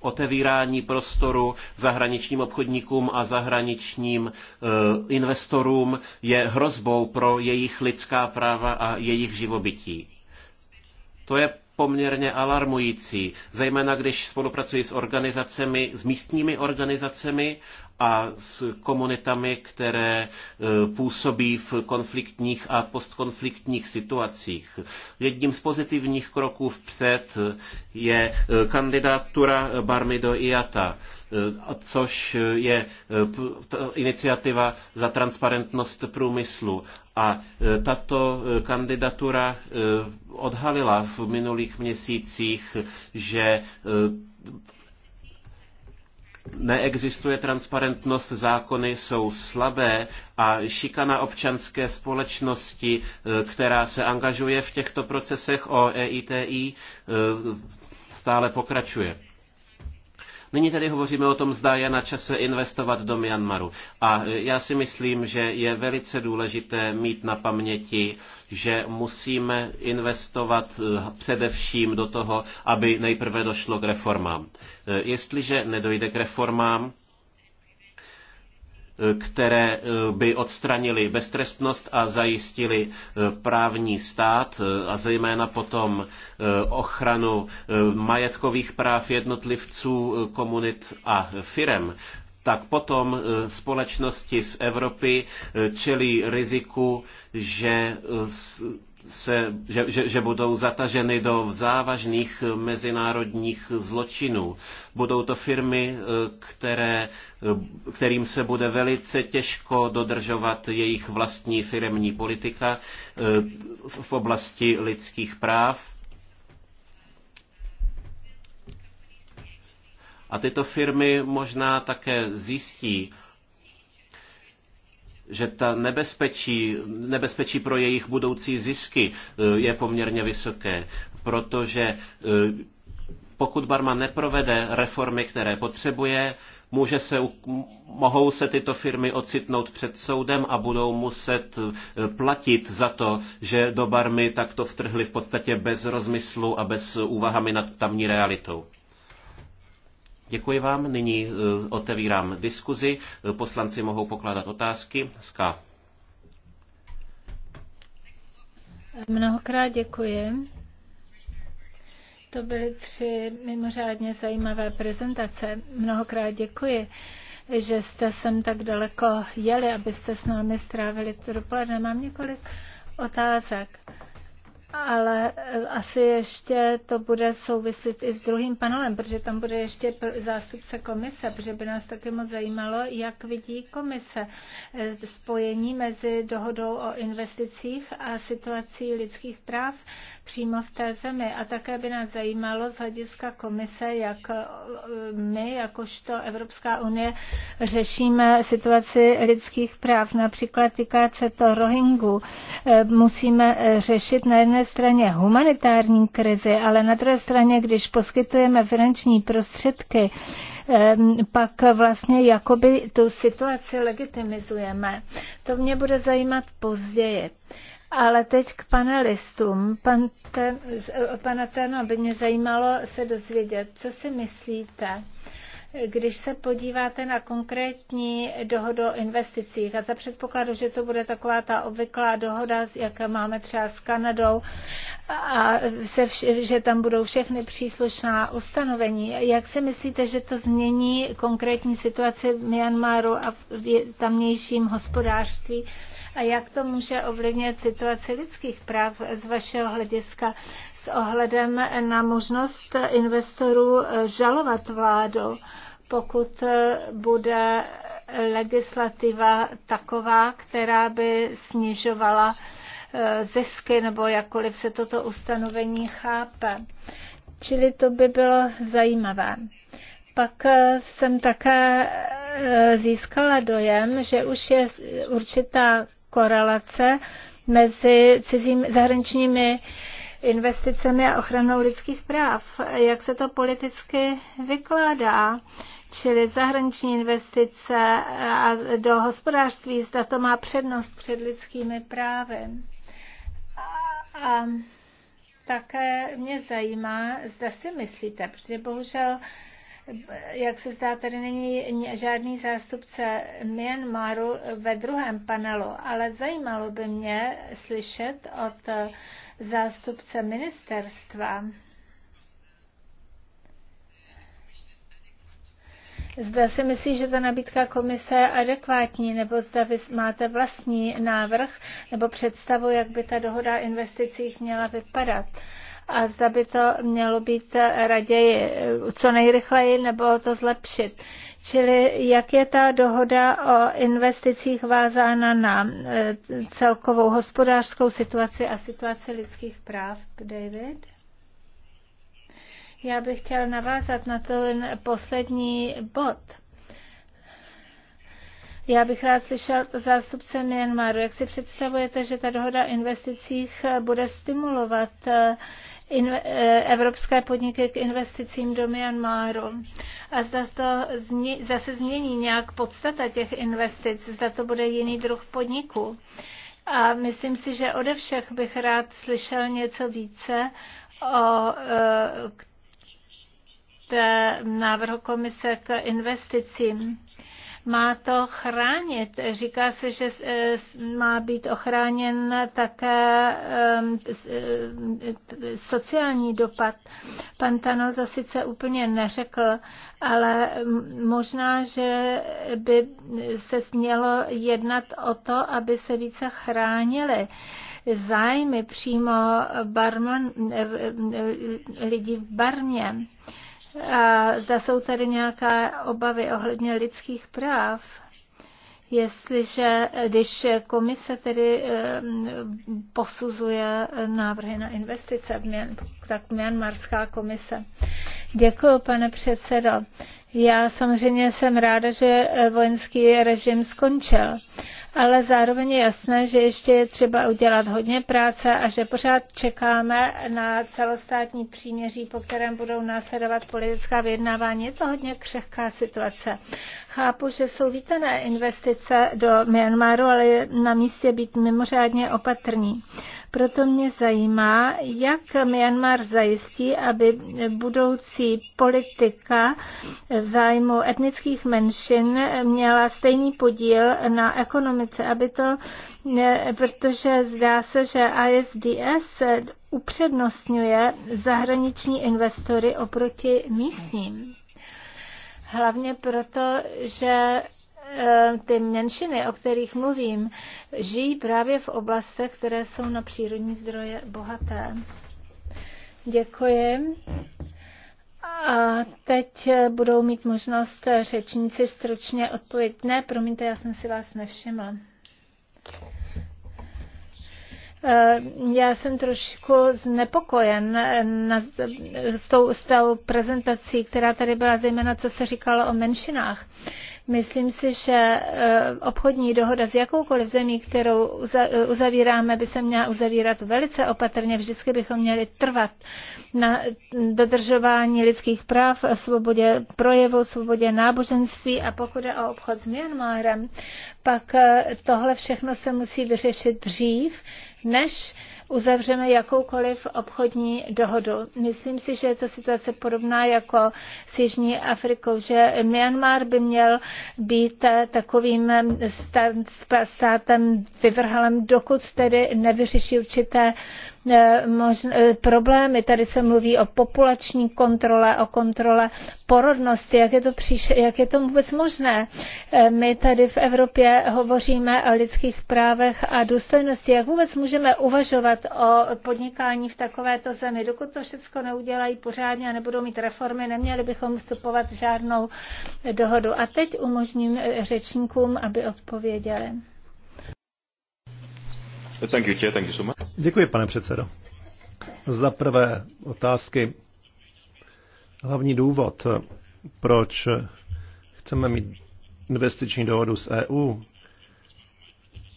otevírání prostoru zahraničním obchodníkům a zahraničním eh, investorům je hrozbou pro jejich lidská práva a jejich živobytí. To je poměrně alarmující, zejména když spolupracuji s organizacemi, s místními organizacemi a s komunitami, které e, působí v konfliktních a postkonfliktních situacích. Jedním z pozitivních kroků vpřed je e, kandidatura Barmy do IATA, e, což je iniciativa za transparentnost průmyslu. A tato kandidatura odhalila v minulých měsících, že neexistuje transparentnost, zákony jsou slabé a šikana občanské společnosti, e, která se angažuje v těchto procesech o EITI, e, stále pokračuje. Nyní tedy hovoříme o tom, zda je na čase investovat do Myanmaru. A e, já si myslím, že je velice důležité mít na paměti, že musíme investovat e, především do toho, aby nejprve došlo k reformám. E, jestliže nedojde k reformám, které eh, by odstranili beztrestnost a zajistili eh, právní stát eh, a zejména potom ochranu majetkových práv jednotlivců, komunit a firem, tak potom společnosti z Evropy čelí riziku, že se, že, že, že budou zataženy do závažných mezinárodních zločinů. Budou to firmy, eh, které, eh, kterým se bude velice těžko dodržovat jejich vlastní firemní politika eh, v oblasti lidských práv. A tyto firmy možná také zjistí, že ta nebezpečí, nebezpečí pro jejich budoucí zisky eh, je poměrně vysoké, protože eh, pokud barma neprovede reformy, které potřebuje, může se, mohou se tyto firmy ocitnout před soudem a budou muset eh, platit za to, že do barmy takto vtrhly v podstatě bez rozmyslu a bez úvahami nad tamní realitou. Děkuji vám. Nyní eh, otevírám diskuzi. Poslanci mohou pokládat otázky. Ska. Mnohokrát děkuji. To byly tři mimořádně zajímavé prezentace. Mnohokrát děkuji že jste sem tak daleko jeli, abyste s námi strávili to dopoledne. Mám několik otázek ale eh, asi ještě to bude souvisit i s druhým panelem, protože tam bude ještě zástupce komise, protože by nás taky moc zajímalo, jak vidí komise eh, spojení mezi dohodou o investicích a situací lidských práv přímo v té zemi. A také by nás zajímalo z hlediska komise, jak eh, my, jakožto Evropská unie, řešíme situaci lidských práv. Například týká se to Rohingu. Musíme řešit na jedné jedné straně humanitární krizi, ale na druhé straně, když poskytujeme finanční prostředky, pak vlastně jakoby tu situaci legitimizujeme. To mě bude zajímat později. Ale teď k panelistům. Pan ten, pana Terno by mě zajímalo se dozvědět, co si myslíte když se podíváte na konkrétní dohodu o investicích a za předpokladu, že to bude taková ta obvyklá dohoda, jaké máme třeba s Kanadou, a se vš- že tam budou všechny příslušná ustanovení. Jak si myslíte, že to změní konkrétní situaci v Myanmaru a v tamnějším hospodářství? A jak to může ovlivnit situaci lidských práv z vašeho hlediska? s ohledem na možnost investorů žalovat vládu, pokud bude legislativa taková, která by snižovala eh, zisky, nebo jakkoliv se toto ustanovení chápe. Čili to by bylo zajímavé. Pak eh, jsem také eh, získala dojem, že už je určitá korelace mezi cizími zahraničními investicemi a ochranou lidských práv. Jak se to politicky vykládá? Čili zahraniční investice a do hospodářství, zda to má přednost před lidskými právy. A, a také mě zajímá, zda si myslíte, protože bohužel jak se zdá, tady není žádný zástupce Myanmaru ve druhém panelu, ale zajímalo by mě slyšet od zástupce ministerstva Zda si myslí, že ta nabídka komise je adekvátní, nebo zda vy máte vlastní návrh nebo představu, jak by ta dohoda o investicích měla vypadat. A zda by to mělo být raději co nejrychleji, nebo to zlepšit. Čili jak je ta dohoda o investicích vázána na e, celkovou hospodářskou situaci a situaci lidských práv, David? Já bych chtěl navázat na ten poslední bod. Já bych rád slyšel zástupce Myanmaru, jak si představujete, že ta dohoda o investicích bude stimulovat e, Eh, evropské podniky k investicím do Myanmaru. A zda to zase změní nějak podstata těch investic, zda to bude jiný druh podniku. A myslím si, že ode všech bych rád slyšel něco více o eh, té návrhu komise k investicím má to chránit. Říká se, že eh, má být ochráněn také ehm, eh, sociální dopad. Pan Tano to sice úplně neřekl, ale možná, že by se mělo jednat o to, aby se více chránili zájmy přímo barman, eh, lidí v barmě. A zda jsou tady nějaké obavy ohledně lidských práv. Jestliže, když komise tedy eh, posuzuje návrhy na investice v Měnbu tak Myanmarská komise. Děkuji, pane předsedo. Já samozřejmě jsem ráda, že eh, vojenský režim skončil, ale zároveň je jasné, že ještě je třeba udělat hodně práce a že pořád čekáme na celostátní příměří, po kterém budou následovat politická vyjednávání. Je to hodně křehká situace. Chápu, že jsou vítané investice do Myanmaru, ale je na místě být mimořádně opatrní. Proto mě zajímá, jak Myanmar zajistí, aby budoucí politika v zájmu etnických menšin měla stejný podíl na ekonomice, aby to, protože zdá se, že ISDS upřednostňuje zahraniční investory oproti místním. Hlavně proto, že Eh, ty menšiny, o kterých mluvím, žijí právě v oblastech, které jsou na přírodní zdroje bohaté. Děkuji. A teď eh, budou mít možnost eh, řečníci stručně odpovědět. Ne, promiňte, já jsem si vás nevšimla. Já jsem trošku znepokojen na, s, tou, s tou prezentací, která tady byla, zejména co se říkalo o menšinách. Myslím si, že e, obchodní dohoda s jakoukoliv zemí, kterou e, uzavíráme, by se měla uzavírat velice opatrně. Vždycky bychom měli trvat na dodržování lidských práv, svobodě projevu, svobodě náboženství a pokud je o obchod s Myanmarem, pak e, tohle všechno se musí vyřešit dřív, než uzavřeme jakoukoliv obchodní dohodu. Myslím si, že je to situace podobná jako s Jižní Afrikou, že Myanmar by měl být takovým státem vyvrhalem, dokud tedy nevyřeší určité Eh, eh, problémy. Tady se mluví o populační kontrole, o kontrole porodnosti, jak je to, příše, jak je to vůbec možné. Eh, my tady v Evropě hovoříme o lidských právech a důstojnosti. Jak vůbec můžeme uvažovat o podnikání v takovéto zemi? Dokud to všechno neudělají pořádně a nebudou mít reformy, neměli bychom vstupovat v žádnou dohodu. A teď umožním řečníkům, aby odpověděli. Thank you, Thank you so much. Děkuji, pane předsedo. Za prvé otázky. Hlavní důvod, proč chceme mít investiční dohodu s EU,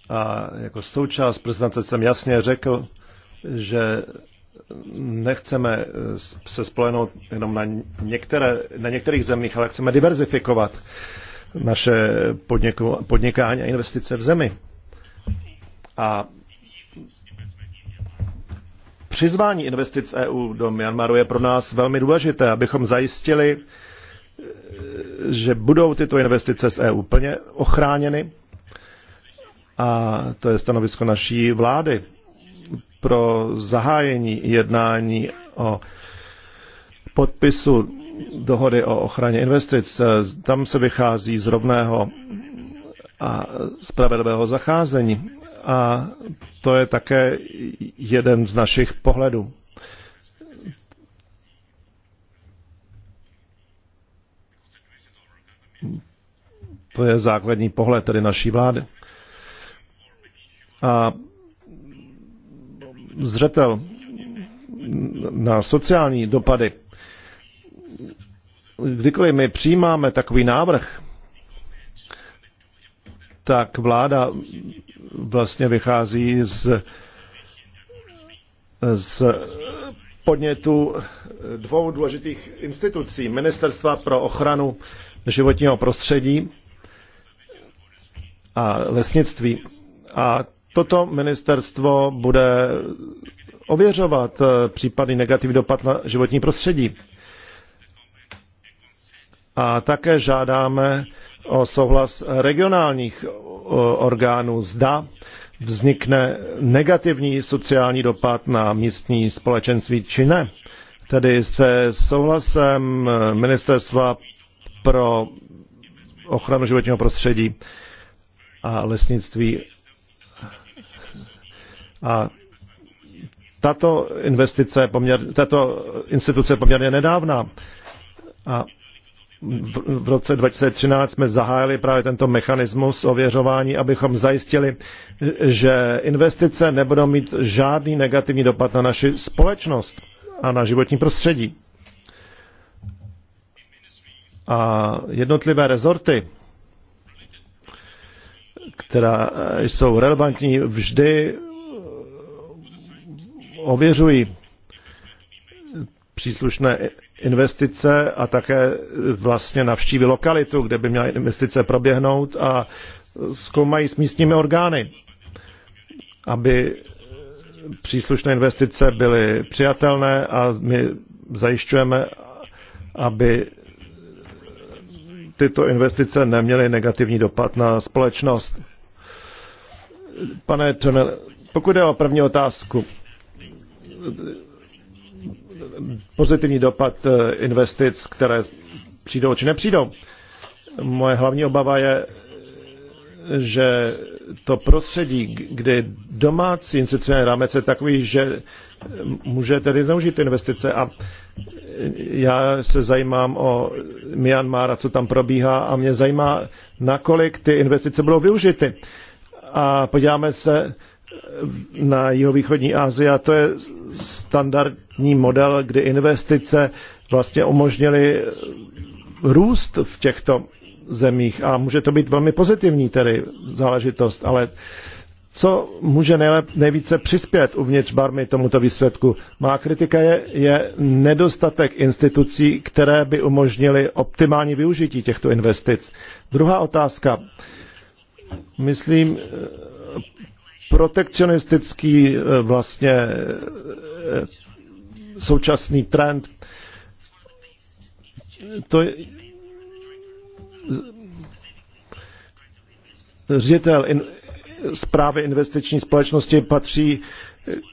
a jako součást prezentace jsem jasně řekl, že nechceme se spolehnout jenom na, některé, na některých zemích, ale chceme diverzifikovat naše podniku, podnikání a investice v zemi. A Přizvání investic EU do Myanmaru je pro nás velmi důležité, abychom zajistili, že budou tyto investice z EU plně ochráněny. A to je stanovisko naší vlády pro zahájení jednání o podpisu dohody o ochraně investic. Tam se vychází z rovného a spravedlivého zacházení. A to je také jeden z našich pohledů. To je základní pohled tedy naší vlády. A zřetel na sociální dopady. Kdykoliv my přijímáme takový návrh, tak vláda vlastně vychází z, z podnětu dvou důležitých institucí. Ministerstva pro ochranu životního prostředí a lesnictví. A toto ministerstvo bude ověřovat případný negativní dopad na životní prostředí. A také žádáme o souhlas regionálních orgánů, zda vznikne negativní sociální dopad na místní společenství či ne. Tedy se souhlasem Ministerstva pro ochranu životního prostředí a lesnictví. A tato investice, poměr, tato instituce je poměrně nedávná. A v roce 2013 jsme zahájili právě tento mechanismus ověřování, abychom zajistili, že investice nebudou mít žádný negativní dopad na naši společnost a na životní prostředí. A jednotlivé rezorty, která jsou relevantní, vždy eh, ověřují příslušné investice a také vlastně navštíví lokalitu, kde by měla investice proběhnout a zkoumají s místními orgány, aby příslušné investice byly přijatelné a my zajišťujeme, aby tyto investice neměly negativní dopad na společnost. Pane Tunel, pokud je o první otázku, pozitivní dopad eh, investic, které přijdou či nepřijdou. Moje hlavní obava je, že to prostředí, kdy domácí institucionální rámec je takový, že eh, může tedy zneužít investice a eh, já se zajímám o Myanmar a co tam probíhá a mě zajímá, nakolik ty investice budou využity. A podíváme se na jihovýchodní Asii a to je standardní model, kdy investice vlastně umožnily růst v těchto zemích a může to být velmi pozitivní tedy záležitost, ale co může nejlep, nejvíce přispět uvnitř Barmy tomuto výsledku? Má kritika je, je nedostatek institucí, které by umožnily optimální využití těchto investic. Druhá otázka. Myslím, protekcionistický eh, vlastně eh, současný trend. To je, ředitel in, zprávy investiční společnosti patří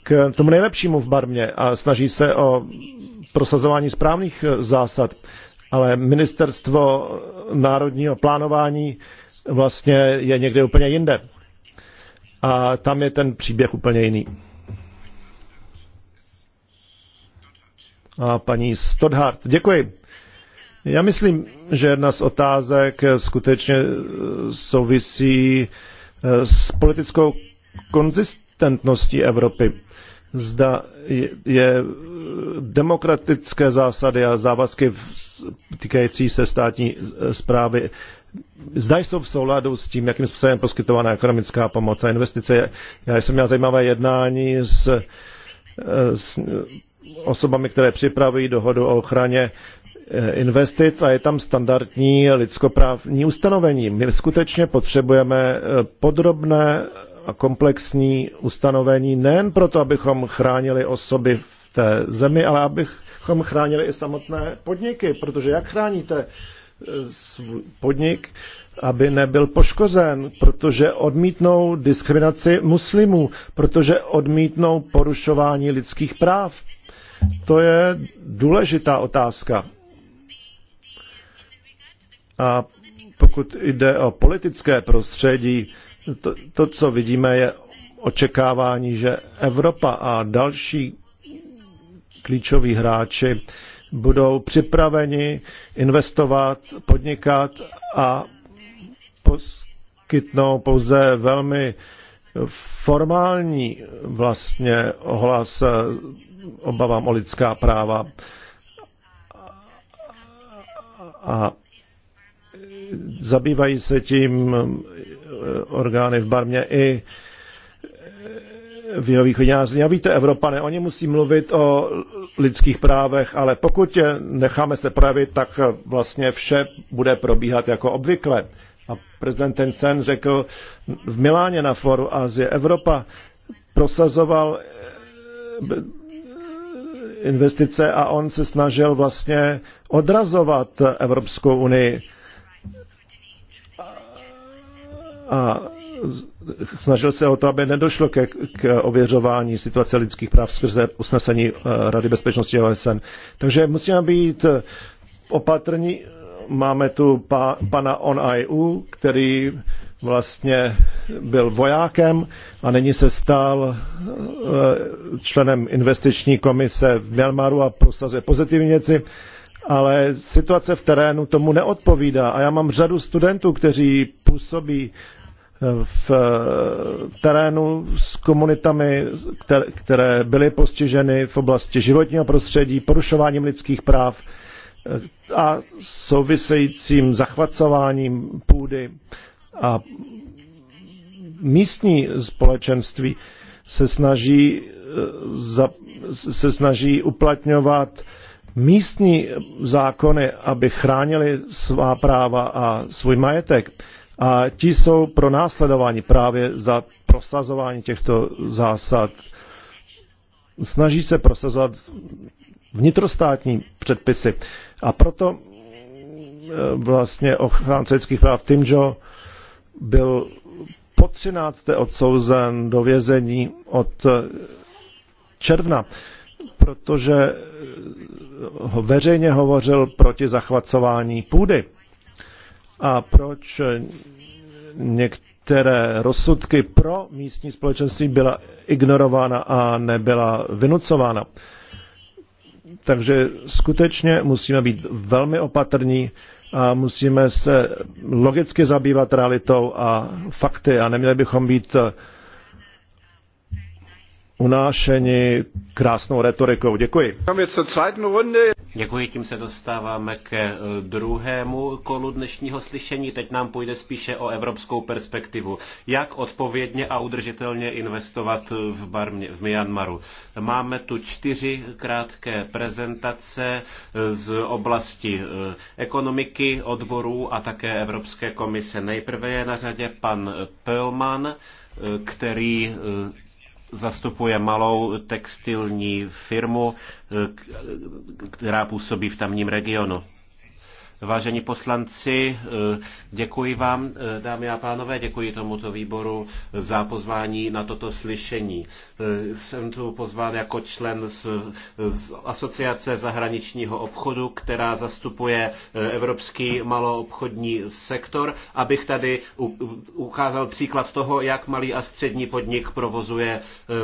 k tomu nejlepšímu v Barmě a snaží se o prosazování správných eh, zásad. Ale ministerstvo národního plánování vlastně je někde úplně jinde. A tam je ten příběh úplně jiný. A paní Stodhart, děkuji. Já myslím, že jedna z otázek skutečně eh, souvisí eh, s politickou konzistentností Evropy. Zda je eh, demokratické zásady a závazky týkající se státní zprávy zda jsou v souladu s tím, jakým způsobem poskytovaná ekonomická pomoc a investice. Já jsem měl zajímavé jednání s, eh, s eh, osobami, které připravují dohodu o ochraně eh, investic a je tam standardní lidskoprávní ustanovení. My skutečně potřebujeme podrobné a komplexní ustanovení nejen proto, abychom chránili osoby v té zemi, ale abychom chránili i samotné podniky, protože jak chráníte svůj podnik, aby nebyl poškozen, protože odmítnou diskriminaci muslimů, protože odmítnou porušování lidských práv. To je důležitá otázka. A pokud jde o politické prostředí, to, to co vidíme, je očekávání, že Evropa a další klíčoví hráči budou připraveni investovat, podnikat a poskytnou pouze velmi formální vlastně ohlas obavám o lidská práva. A zabývají se tím orgány v Barmě i v jeho východní A víte, Evropané, oni musí mluvit o lidských právech, ale pokud necháme se pravit, tak vlastně vše bude probíhat jako obvykle. A prezident Tencent řekl v Miláně na foru Asie Evropa prosazoval eh, investice a on se snažil vlastně odrazovat Evropskou unii. A snažil se o to, aby nedošlo ke, k ověřování situace lidských práv skrze usnesení eh, Rady bezpečnosti OSN. Takže musíme být eh, opatrní. Máme tu pa, pana On který vlastně byl vojákem a nyní se stal eh, členem investiční komise v Myanmaru a prosazuje pozitivní věci ale situace v terénu tomu neodpovídá. A já mám řadu studentů, kteří působí Eh, v terénu s komunitami, které byly postiženy v oblasti životního prostředí, porušováním lidských práv eh, a souvisejícím zachvacováním půdy a místní společenství se snaží, eh, se snaží uplatňovat místní zákony, aby chránili svá práva a svůj majetek a ti jsou pro následování právě za prosazování těchto zásad. Snaží se prosazovat vnitrostátní předpisy. A proto e, vlastně ochránce lidských práv Joe byl po 13. odsouzen do vězení od června, protože veřejně hovořil proti zachvacování půdy a proč některé rozsudky pro místní společenství byla ignorována a nebyla vynucována. Takže skutečně musíme být velmi opatrní a musíme se logicky zabývat realitou a fakty a neměli bychom být unášeni krásnou retorikou. Děkuji. Děkuji, tím se dostáváme k eh, druhému kolu dnešního slyšení. Teď nám půjde spíše o evropskou perspektivu. Jak odpovědně a udržitelně investovat eh, v, Barmě, v Myanmaru. Máme tu čtyři krátké prezentace eh, z oblasti ekonomiky, odborů a také Evropské komise. Nejprve je na řadě pan Pelman, který zastupuje malou textilní firmu, eh, která působí v tamním regionu. Vážení poslanci, eh, děkuji vám, eh, dámy a pánové, děkuji tomuto výboru eh, za pozvání na toto slyšení. Jsem tu pozván jako člen z, z Asociace zahraničního obchodu, která zastupuje evropský maloobchodní sektor, abych tady ukázal příklad toho, jak malý a střední podnik provozuje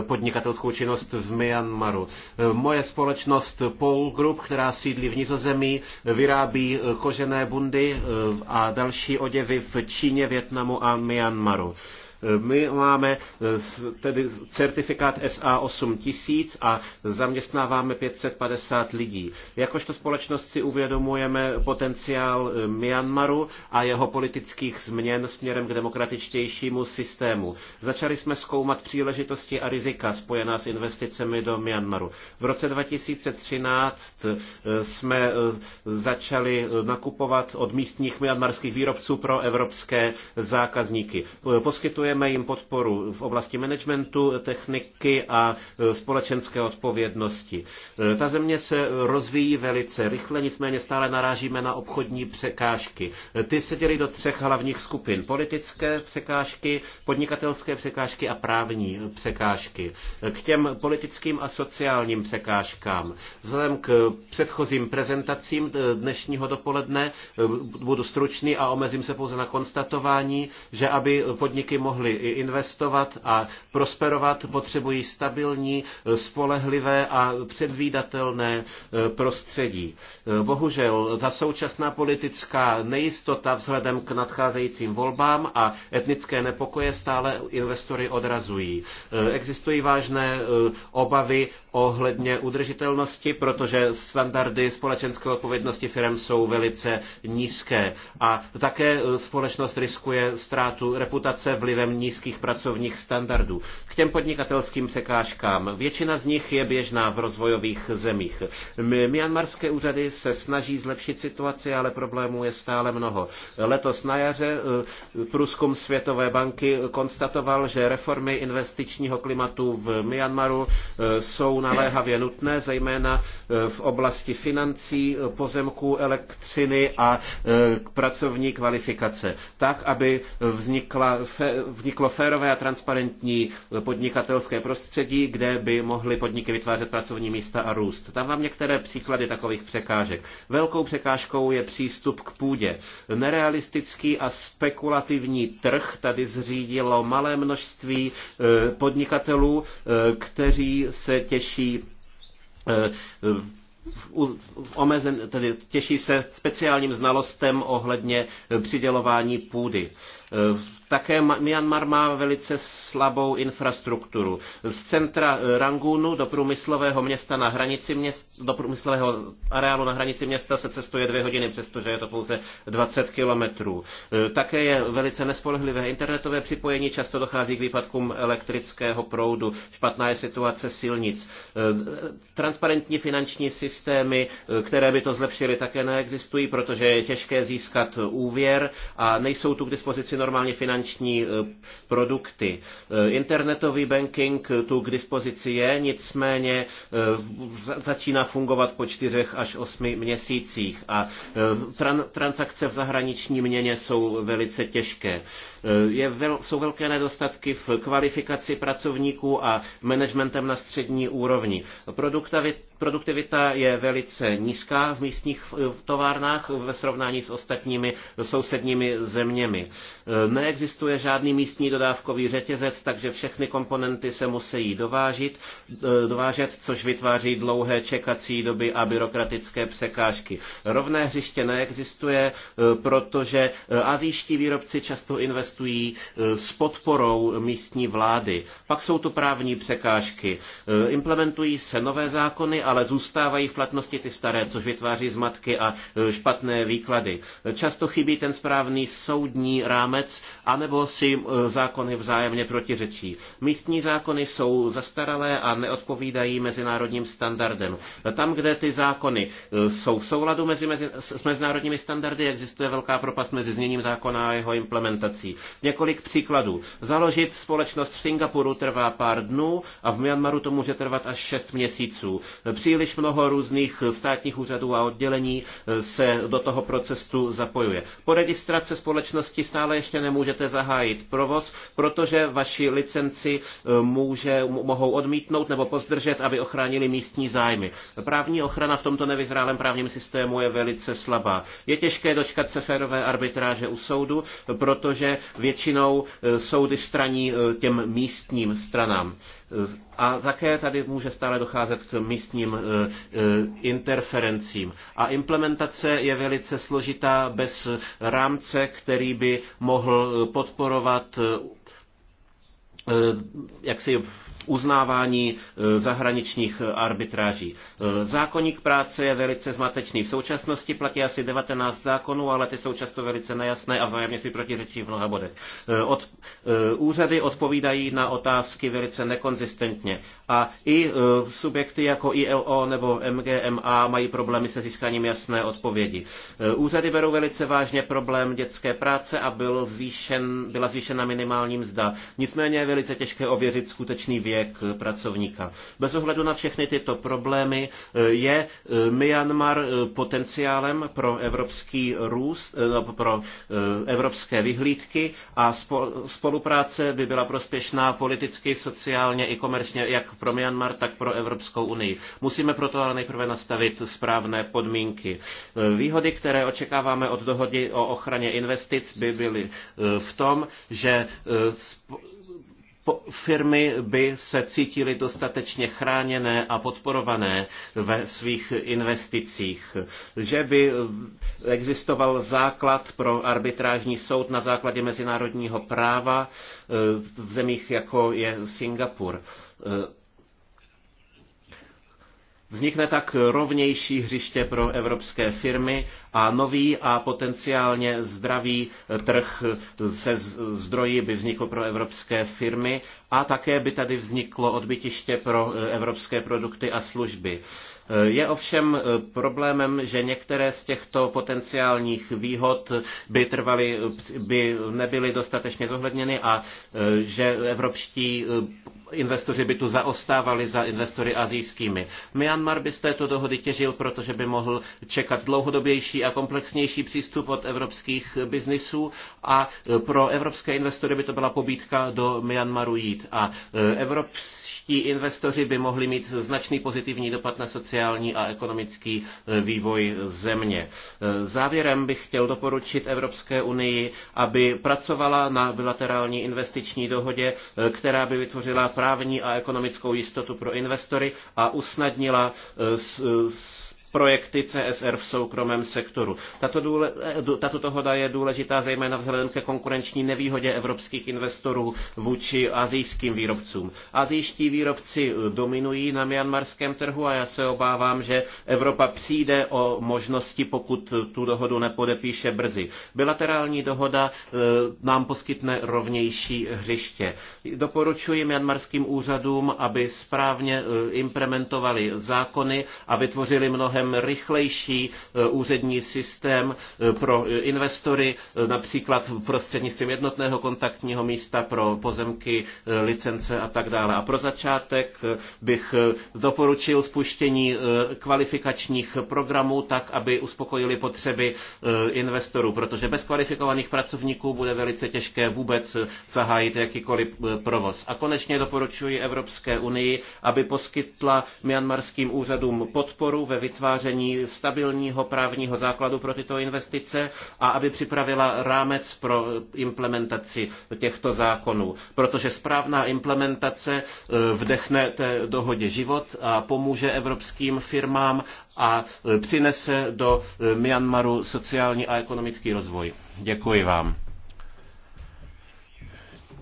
podnikatelskou činnost v Myanmaru. Moje společnost Paul Group, která sídlí v Nizozemí, vyrábí kožené bundy eh, a další oděvy v Číně, Větnamu a Myanmaru. My máme eh, tedy certifikát SA8000 a zaměstnáváme 550 lidí. Jakožto společnost si uvědomujeme potenciál eh, Myanmaru a jeho politických změn směrem k demokratičtějšímu systému. Začali jsme zkoumat příležitosti a rizika spojená s investicemi do Myanmaru. V roce 2013 eh, jsme začali nakupovat od místních myanmarských výrobců pro evropské zákazníky. Poskytuje Poskytujeme jim podporu v oblasti managementu, techniky a e, společenské odpovědnosti. E, ta země se rozvíjí velice rychle, nicméně stále narážíme na obchodní překážky. E, ty se dělí do třech hlavních skupin. Politické překážky, podnikatelské překážky a právní překážky. K těm politickým a sociálním překážkám. Vzhledem k předchozím prezentacím dnešního dopoledne budu stručný a omezím se pouze na konstatování, že aby podniky mohly mohli investovat a prosperovat, potřebují stabilní, eh, spolehlivé a předvídatelné eh, prostředí. Eh, bohužel ta současná politická nejistota vzhledem k nadcházejícím volbám a etnické nepokoje stále investory odrazují. Existují vážné obavy ohledně udržitelnosti, protože standardy společenské odpovědnosti firm jsou velice nízké a také společnost riskuje ztrátu reputace vlivem důkazem nízkých pracovních standardů. K těm podnikatelským překážkám. Většina z nich je běžná v rozvojových zemích. Myanmarské úřady se snaží zlepšit situaci, ale problémů je stále mnoho. Letos na jaře e, průzkum Světové banky konstatoval, že reformy investičního klimatu v Myanmaru e, jsou naléhavě nutné, zejména e, v oblasti financí, pozemků, elektřiny a pracovní kvalifikace. Tak, aby vznikla vzniklo férové a transparentní podnikatelské prostředí, kde by mohly podniky vytvářet pracovní místa a růst. Tam vám některé příklady takových překážek. Velkou překážkou je přístup k půdě. Nerealistický a spekulativní trh tady zřídilo malé množství e, podnikatelů, e, kteří se těší e, omezen, tedy těší se speciálním znalostem ohledně přidělování půdy. Eh, také Myanmar má velice slabou infrastrukturu. Z centra eh, Rangunu do průmyslového města na hranici města, do průmyslového areálu na hranici města se cestuje dvě hodiny, přestože je to pouze 20 kilometrů. Eh, také je velice nespolehlivé internetové připojení, často dochází k výpadkům elektrického proudu, špatná je situace silnic. Transparentní finanční systémy, které by to zlepšily, také neexistují, protože je těžké získat úvěr a nejsou tu k dispozici normálně finanční eh, produkty. Eh, internetový banking eh, tu k dispozici je, nicméně začíná fungovat po čtyřech až osmi měsících a transakce v zahraniční měně jsou velice těžké. Je vel, jsou velké nedostatky v kvalifikaci pracovníků a managementem na střední úrovni. Produktivita Produktivita je velice nízká v místních eh, továrnách ve srovnání s ostatními sousedními zeměmi. Eh, neexistuje žádný místní dodávkový řetězec, takže všechny komponenty se musí dovážit, eh, dovážet, což vytváří dlouhé čekací doby a byrokratické překážky. Rovné hřiště neexistuje, protože azijští výrobci často investují s podporou místní vlády. Pak jsou tu právní překážky. Implementují se nové zákony ale zůstávají v platnosti ty staré, což vytváří zmatky a e, špatné výklady. Často chybí ten správný soudní rámec, anebo si e, zákony vzájemně protiřečí. Místní zákony jsou zastaralé a neodpovídají mezinárodním standardem. Tam, kde ty zákony e, jsou v souladu mezi, mezi, s mezinárodními standardy, existuje velká propast mezi zněním zákona a jeho implementací. Několik příkladů. Založit společnost v Singapuru trvá pár dnů a v Myanmaru to může trvat až 6 měsíců příliš mnoho různých státních úřadů a oddělení eh, se do toho procesu zapojuje. Po registraci společnosti stále ještě nemůžete zahájit provoz, protože vaši licenci eh, může, mohou odmítnout nebo pozdržet, aby ochránili místní zájmy. Právní ochrana v tomto nevyzrálém právním systému je velice slabá. Je těžké dočkat se férové arbitráže u soudu, eh, protože většinou soudy straní těm místním stranám. A také tady může stále docházet k místním eh, eh, interferencím. A implementace je velice složitá bez rámce, který by mohl podporovat eh, jaksi uznávání e, zahraničních arbitráží. E, Zákonník práce je velice zmatečný. V současnosti platí asi 19 zákonů, ale ty jsou často velice nejasné a vzájemně si protiřečí v mnoha bodech. E, od, úřady odpovídají na otázky velice nekonzistentně a i subjekty jako ILO nebo MGMA mají problémy se získáním jasné odpovědi. Úřady berou velice vážně problém dětské práce a byl zvýšen, byla zvýšena minimální mzda. Nicméně je velice těžké ověřit skutečný věk požadavek pracovníka. Bez ohledu na všechny tyto problémy eh, je eh, Myanmar eh, potenciálem pro evropský růst, no, pro evropské vyhlídky a spolupráce by byla prospěšná politicky, sociálně i komerčně jak pro Myanmar, tak pro Evropskou unii. Musíme proto ale nejprve nastavit správné podmínky. Výhody, které očekáváme od dohody o ochraně investic, by byly v tom, že firmy by se cítily dostatečně chráněné a podporované ve svých investicích, že by existoval základ pro arbitrážní soud na základě mezinárodního práva eh, v zemích, jako je Singapur eh, Vznikne tak rovnější hřiště pro evropské firmy a nový a potenciálně zdravý trh se zdroji by vznikl pro evropské firmy a také by tady vzniklo odbytiště pro eh, evropské produkty a služby. Je ovšem eh, problémem, že některé z těchto potenciálních výhod by, trvaly, eh, by nebyly dostatečně zohledněny a eh, že evropští investoři by tu zaostávali za investory azijskými. Myanmar by z této dohody těžil, protože by mohl čekat dlouhodobější a komplexnější přístup od evropských biznisů a pro evropské investory by to byla pobídka do Myanmaru jít. A evropští čeští investoři by mohli mít značný pozitivní dopad na sociální a ekonomický e, vývoj země. E, závěrem bych chtěl doporučit Evropské unii, aby pracovala na bilaterální investiční dohodě, e, která by vytvořila právní a ekonomickou jistotu pro investory a usnadnila s, s projekty CSR v soukromém sektoru. Tato, důle, eh, tato dohoda je důležitá zejména vzhledem ke konkurenční nevýhodě evropských investorů vůči azijským výrobcům. Azijští výrobci eh, dominují na myanmarském trhu a já se obávám, že Evropa přijde o možnosti, pokud eh, tu dohodu nepodepíše brzy. Bilaterální dohoda nám poskytne rovnější hřiště. Doporučuji myanmarským úřadům, aby správně implementovali zákony a vytvořili mnohé mnohem rychlejší e, úřední systém e, pro investory, e, například prostřednictvím jednotného kontaktního místa pro pozemky, licence a tak dále. A pro začátek bych doporučil spuštění kvalifikačních programů tak, aby uspokojili potřeby investorů, protože bez kvalifikovaných pracovníků bude velice těžké vůbec zahájit jakýkoliv provoz. A konečně doporučuji Evropské unii, aby poskytla myanmarským úřadům podporu ve vytváření vytváření stabilního právního základu pro tyto investice a aby připravila rámec pro implementaci těchto zákonů. Protože správná implementace e, vdechne té dohodě život a pomůže evropským firmám a e, přinese do e, Myanmaru sociální a ekonomický rozvoj. Děkuji vám.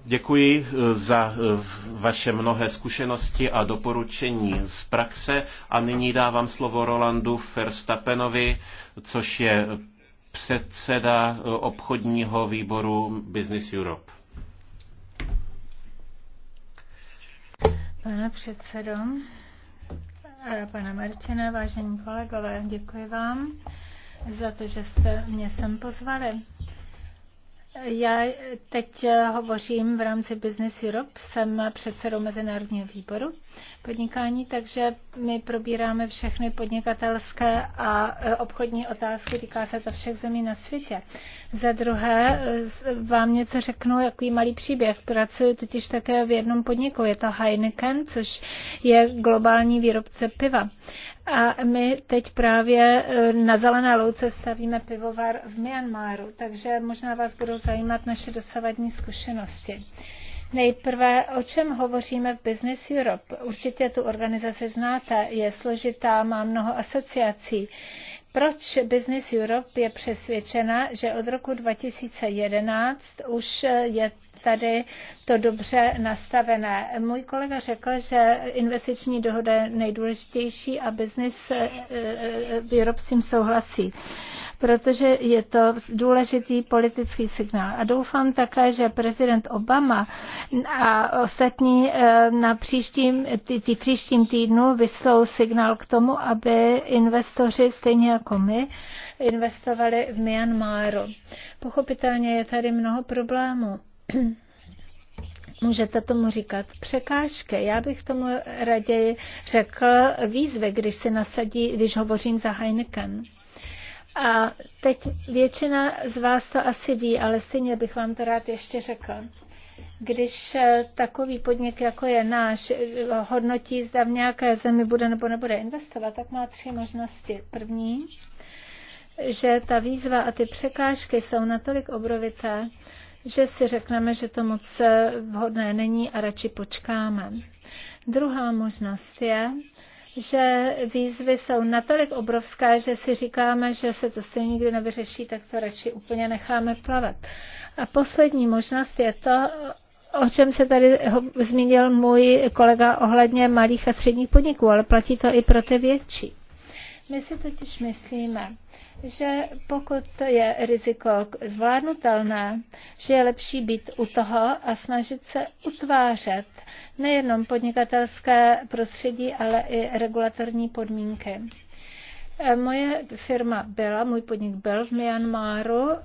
Děkuji eh, za eh, vaše mnohé zkušenosti a doporučení z praxe a nyní dávám slovo Rolandu Verstappenovi, což je předseda eh, obchodního výboru Business Europe. Pane předsedo, pane Marcina, vážení kolegové, děkuji vám za to, že jste mě sem pozvali. Já teď hovořím v rámci Business Europe, jsem předsedou Mezinárodního výboru podnikání, takže my probíráme všechny podnikatelské a e, obchodní otázky, týká se to všech zemí na světě. Za druhé e, vám něco řeknu, jaký malý příběh. Pracuji totiž také v jednom podniku, je to Heineken, což je globální výrobce piva. A my teď právě e, na zelené louce stavíme pivovar v Myanmaru, takže možná vás budou zajímat naše dosavadní zkušenosti. Nejprve, o čem hovoříme v Business Europe? Určitě tu organizaci znáte, je složitá, má mnoho asociací. Proč Business Europe je přesvědčena, že od roku 2011 už je tady to dobře nastavené. Můj kolega řekl, že investiční dohoda je nejdůležitější a biznis výrobcím eh, eh, souhlasí protože je to důležitý politický signál. A doufám také, že prezident Obama a ostatní eh, na příštím, tý, tý příštím týdnu vyslou signál k tomu, aby investoři, stejně jako my, investovali v Myanmaru. Pochopitelně je tady mnoho problémů můžete tomu říkat překážky. Já bych tomu raději řekl výzvy, když si nasadí, když hovořím za Heineken. A teď většina z vás to asi ví, ale stejně bych vám to rád ještě řekl. Když eh, takový podnik, jako je náš, eh, hodnotí, zda v nějaké zemi bude nebo nebude investovat, tak má tři možnosti. První, že ta výzva a ty překážky jsou natolik obrovité, že si řekneme, že to moc vhodné není a radši počkáme. Druhá možnost je, že výzvy jsou natolik obrovské, že si říkáme, že se to stejně nikdy nevyřeší, tak to radši úplně necháme plavat. A poslední možnost je to, o čem se tady zmínil můj kolega ohledně malých a středních podniků, ale platí to i pro ty větší. My si totiž myslíme, že pokud je riziko zvládnutelné, že je lepší být u toho a snažit se utvářet nejenom podnikatelské prostředí, ale i regulatorní podmínky. E, moje firma byla, můj podnik byl v Myanmaru, e,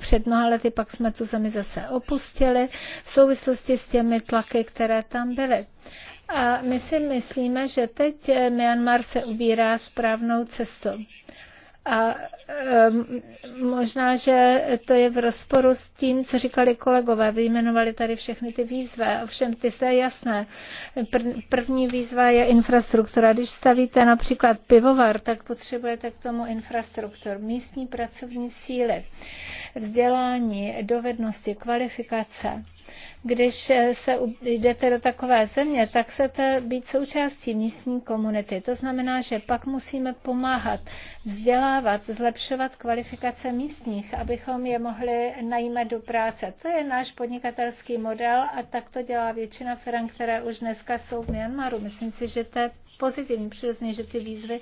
před mnoha lety pak jsme tu zemi zase opustili v souvislosti s těmi tlaky, které tam byly. A my si myslíme, že teď eh, Myanmar se ubírá správnou cestou. A ehm, možná, že to je v rozporu s tím, co říkali kolegové. Vyjmenovali tady všechny ty výzvy, ovšem ty se jasné. První výzva je infrastruktura. Když stavíte například pivovar, tak potřebujete k tomu infrastrukturu, místní pracovní síly, vzdělání, dovednosti, kvalifikace. Když eh, se jdete do takové země, tak chcete být součástí místní komunity. To znamená, že pak musíme pomáhat, vzdělávat, zlepšovat kvalifikace místních, abychom je mohli najímat do práce. To je náš podnikatelský model a tak to dělá většina firm, které už dneska jsou v Myanmaru. Myslím si, že to je pozitivní přirozeně, že ty výzvy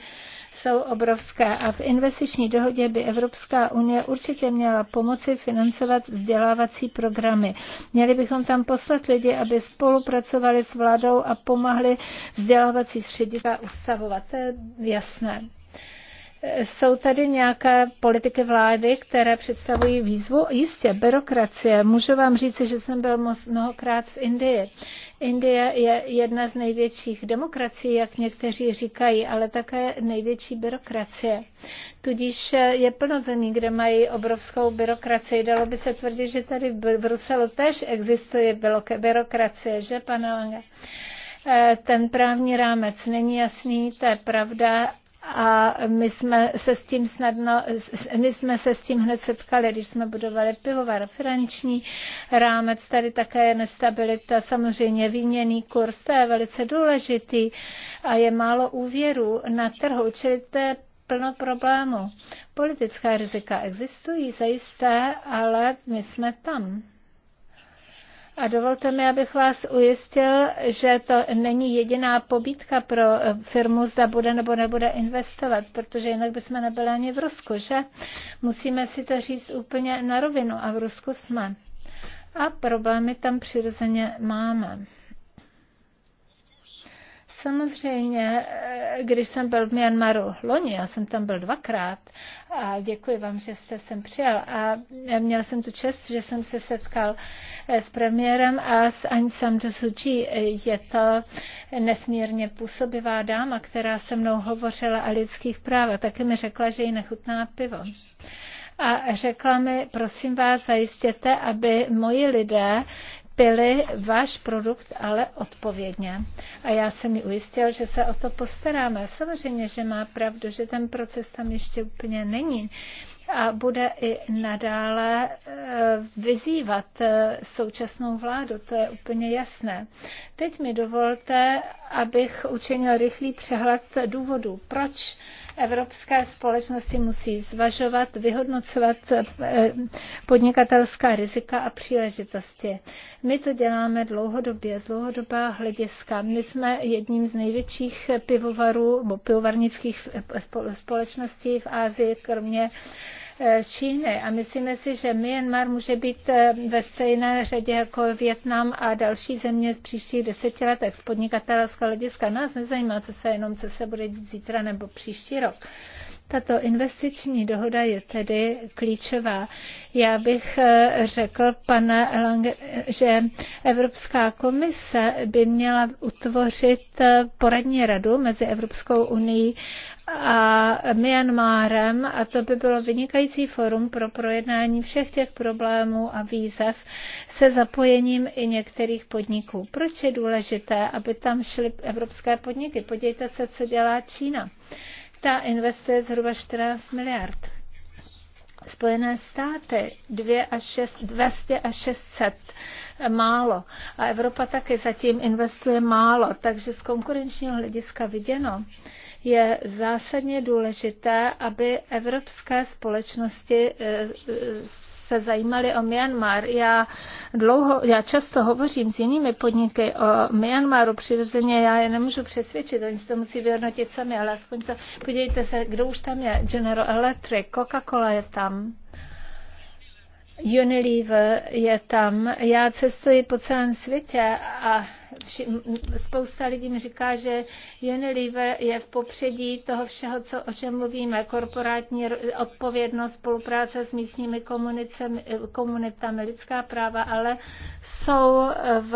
jsou obrovská a v investiční dohodě by Evropská unie určitě měla pomoci financovat vzdělávací programy. Měli bychom tam poslat lidi, aby spolupracovali s vládou a pomáhli vzdělávací střediska ustavovat. To je jasné. Jsou tady nějaké politiky vlády, které představují výzvu? Jistě, byrokracie. Můžu vám říct, že jsem byl mnohokrát v Indii. Indie je jedna z největších demokracií, jak někteří říkají, ale také největší byrokracie. Tudíž je plno zemí, kde mají obrovskou byrokracii. Dalo by se tvrdit, že tady v Bruselu tež existuje byrokracie, že, pane Lange? Eh, ten právní rámec není jasný, to je pravda, a my jsme se s tím snadno, my jsme se s tím hned setkali, když jsme budovali pivovar, finanční rámec, tady také je nestabilita, samozřejmě výměný kurz, to je velice důležitý a je málo úvěru na trhu, čili to je plno problémů. Politická rizika existují zajisté, ale my jsme tam. A dovolte mi, abych vás ujistil, že to není jediná pobítka pro eh, firmu, zda bude nebo nebude investovat, protože jinak bychom nebyli ani v Rusku, že? Musíme si to říct úplně na rovinu a v Rusku jsme. A problémy tam přirozeně máme. Samozřejmě, eh, když jsem byl v Myanmaru loni, já jsem tam byl dvakrát a děkuji vám, že jste sem přijel a měl jsem tu čest, že jsem se setkal s premiérem a s Aung San Suu Kyi. Je to nesmírně působivá dáma, která se mnou hovořila o lidských právech. Taky mi řekla, že jí nechutná pivo a řekla mi, prosím vás, zajistěte, aby moji lidé pili váš produkt, ale odpovědně. A já jsem mi ujistil, že se o to postaráme. Samozřejmě, že má pravdu, že ten proces tam ještě úplně není a bude i nadále eh, vyzývat eh, současnou vládu, to je úplně jasné. Teď mi dovolte, abych učinil rychlý přehled důvodů, proč Evropské společnosti musí zvažovat, vyhodnocovat eh, podnikatelská rizika a příležitosti. My to děláme dlouhodobě, z dlouhodobá hlediska. My jsme jedním z největších pivovarů nebo pivovarnických eh, společností v Ázii, kromě z eh, Číny a myslíme si, že Myanmar může být eh, ve stejné řadě jako Větnam a další země v příštích deseti letech z podnikatelského hlediska. Nás nezajímá, co se jenom, co se bude dít zítra nebo příští rok. Tato investiční dohoda je tedy klíčová. Já bych eh, řekl, pane Lange, že Evropská komise by měla utvořit eh, poradní radu mezi Evropskou unii a Myanmarem a to by bylo vynikající forum pro projednání všech těch problémů a výzev se zapojením i některých podniků. Proč je důležité, aby tam šly evropské podniky? Podívejte se, co dělá Čína. Ta investuje zhruba 14 miliard. Spojené státy 2 až 6, 200 až 600 málo. A Evropa také zatím investuje málo. Takže z konkurenčního hlediska viděno je zásadně důležité, aby evropské společnosti eh, se zajímali o Myanmar. Já, dlouho, já často hovořím s jinými podniky o Myanmaru, přirozeně já je nemůžu přesvědčit, oni si to musí vyhodnotit sami, ale aspoň to, podívejte se, kdo už tam je, General Electric, Coca-Cola je tam. Unilever je tam. Já cestuji po celém světě a spousta lidí mi říká, že Unilever je v popředí toho všeho, co, o čem mluvíme. Korporátní odpovědnost, spolupráce s místními komunitami, lidská práva, ale jsou v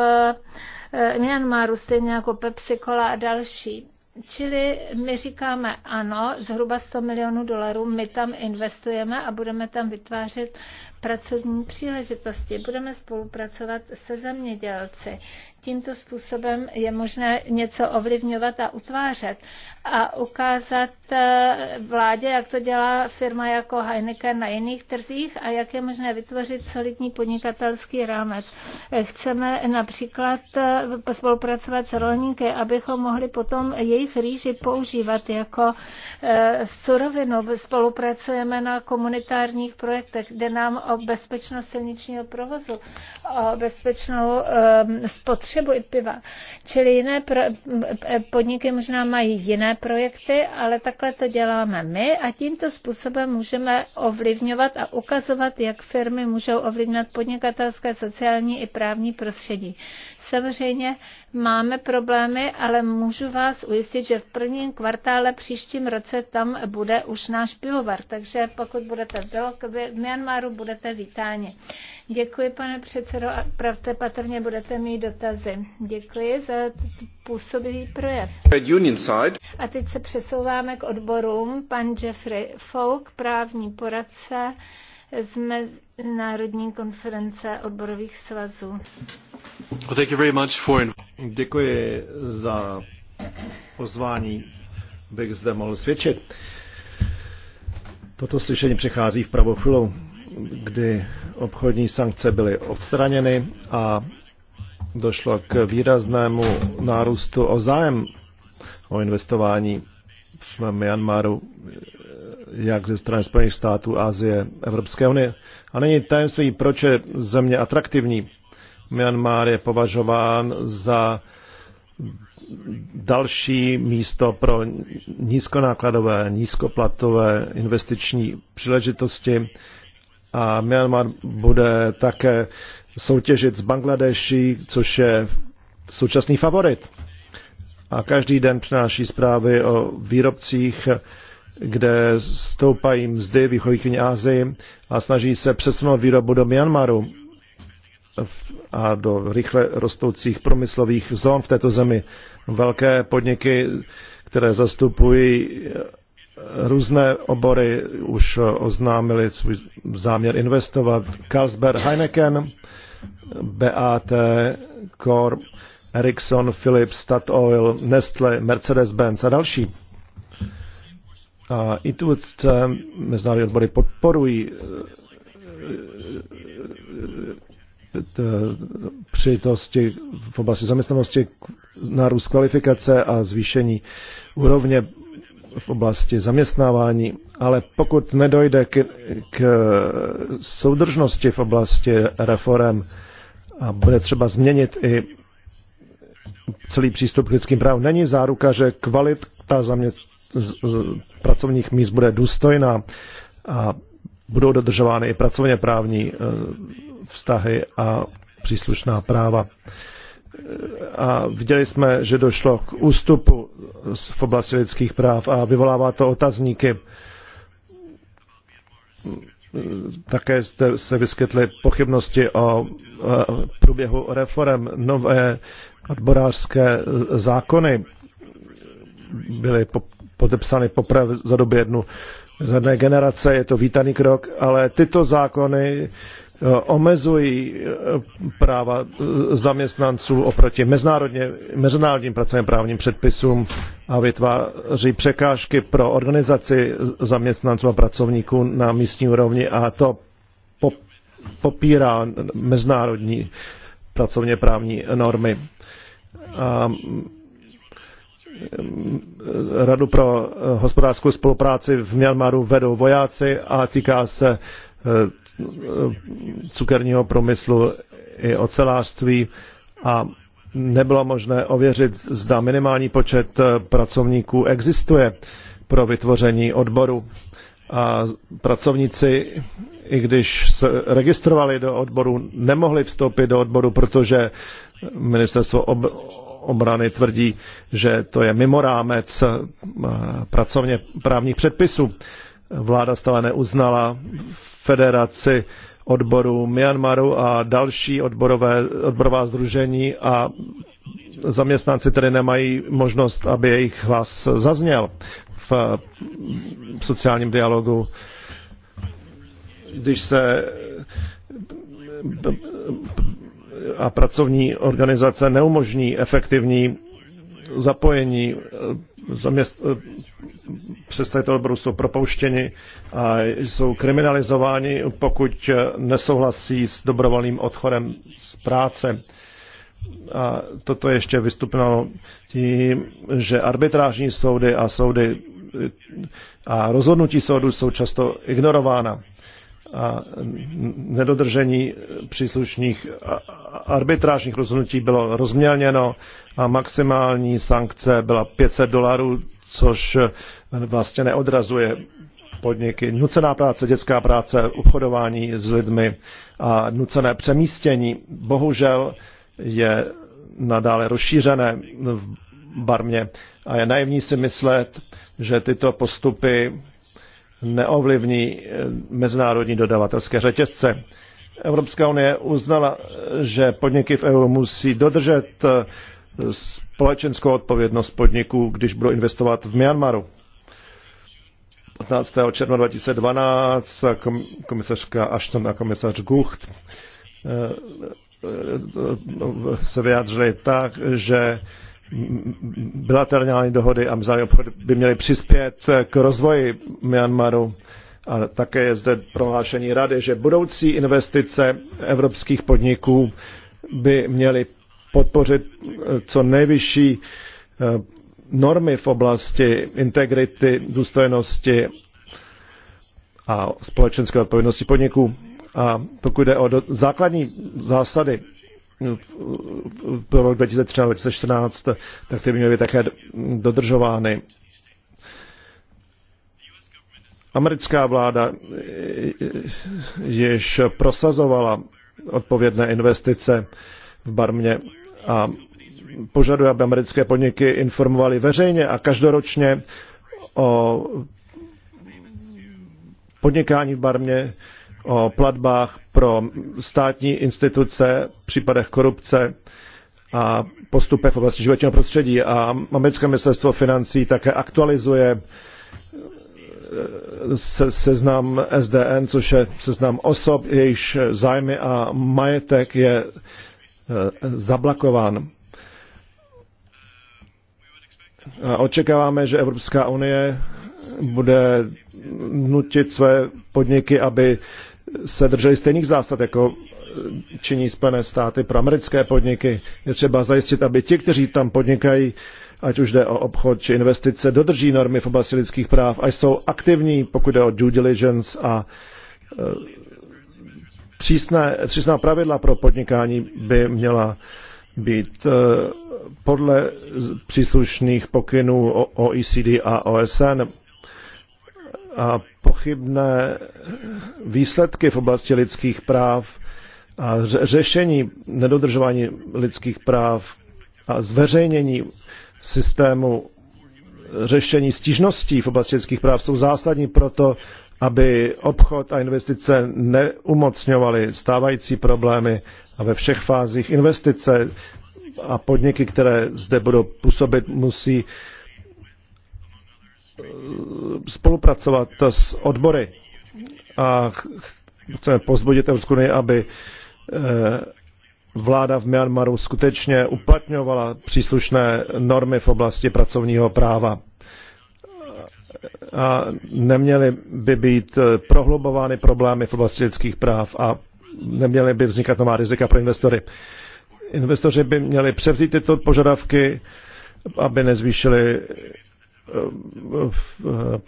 eh, Myanmaru stejně jako Pepsi Cola a další. Čili my říkáme ano, zhruba 100 milionů dolarů my tam investujeme a budeme tam vytvářet pracovní příležitosti. Budeme spolupracovat se zemědělci. Tímto způsobem je možné něco ovlivňovat a utvářet a ukázat eh, vládě, jak to dělá firma jako Heineken na jiných trzích a jak je možné vytvořit solidní podnikatelský rámec. Eh, chceme například eh, spolupracovat s rolníky, abychom mohli potom jejich rýži používat jako surovinu. Spolupracujeme na komunitárních projektech, kde nám o bezpečnost silničního provozu, o bezpečnou um, spotřebu i piva. Čili jiné pro, e, podniky možná mají jiné projekty, ale takhle to děláme my a tímto způsobem můžeme ovlivňovat a ukazovat, jak firmy můžou ovlivňovat podnikatelské, sociální i právní prostředí. Samozřejmě máme problémy, ale můžu vás ujistit, že v prvním kvartále příštím roce tam bude už náš pivovar, takže pokud budete v Myanmaru, budete vítáni. Děkuji, pane předsedo, a pravte patrně budete mít dotazy. Děkuji za působivý projev. A teď se přesouváme k odborům. Pan Jeffrey Folk, právní poradce, z Mezinárodní konference odborových svazů. Děkuji za pozvání, bych zde mohl svědčit. Toto slyšení přechází v pravou chvíli, kdy obchodní sankce byly odstraněny a došlo k výraznému nárůstu o zájem o investování na Myanmaru, jak ze strany Spojených států, Asie, Evropské unie. A není tajemství, proč je země atraktivní. Myanmar je považován za další místo pro nízkonákladové, nízkoplatové investiční příležitosti a Myanmar bude také soutěžit s Bangladeší, což je současný favorit a každý den přináší zprávy o výrobcích, kde stoupají mzdy v východní Asii a snaží se přesunout výrobu do Myanmaru a do rychle rostoucích promyslových zón v této zemi. Velké podniky, které zastupují různé obory, už oznámili svůj záměr investovat. Carlsberg Heineken, BAT, Core Ericsson, Philips, Statoil, Nestle, Mercedes-Benz a další. A tu mezinárodní odbory podporují eh, eh, eh, přitosti v oblasti zaměstnanosti, nárůst kvalifikace a zvýšení úrovně v oblasti zaměstnávání, ale pokud nedojde k, k soudržnosti v oblasti reform a bude třeba změnit i celý přístup k lidským právům. Není záruka, že kvalita zaměst... pracovních míst bude důstojná a budou dodržovány i pracovně právní e, vztahy a příslušná práva. E, a viděli jsme, že došlo k ústupu v oblasti lidských práv a vyvolává to otazníky. Také jste se vyskytli pochybnosti o e, průběhu reform. Nové odborářské zákony byly podepsány poprvé za době jednu z jedné generace, je to vítaný krok, ale tyto zákony eh, omezují eh, práva eh, zaměstnanců oproti mezinárodně, mezinárodním pracovním právním předpisům a vytváří překážky pro organizaci zaměstnanců a pracovníků na místní úrovni a to popírá mezinárodní pracovně právní normy a Radu pro eh, hospodářskou spolupráci v Myanmaru vedou vojáci a týká se eh, eh, cukerního průmyslu i ocelářství a nebylo možné ověřit, zda minimální počet pracovníků existuje pro vytvoření odboru. A pracovníci, i když se registrovali do odboru, nemohli vstoupit do odboru, protože Ministerstvo ob- obrany tvrdí, že to je mimo rámec eh, pracovně právních předpisů. Vláda stále neuznala federaci odborů Myanmaru a další odborové, odborová združení a zaměstnanci tedy nemají možnost, aby jejich hlas zazněl v sociálním dialogu. Když se a pracovní organizace neumožní efektivní zapojení eh, zaměst, eh, představitel jsou propouštěni a jsou kriminalizováni, pokud eh, nesouhlasí s dobrovolným odchodem z práce. A toto ještě vystupnalo tím, že arbitrážní soudy a soudy a rozhodnutí soudu jsou často ignorována a nedodržení příslušných arbitrážních rozhodnutí bylo rozmělněno a maximální sankce byla 500 dolarů, což eh, vlastně neodrazuje podniky. Nucená práce, dětská práce, obchodování s lidmi a nucené přemístění bohužel je nadále rozšířené v Barmě a je naivní si myslet, že tyto postupy neovlivní eh, mezinárodní dodavatelské řetězce. Evropská unie uznala, že podniky v EU musí dodržet eh, společenskou odpovědnost podniků, když budou investovat v Myanmaru. 15. června 2012 komisařka Ashton a komisař Gucht eh, se vyjádřili tak, že bilaterální dohody a mezinárodní obchod by měly přispět k rozvoji Myanmaru. A také je zde prohlášení rady, že budoucí investice evropských podniků by měly podpořit eh, co nejvyšší eh, normy v oblasti integrity, důstojnosti a společenské odpovědnosti podniků. A pokud jde o do, základní zásady pro no, rok 2013-2014, tak ty by měly být také dodržovány. Americká vláda eh, již prosazovala odpovědné investice v Barmě a požaduje, aby americké podniky informovaly veřejně a každoročně o podnikání v Barmě o platbách pro státní instituce, případech korupce a postupech v oblasti životního prostředí. A americké ministerstvo financí také aktualizuje eh, se, seznam SDN, což je seznam osob, jejichž zájmy a majetek je eh, zablakován. A očekáváme, že Evropská unie bude nutit své podniky, aby se drželi stejných zásad, jako eh, činí Spojené státy pro americké podniky. Je třeba zajistit, aby ti, kteří tam podnikají, ať už jde o obchod či investice, dodrží normy v oblasti lidských práv a jsou aktivní, pokud jde o due diligence a eh, přísné, přísná pravidla pro podnikání by měla být eh, podle příslušných pokynů OECD a OSN a pochybné výsledky v oblasti lidských práv a řešení nedodržování lidských práv a zveřejnění systému řešení stížností v oblasti lidských práv jsou zásadní proto, aby obchod a investice neumocňovaly stávající problémy a ve všech fázích investice a podniky, které zde budou působit, musí spolupracovat s odbory a chceme pozbudit Evropskou unii, aby eh, vláda v Myanmaru skutečně uplatňovala příslušné normy v oblasti pracovního práva. A neměly by být eh, prohlubovány problémy v oblasti lidských práv a neměly by vznikat nová rizika pro investory. Investoři by měli převzít tyto požadavky, aby nezvýšili Eh,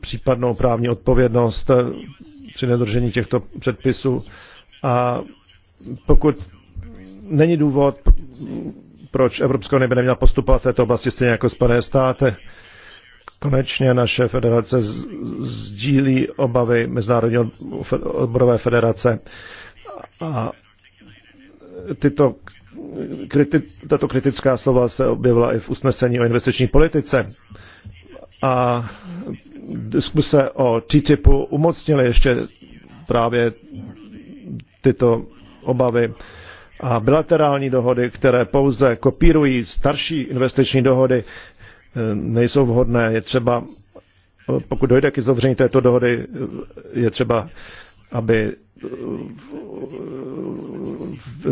případnou právní odpovědnost eh, při nedržení těchto předpisů. A pokud není důvod, proč Evropská unie by neměla postupovat v této oblasti stejně jako Spojené státy, konečně naše federace sdílí obavy Mezinárodní odborové federace a tyto kriti, tato kritická slova se objevila i v usnesení o investiční politice. A diskuse o TTIPu umocnily ještě právě tyto obavy. A bilaterální dohody, které pouze kopírují starší investiční dohody, eh, nejsou vhodné. Je třeba, pokud dojde k zavření této dohody, je třeba, aby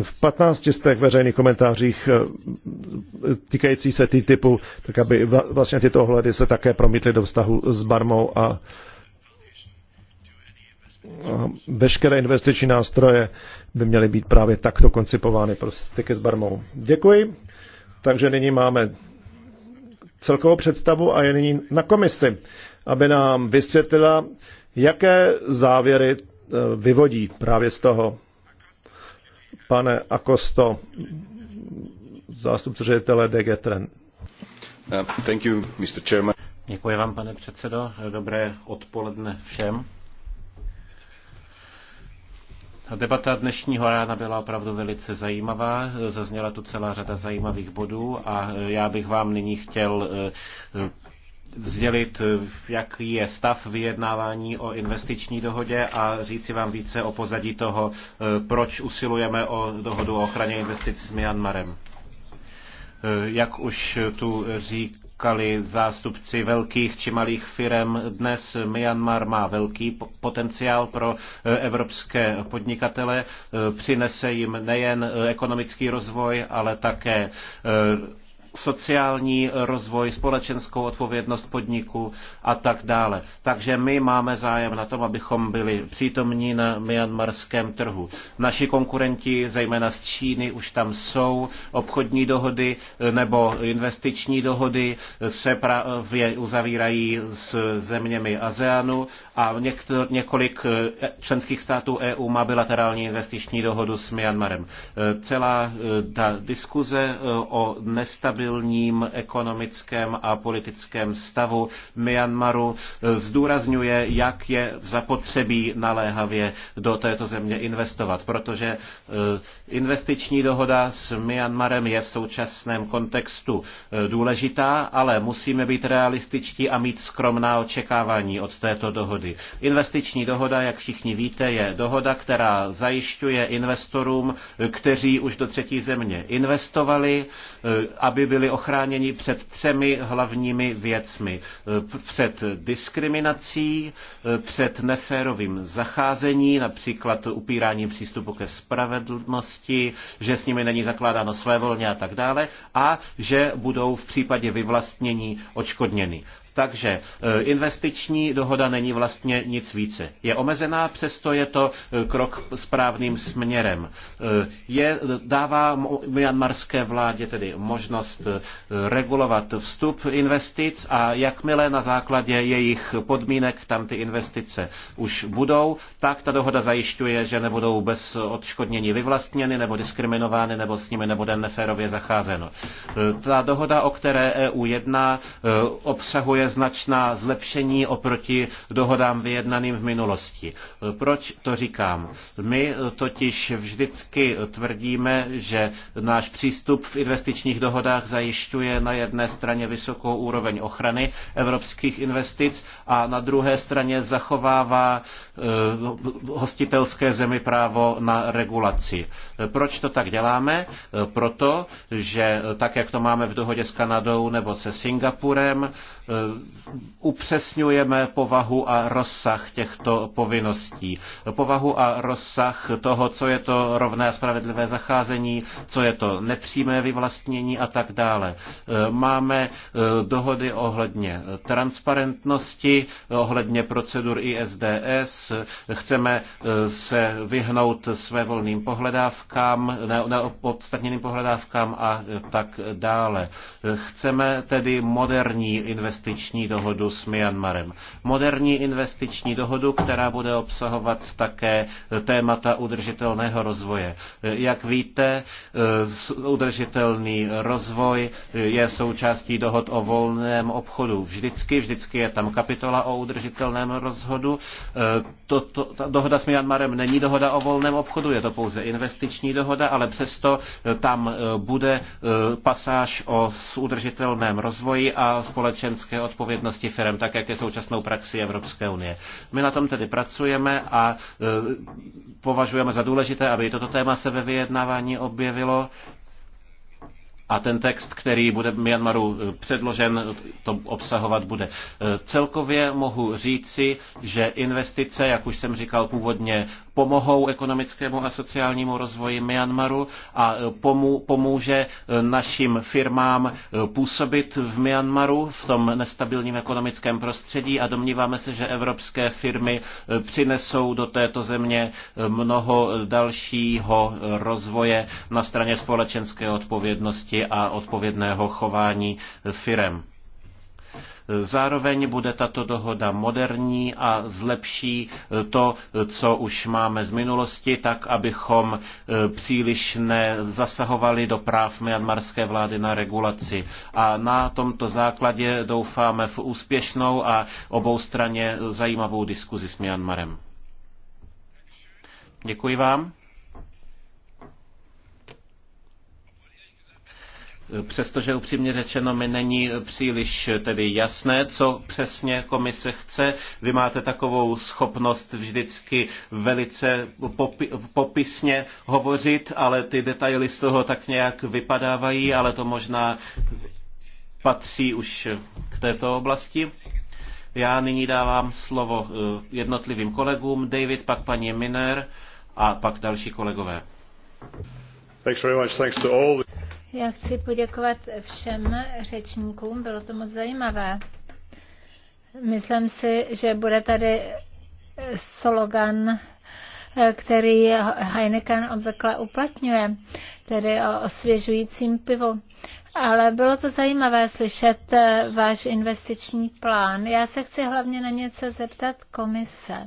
v 15 z těch veřejných komentářích eh, týkající se tý typu, tak aby vlastně tyto ohledy se také promítly do vztahu s Barmou a, a veškeré investiční nástroje by měly být právě takto koncipovány pro styky s Barmou. Děkuji. Takže nyní máme celkovou představu a je nyní na komisi, aby nám vysvětlila, jaké závěry Eh, vyvodí právě z toho. Pane Akosto, zástupce ředitele DG Trend. Uh, eh, thank you, Mr. Chairman. Děkuji vám, pane předsedo. Dobré odpoledne všem. Debata dnešního rána byla opravdu velice zajímavá, zazněla tu celá řada zajímavých bodů a já bych vám nyní chtěl eh, sdělit, jaký je stav vyjednávání o investiční dohodě a říci vám více o pozadí toho, proč usilujeme o dohodu o ochraně investic s Myanmarem. Jak už tu říkali zástupci velkých či malých firm, dnes Myanmar má velký potenciál pro eh, evropské podnikatele. Eh, přinese jim nejen eh, ekonomický rozvoj, ale také sociální rozvoj, společenskou odpovědnost podniků a tak dále. Takže my máme zájem na tom, abychom byli přítomní na myanmarském trhu. Naši konkurenti, zejména z Číny, už tam jsou. Obchodní dohody nebo investiční dohody se právě uzavírají s zeměmi ASEANu a někdo, několik členských států EU má bilaterální investiční dohodu s Myanmarem. Celá ta diskuze o nestabilitě stabilním ekonomickém a politickém stavu Myanmaru eh, zdůrazňuje, jak je zapotřebí naléhavě do této země investovat, protože eh, investiční dohoda s Myanmarem je v současném kontextu eh, důležitá, ale musíme být realističtí a mít skromná očekávání od této dohody. Investiční dohoda, jak všichni víte, je dohoda, která zajišťuje investorům, kteří už do třetí země investovali, aby byl byli ochráněni před třemi hlavními věcmi. Před diskriminací, eh, před neférovým zacházení, například upírání přístupu ke spravedlnosti, že s nimi není zakládáno volně a tak dále, a že budou v případě vyvlastnění odškodněny. Takže e, investiční dohoda není vlastně nic více. Je omezená, přesto je to e, krok správným směrem. E, je, dává myanmarské vládě tedy možnost regulovat vstup investic a jakmile na základě jejich podmínek tam ty investice už budou, tak ta dohoda zajišťuje, že nebudou bez odškodnění vyvlastněny nebo diskriminovány nebo s nimi nebude neférově zacházeno. Ta dohoda, o které EU jedná, obsahuje značná zlepšení oproti dohodám vyjednaným v minulosti. Proč to říkám? My totiž vždycky tvrdíme, že náš přístup v investičních dohodách zajišťuje na jedné straně vysokou úroveň ochrany evropských investic a na druhé straně zachovává eh, hostitelské zemi právo na regulaci. Proč to tak děláme? Proto, že tak, jak to máme v dohodě s Kanadou nebo se Singapurem, eh, upřesňujeme povahu a rozsah těchto povinností. Povahu a rozsah toho, co je to rovné a spravedlivé zacházení, co je to nepřímé vyvlastnění a tak dále. Máme eh, dohody ohledně transparentnosti, ohledně procedur ISDS, chceme eh, se vyhnout své volným pohledávkám, neopodstatněným pohledávkám a tak dále. Chceme tedy moderní investiční investiční dohodu s Myanmarem. Moderní investiční dohodu, která bude obsahovat také témata udržitelného rozvoje. Jak víte, udržitelný rozvoj je součástí dohod o volném obchodu. Vždycky, vždycky je tam kapitola o udržitelném rozhodu. To, to, ta dohoda s Myanmarem není dohoda o volném obchodu, je to pouze investiční dohoda, ale přesto tam bude pasáž o udržitelném rozvoji a společenské odpovědnosti odpovědnosti firm, tak jak je současnou praxi Evropské unie. My na tom tedy pracujeme a e, považujeme za důležité, aby toto téma se ve vyjednávání objevilo. A ten text, který bude Myanmaru e, předložen, to obsahovat bude. E, celkově mohu říci, že investice, jak už jsem říkal původně, pomohou ekonomickému a sociálnímu rozvoji Myanmaru a e, pomůže e, našim firmám e, působit v Myanmaru v tom nestabilním ekonomickém prostředí a domníváme se, že evropské firmy přinesou do této země mnoho dalšího rozvoje na straně společenské odpovědnosti a odpovědného chování firem. Zároveň bude tato dohoda moderní a zlepší to, co už máme z minulosti, tak abychom e, příliš nezasahovali do práv myanmarské vlády na regulaci. A na tomto základě doufáme v úspěšnou a straně zajímavou diskuzi s Myanmarem. Děkuji vám. Přestože upřímně řečeno mi není příliš tedy jasné, co přesně komise chce. Vy máte takovou schopnost vždycky velice popi- popisně hovořit, ale ty detaily z toho tak nějak vypadávají, ale to možná patří už k této oblasti. Já nyní dávám slovo eh, jednotlivým kolegům, David, pak paní Miner a pak další kolegové. Thanks very much. Thanks to all. Já chci poděkovat všem řečníkům, bylo to moc zajímavé. Myslím si, že bude tady slogan, který Heineken obvykle uplatňuje, tedy o osvěžujícím pivu. Ale bylo to zajímavé slyšet eh, váš investiční plán. Já se chci hlavně na něco zeptat komise.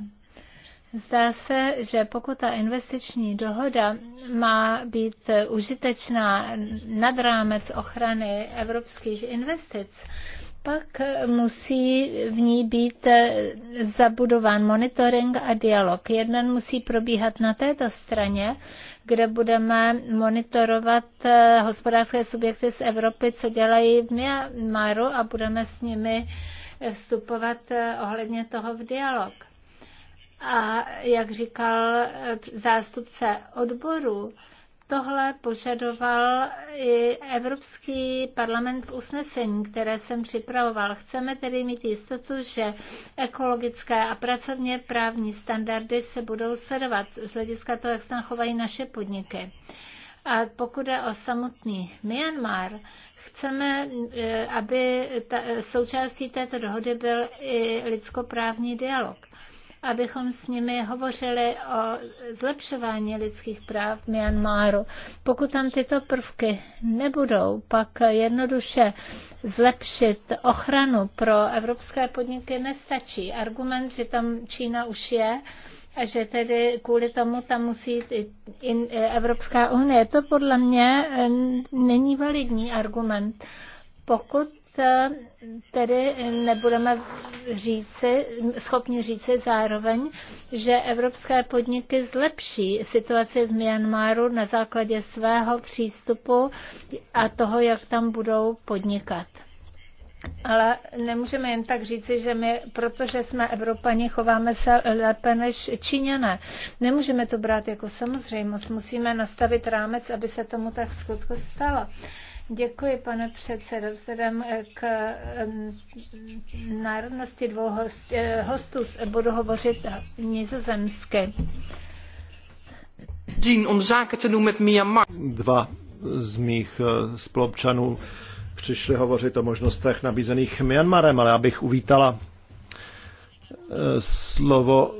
Zdá se, že pokud ta investiční dohoda má být užitečná nad rámec ochrany evropských investic, pak musí v ní být zabudován monitoring a dialog. Jeden musí probíhat na této straně, kde budeme monitorovat hospodářské subjekty z Evropy, co dělají v Myanmaru a budeme s nimi vstupovat ohledně toho v dialog. A jak říkal eh, zástupce odboru, tohle požadoval i Evropský parlament v usnesení, které jsem připravoval. Chceme tedy mít jistotu, že ekologické a pracovně právní standardy se budou sledovat z hlediska toho, jak se tam chovají naše podniky. A pokud je o samotný Myanmar, chceme, eh, aby ta, eh, součástí této dohody byl i lidskoprávní dialog abychom s nimi hovořili o zlepšování lidských práv v Myanmaru. Pokud tam tyto prvky nebudou, pak jednoduše zlepšit ochranu pro evropské podniky nestačí. Argument, že tam Čína už je, a že tedy kvůli tomu tam musí jít i, Evropská unie. To podle mě eh, není validní argument. Pokud Eh, tedy nebudeme říci, schopni říci zároveň, že evropské podniky zlepší situaci v Myanmaru na základě svého přístupu a toho, jak tam budou podnikat. Ale nemůžeme jen tak říci, že my, protože jsme Evropani, chováme se lépe než Číňané. Nemůžeme to brát jako samozřejmost. Musíme nastavit rámec, aby se tomu tak v skutku stalo. Děkuji, pane předsedo. Vzhledem k národnosti dvou eh, hostů budu hovořit nizozemsky. Dva z mých eh, spolupčanů přišli hovořit o možnostech nabízených Myanmarem, ale abych uvítala eh, slovo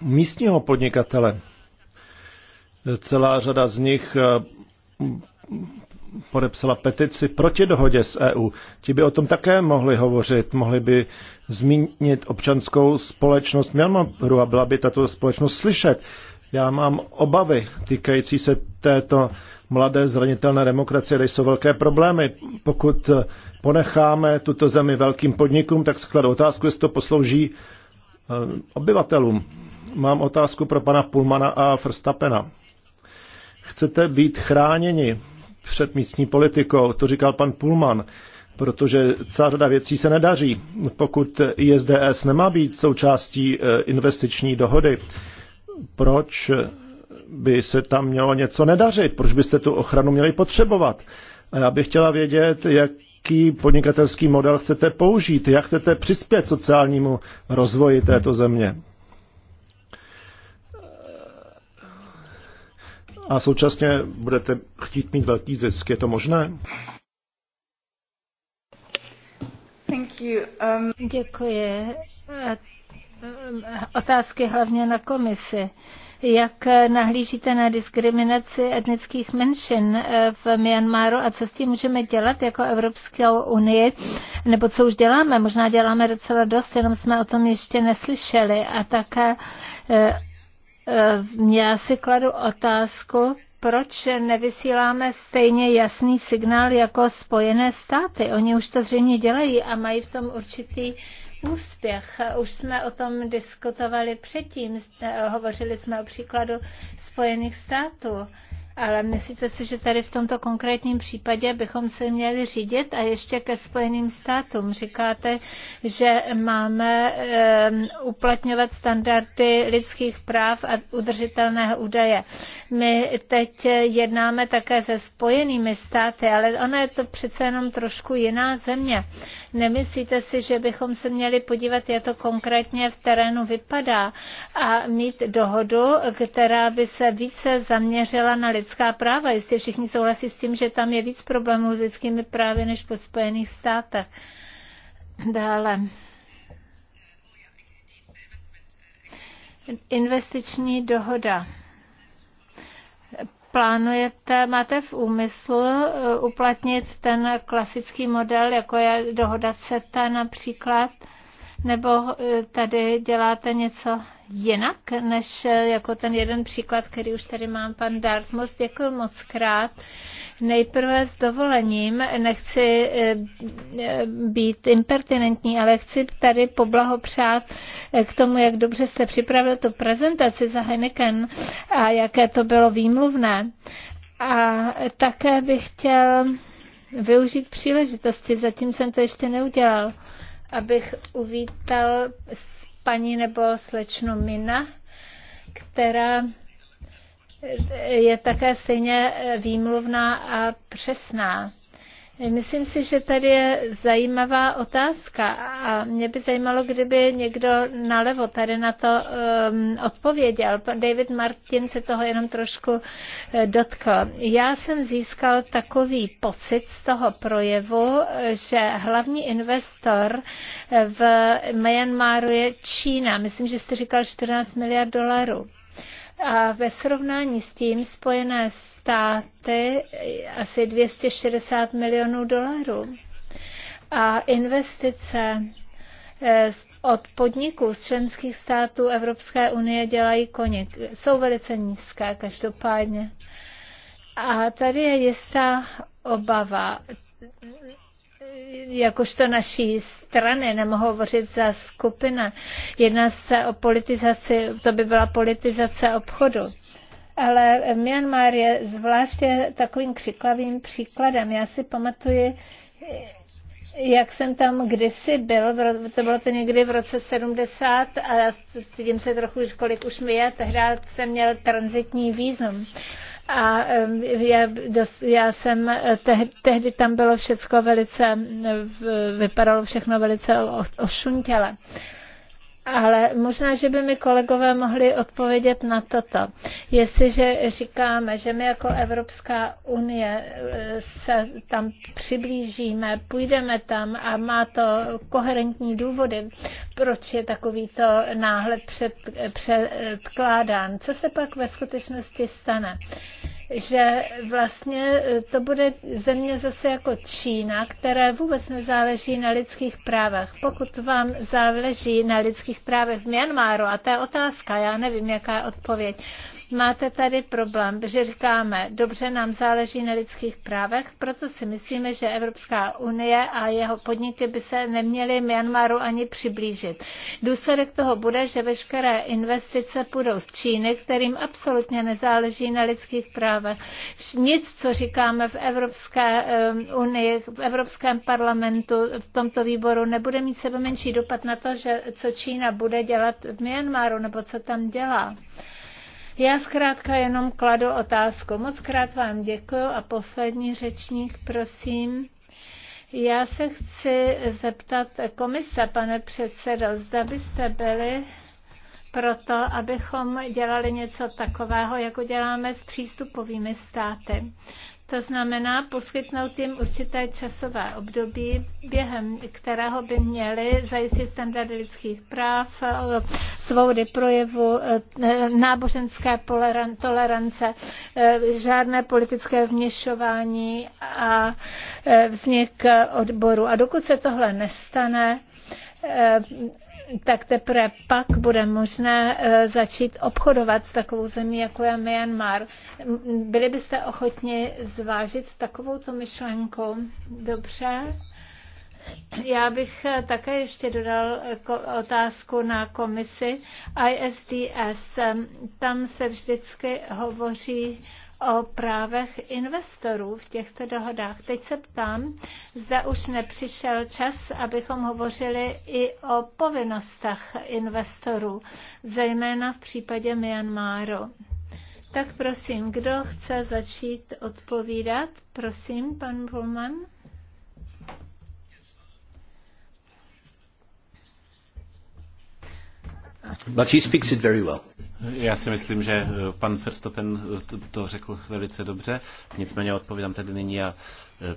místního podnikatele. Celá řada z nich podepsala petici proti dohodě s EU. Ti by o tom také mohli hovořit, mohli by zmínit občanskou společnost Mělmaru a byla by tato společnost slyšet. Já mám obavy týkající se této mladé zranitelné demokracie, kde jsou velké problémy. Pokud ponecháme tuto zemi velkým podnikům, tak kladu otázku, jestli to poslouží eh, obyvatelům. Mám otázku pro pana Pulmana a Frstapena. Chcete být chráněni před místní politikou. To říkal pan Pullman, protože celá řada věcí se nedaří. Pokud ISDS nemá být součástí eh, investiční dohody, proč by se tam mělo něco nedařit? Proč byste tu ochranu měli potřebovat? A já bych chtěla vědět, jaký podnikatelský model chcete použít, jak chcete přispět sociálnímu rozvoji této země. a současně budete chtít mít velký zisk. Je to možné? Thank you. Um, Děkuji. Otázky hlavně na komisi. Jak nahlížíte na diskriminaci etnických menšin v Myanmaru a co s tím můžeme dělat jako Evropská unie? Nebo co už děláme? Možná děláme docela dost, jenom jsme o tom ještě neslyšeli. A také eh, já eh, si kladu otázku, proč nevysíláme stejně jasný signál jako Spojené státy. Oni už to zřejmě dělají a mají v tom určitý úspěch. Už jsme o tom diskutovali předtím, hovořili jsme o příkladu Spojených států. Ale myslíte si, že tady v tomto konkrétním případě bychom se měli řídit a ještě ke Spojeným státům? Říkáte, že máme um, uplatňovat standardy lidských práv a udržitelného údaje. My teď jednáme také se Spojenými státy, ale ona je to přece jenom trošku jiná země. Nemyslíte si, že bychom se měli podívat, jak to konkrétně v terénu vypadá a mít dohodu, která by se více zaměřila na lidské lidská práva, jestli všichni souhlasí s tím, že tam je víc problémů s lidskými právy než po Spojených státech. Dále. Investiční dohoda. Plánujete, máte v úmyslu eh, uplatnit ten klasický model, jako je dohoda CETA například, nebo eh, tady děláte něco jinak, než eh, jako ten jeden příklad, který už tady mám, pan Dartmouth. Děkuji moc krát. Nejprve s dovolením, nechci eh, eh, být impertinentní, ale chci tady poblahopřát k tomu, jak dobře jste připravil tu prezentaci za Heineken a jaké to bylo výmluvné. A také bych chtěl využít příležitosti, zatím jsem to ještě neudělal, abych uvítal paní nebo slečnu Mina, která je také stejně výmluvná a přesná. Myslím si, že tady je zajímavá otázka a mě by zajímalo, kdyby někdo nalevo tady na to um, odpověděl. Pan David Martin se toho jenom trošku uh, dotkl. Já jsem získal takový pocit z toho projevu, že hlavní investor uh, v Myanmaru je Čína. Myslím, že jste říkal 14 miliard dolarů. A ve srovnání s tím Spojené státy asi 260 milionů dolarů. A investice eh, od podniků z členských států Evropské unie dělají koně. Jsou velice nízké každopádně. A tady je jistá obava jakožto naší strany, nemohu hovořit za skupina. Jedná se o politizaci, to by byla politizace obchodu. Ale Myanmar je zvláště takovým křiklavým příkladem. Já si pamatuji, jak jsem tam kdysi byl, to bylo to někdy v roce 70 a stydím se trochu, kolik už mi je, tehdy jsem měl transitní výzum. A já, já jsem, eh, tehdy, tehdy tam bylo všecko velice, eh, vypadalo všechno velice ošuntěle. Ale možná, že by mi kolegové mohli odpovědět na toto. Jestliže říkáme, že my jako Evropská unie e, se tam přiblížíme, půjdeme tam a má to koherentní důvody, proč je takovýto náhled e, předkládán, co se pak ve skutečnosti stane? Uh, že vlastně e, to bude země zase jako Čína, které vůbec nezáleží na lidských právech. Pokud vám záleží na lidských právech v Myanmaru, a to je otázka, já nevím, jaká je odpověď, máte tady problém, že říkáme, dobře nám záleží na lidských právech, proto si myslíme, že Evropská unie a jeho podniky by se neměly Myanmaru ani přiblížit. Důsledek toho bude, že veškeré investice půjdou z Číny, kterým absolutně nezáleží na lidských právech. Nic, co říkáme v Evropské unii, v Evropském parlamentu, v tomto výboru, nebude mít sebe menší dopad na to, že co Čína bude dělat v Myanmaru nebo co tam dělá. Já zkrátka jenom kladu otázku. Moc krát vám děkuji a poslední řečník, prosím. Já se chci zeptat komise, pane předsedo, zda byste byli proto, abychom dělali něco takového, jako děláme s přístupovými státy. To znamená poskytnout jim určité časové období, během kterého by měli zajistit standardy lidských práv, svobody projevu, eh, náboženské tolerance, eh, žádné politické vměšování a eh, vznik odboru. A dokud se tohle nestane, tak teprve pak bude možné eh, začít obchodovat s takovou zemí, jako je Myanmar. Byli byste ochotni zvážit takovouto myšlenku? Dobře. Já bych eh, také ještě dodal eh, otázku na komisi ISDS. Tam se vždycky hovoří o právech investorů v těchto dohodách. Teď se ptám, zda už nepřišel čas, abychom hovořili i o povinnostech investorů, zejména v případě Myanmaru. Tak prosím, kdo chce začít odpovídat? Prosím, pan Pullman. But he speaks it very well. Já si myslím, že eh, pan Verstappen eh, to řekl velice dobře, nicméně odpovídám tedy nyní a eh,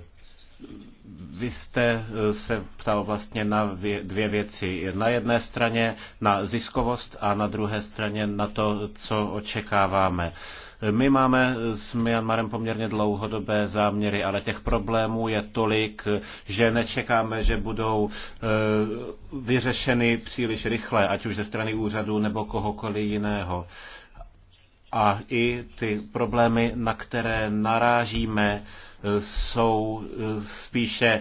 vy jste se ptal vlastně na dvě věci. Na jedné straně na ziskovost a na druhé straně na to, co očekáváme. My máme s Myanmarem poměrně dlouhodobé záměry, ale těch problémů je tolik, že nečekáme, že budou e, vyřešeny příliš rychle, ať už ze strany úřadu nebo kohokoliv jiného. A i ty problémy, na které narážíme, e, jsou e, spíše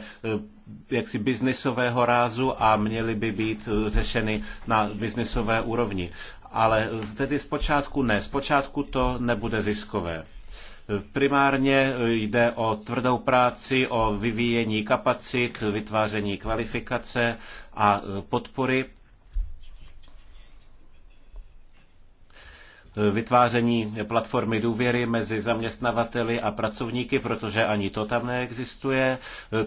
jaksi biznisového rázu a měly by být řešeny na biznisové úrovni ale tedy zpočátku ne, zpočátku to nebude ziskové. Primárně jde o tvrdou práci, o vyvíjení kapacit, vytváření kvalifikace a podpory vytváření platformy důvěry mezi zaměstnavateli a pracovníky, protože ani to tam neexistuje,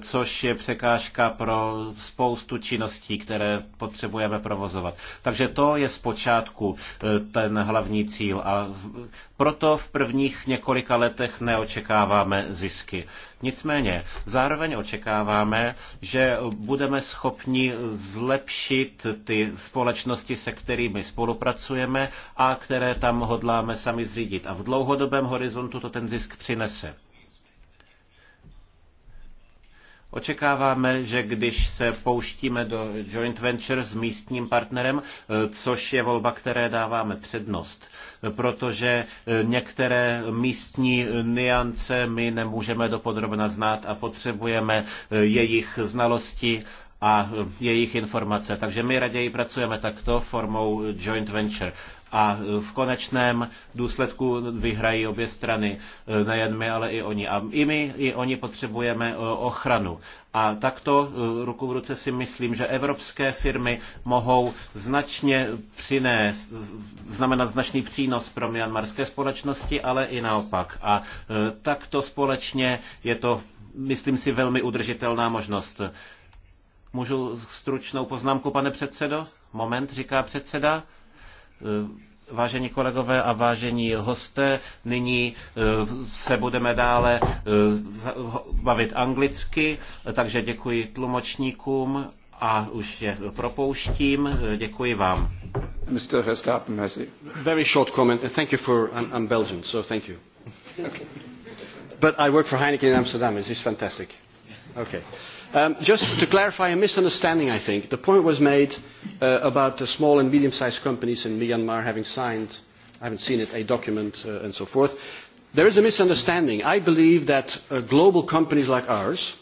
což je překážka pro spoustu činností, které potřebujeme provozovat. Takže to je zpočátku eh, ten hlavní cíl a proto v prvních několika letech neočekáváme zisky. Nicméně zároveň očekáváme, že budeme schopni zlepšit ty společnosti, se kterými spolupracujeme a které tam hodláme sami zřídit. A v dlouhodobém horizontu to ten zisk přinese. Očekáváme, že když se pouštíme do joint venture s místním partnerem, eh, což je volba, které dáváme přednost, protože eh, některé místní niance my nemůžeme dopodrobna znát a potřebujeme eh, jejich znalosti a jejich informace. Takže my raději pracujeme takto formou joint venture a e, v konečném důsledku vyhrají obě strany, e, nejen my, ale i oni. A i my, i oni potřebujeme e, ochranu. A takto ruku v ruce si myslím, že evropské firmy mohou značně přinést, znamená značný přínos pro myanmarské společnosti, ale i naopak. A takto společně je to, myslím si, velmi udržitelná možnost. Můžu stručnou poznámku, pane předsedo? Moment, říká předseda. Eh, vážení kolegové a vážení hosté, nyní eh, se budeme dále eh, bavit anglicky, takže děkuji tlumočníkům a už je propouštím. Děkuji vám. Mr. Verstappen has a very short comment. thank you for, I'm, I'm Belgian, so thank you. Okay. But I work for Heineken in Amsterdam. It's just fantastic. Okay. Um, just to clarify a misunderstanding, I think. The point was made uh, about the small and medium-sized companies in Myanmar having signed, I have not seen it, a document uh, and so forth. There is a misunderstanding. I believe that uh, global companies like ours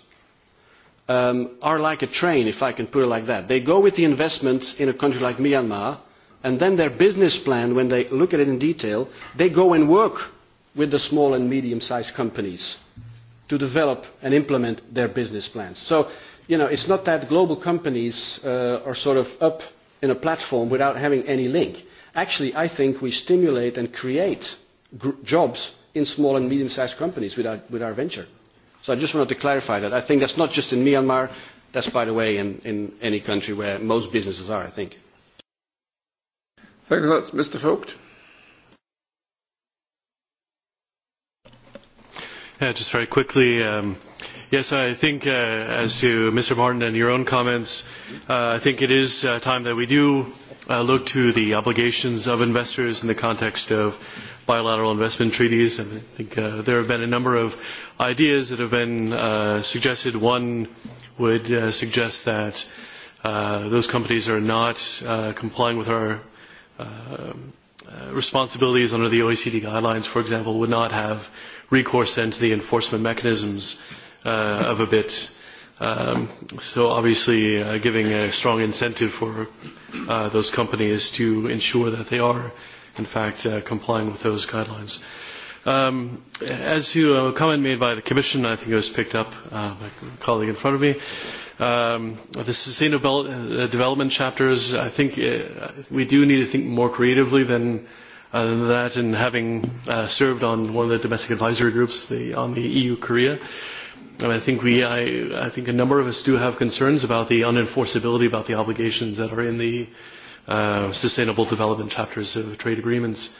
um, are like a train, if I can put it like that. They go with the investment in a country like Myanmar, and then their business plan, when they look at it in detail, they go and work with the small and medium-sized companies to develop and implement their business plans. So, you know, it's not that global companies uh, are sort of up in a platform without having any link. Actually, I think we stimulate and create gr- jobs in small and medium-sized companies with our, with our venture. So I just wanted to clarify that. I think that's not just in Myanmar. That's, by the way, in, in any country where most businesses are, I think. Thanks a lot. Mr. Vogt. just very quickly. Um, yes, I think uh, as to Mr. Martin and your own comments, uh, I think it is uh, time that we do uh, look to the obligations of investors in the context of bilateral investment treaties. And I think uh, there have been a number of ideas that have been uh, suggested. One would uh, suggest that uh, those companies are not uh, complying with our uh, uh responsibilities under the OECD guidelines, for example, would not have recourse then to the enforcement mechanisms uh, of a bit. Um, so obviously uh, giving a strong incentive for uh, those companies to ensure that they are in fact uh, complying with those guidelines. Um, as to a comment made by the Commission, I think it was picked up uh, by a colleague in front of me, um, the sustainable uh, development chapters, I think it, uh, we do need to think more creatively than Other uh, than that, and having uh, served on one of the domestic advisory groups the, on the EU-Korea, I think we, I, I think a number of us do have concerns about the unenforceability about the obligations that are in the uh, sustainable development chapters of trade agreements.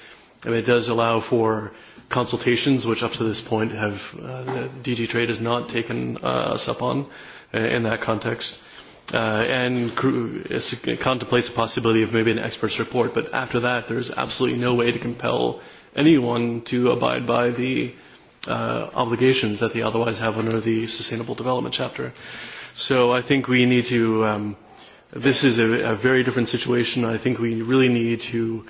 I mean, it does allow for consultations, which up to this point have uh, DG Trade has not taken uh, us up on uh, in that context uh, and it contemplates the possibility of maybe an expert's report. But after that, there's absolutely no way to compel anyone to abide by the uh, obligations that they otherwise have under the Sustainable Development Chapter. So I think we need to. Um, this is a, a very different situation. I think we really need to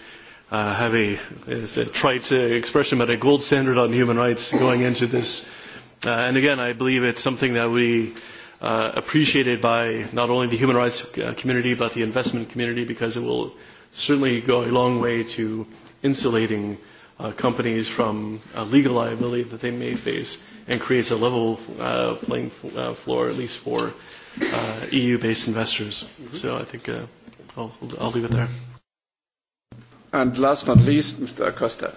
uh, have a, a trite expression, but a gold standard on human rights going into this. Uh, and again, I believe it's something that we Uh, appreciated by not only the human rights uh, community but the investment community because it will certainly go a long way to insulating uh, companies from uh, legal liability that they may face and creates a level uh, playing f- uh, floor at least for uh, EU-based investors. Mm-hmm. So I think uh, I'll, I'll leave it there. And last but not least, Mr. Acosta.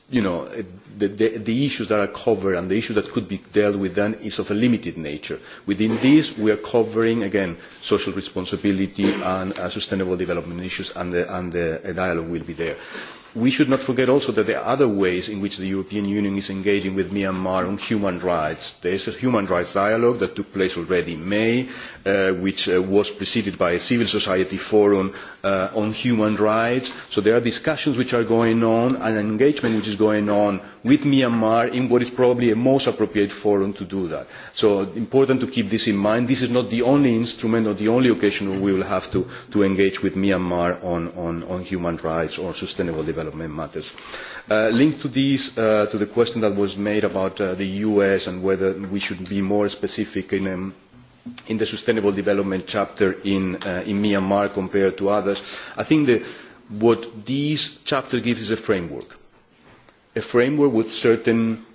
you know, the, the, the issues that are covered and the issue that could be dealt with then is of a limited nature. Within this, we are covering, again, social responsibility and uh, sustainable development issues, and the, and the dialogue will be there. We should not forget also that there are other ways in which the European Union is engaging with Myanmar on human rights. There is a human rights dialogue that took place already in May, uh, which uh, was preceded by a civil society forum uh, on human rights. So there are discussions which are going on and an engagement which is going on with Myanmar in what is probably a most appropriate forum to do that. So important to keep this in mind. This is not the only instrument or the only occasion where we will have to, to engage with Myanmar on, on, on human rights or sustainable development matters. Uh, linked to this, uh, to the question that was made about uh, the US and whether we should be more specific in um, in the sustainable development chapter in, uh, in Myanmar compared to others. I think that what this chapter gives is a framework, a framework with certain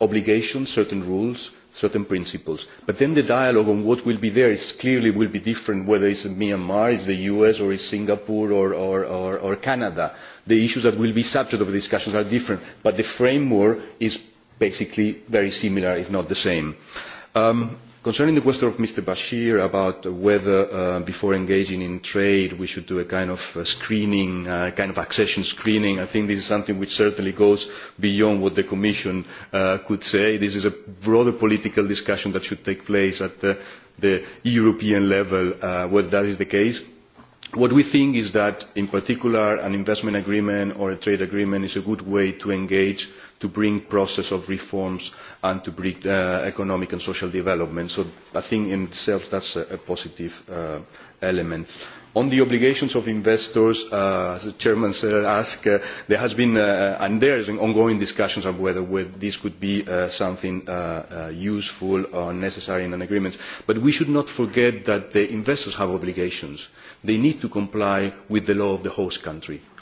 obligations, certain rules, certain principles. But then the dialogue on what will be there is clearly will be different whether it's Myanmar, it's the US, or it's Singapore, or, or, or, or Canada. The issues that will be subject of the discussions are different, but the framework is basically very similar, if not the same. Um, Concerning the question of Mr. Bashir about whether uh, before engaging in trade we should do a kind of uh, screening, uh, kind of accession screening, I think this is something which certainly goes beyond what the Commission uh, could say. This is a broader political discussion that should take place at uh, the European level, uh, whether that is the case. What we think is that, in particular, an investment agreement or a trade agreement is a good way to engage uh, to bring process of reforms and to bring uh, economic and social development. So I think in itself that's a, a positive uh, element. On the obligations of investors, uh, as the chairman said, asked, uh, there has been uh, and there is an ongoing discussions on whether, whether this could be uh, something uh, uh, useful or necessary in an agreement. But we should not forget that the investors have obligations. They need to comply with the law of the host country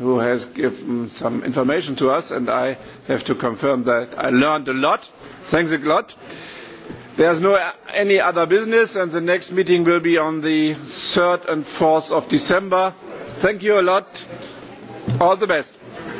who has given some information to us, and I have to confirm that I learned a lot. Thanks a lot. There is no uh, any other business, and the next meeting will be on the 3rd and 4th of December. Thank you a lot. All the best.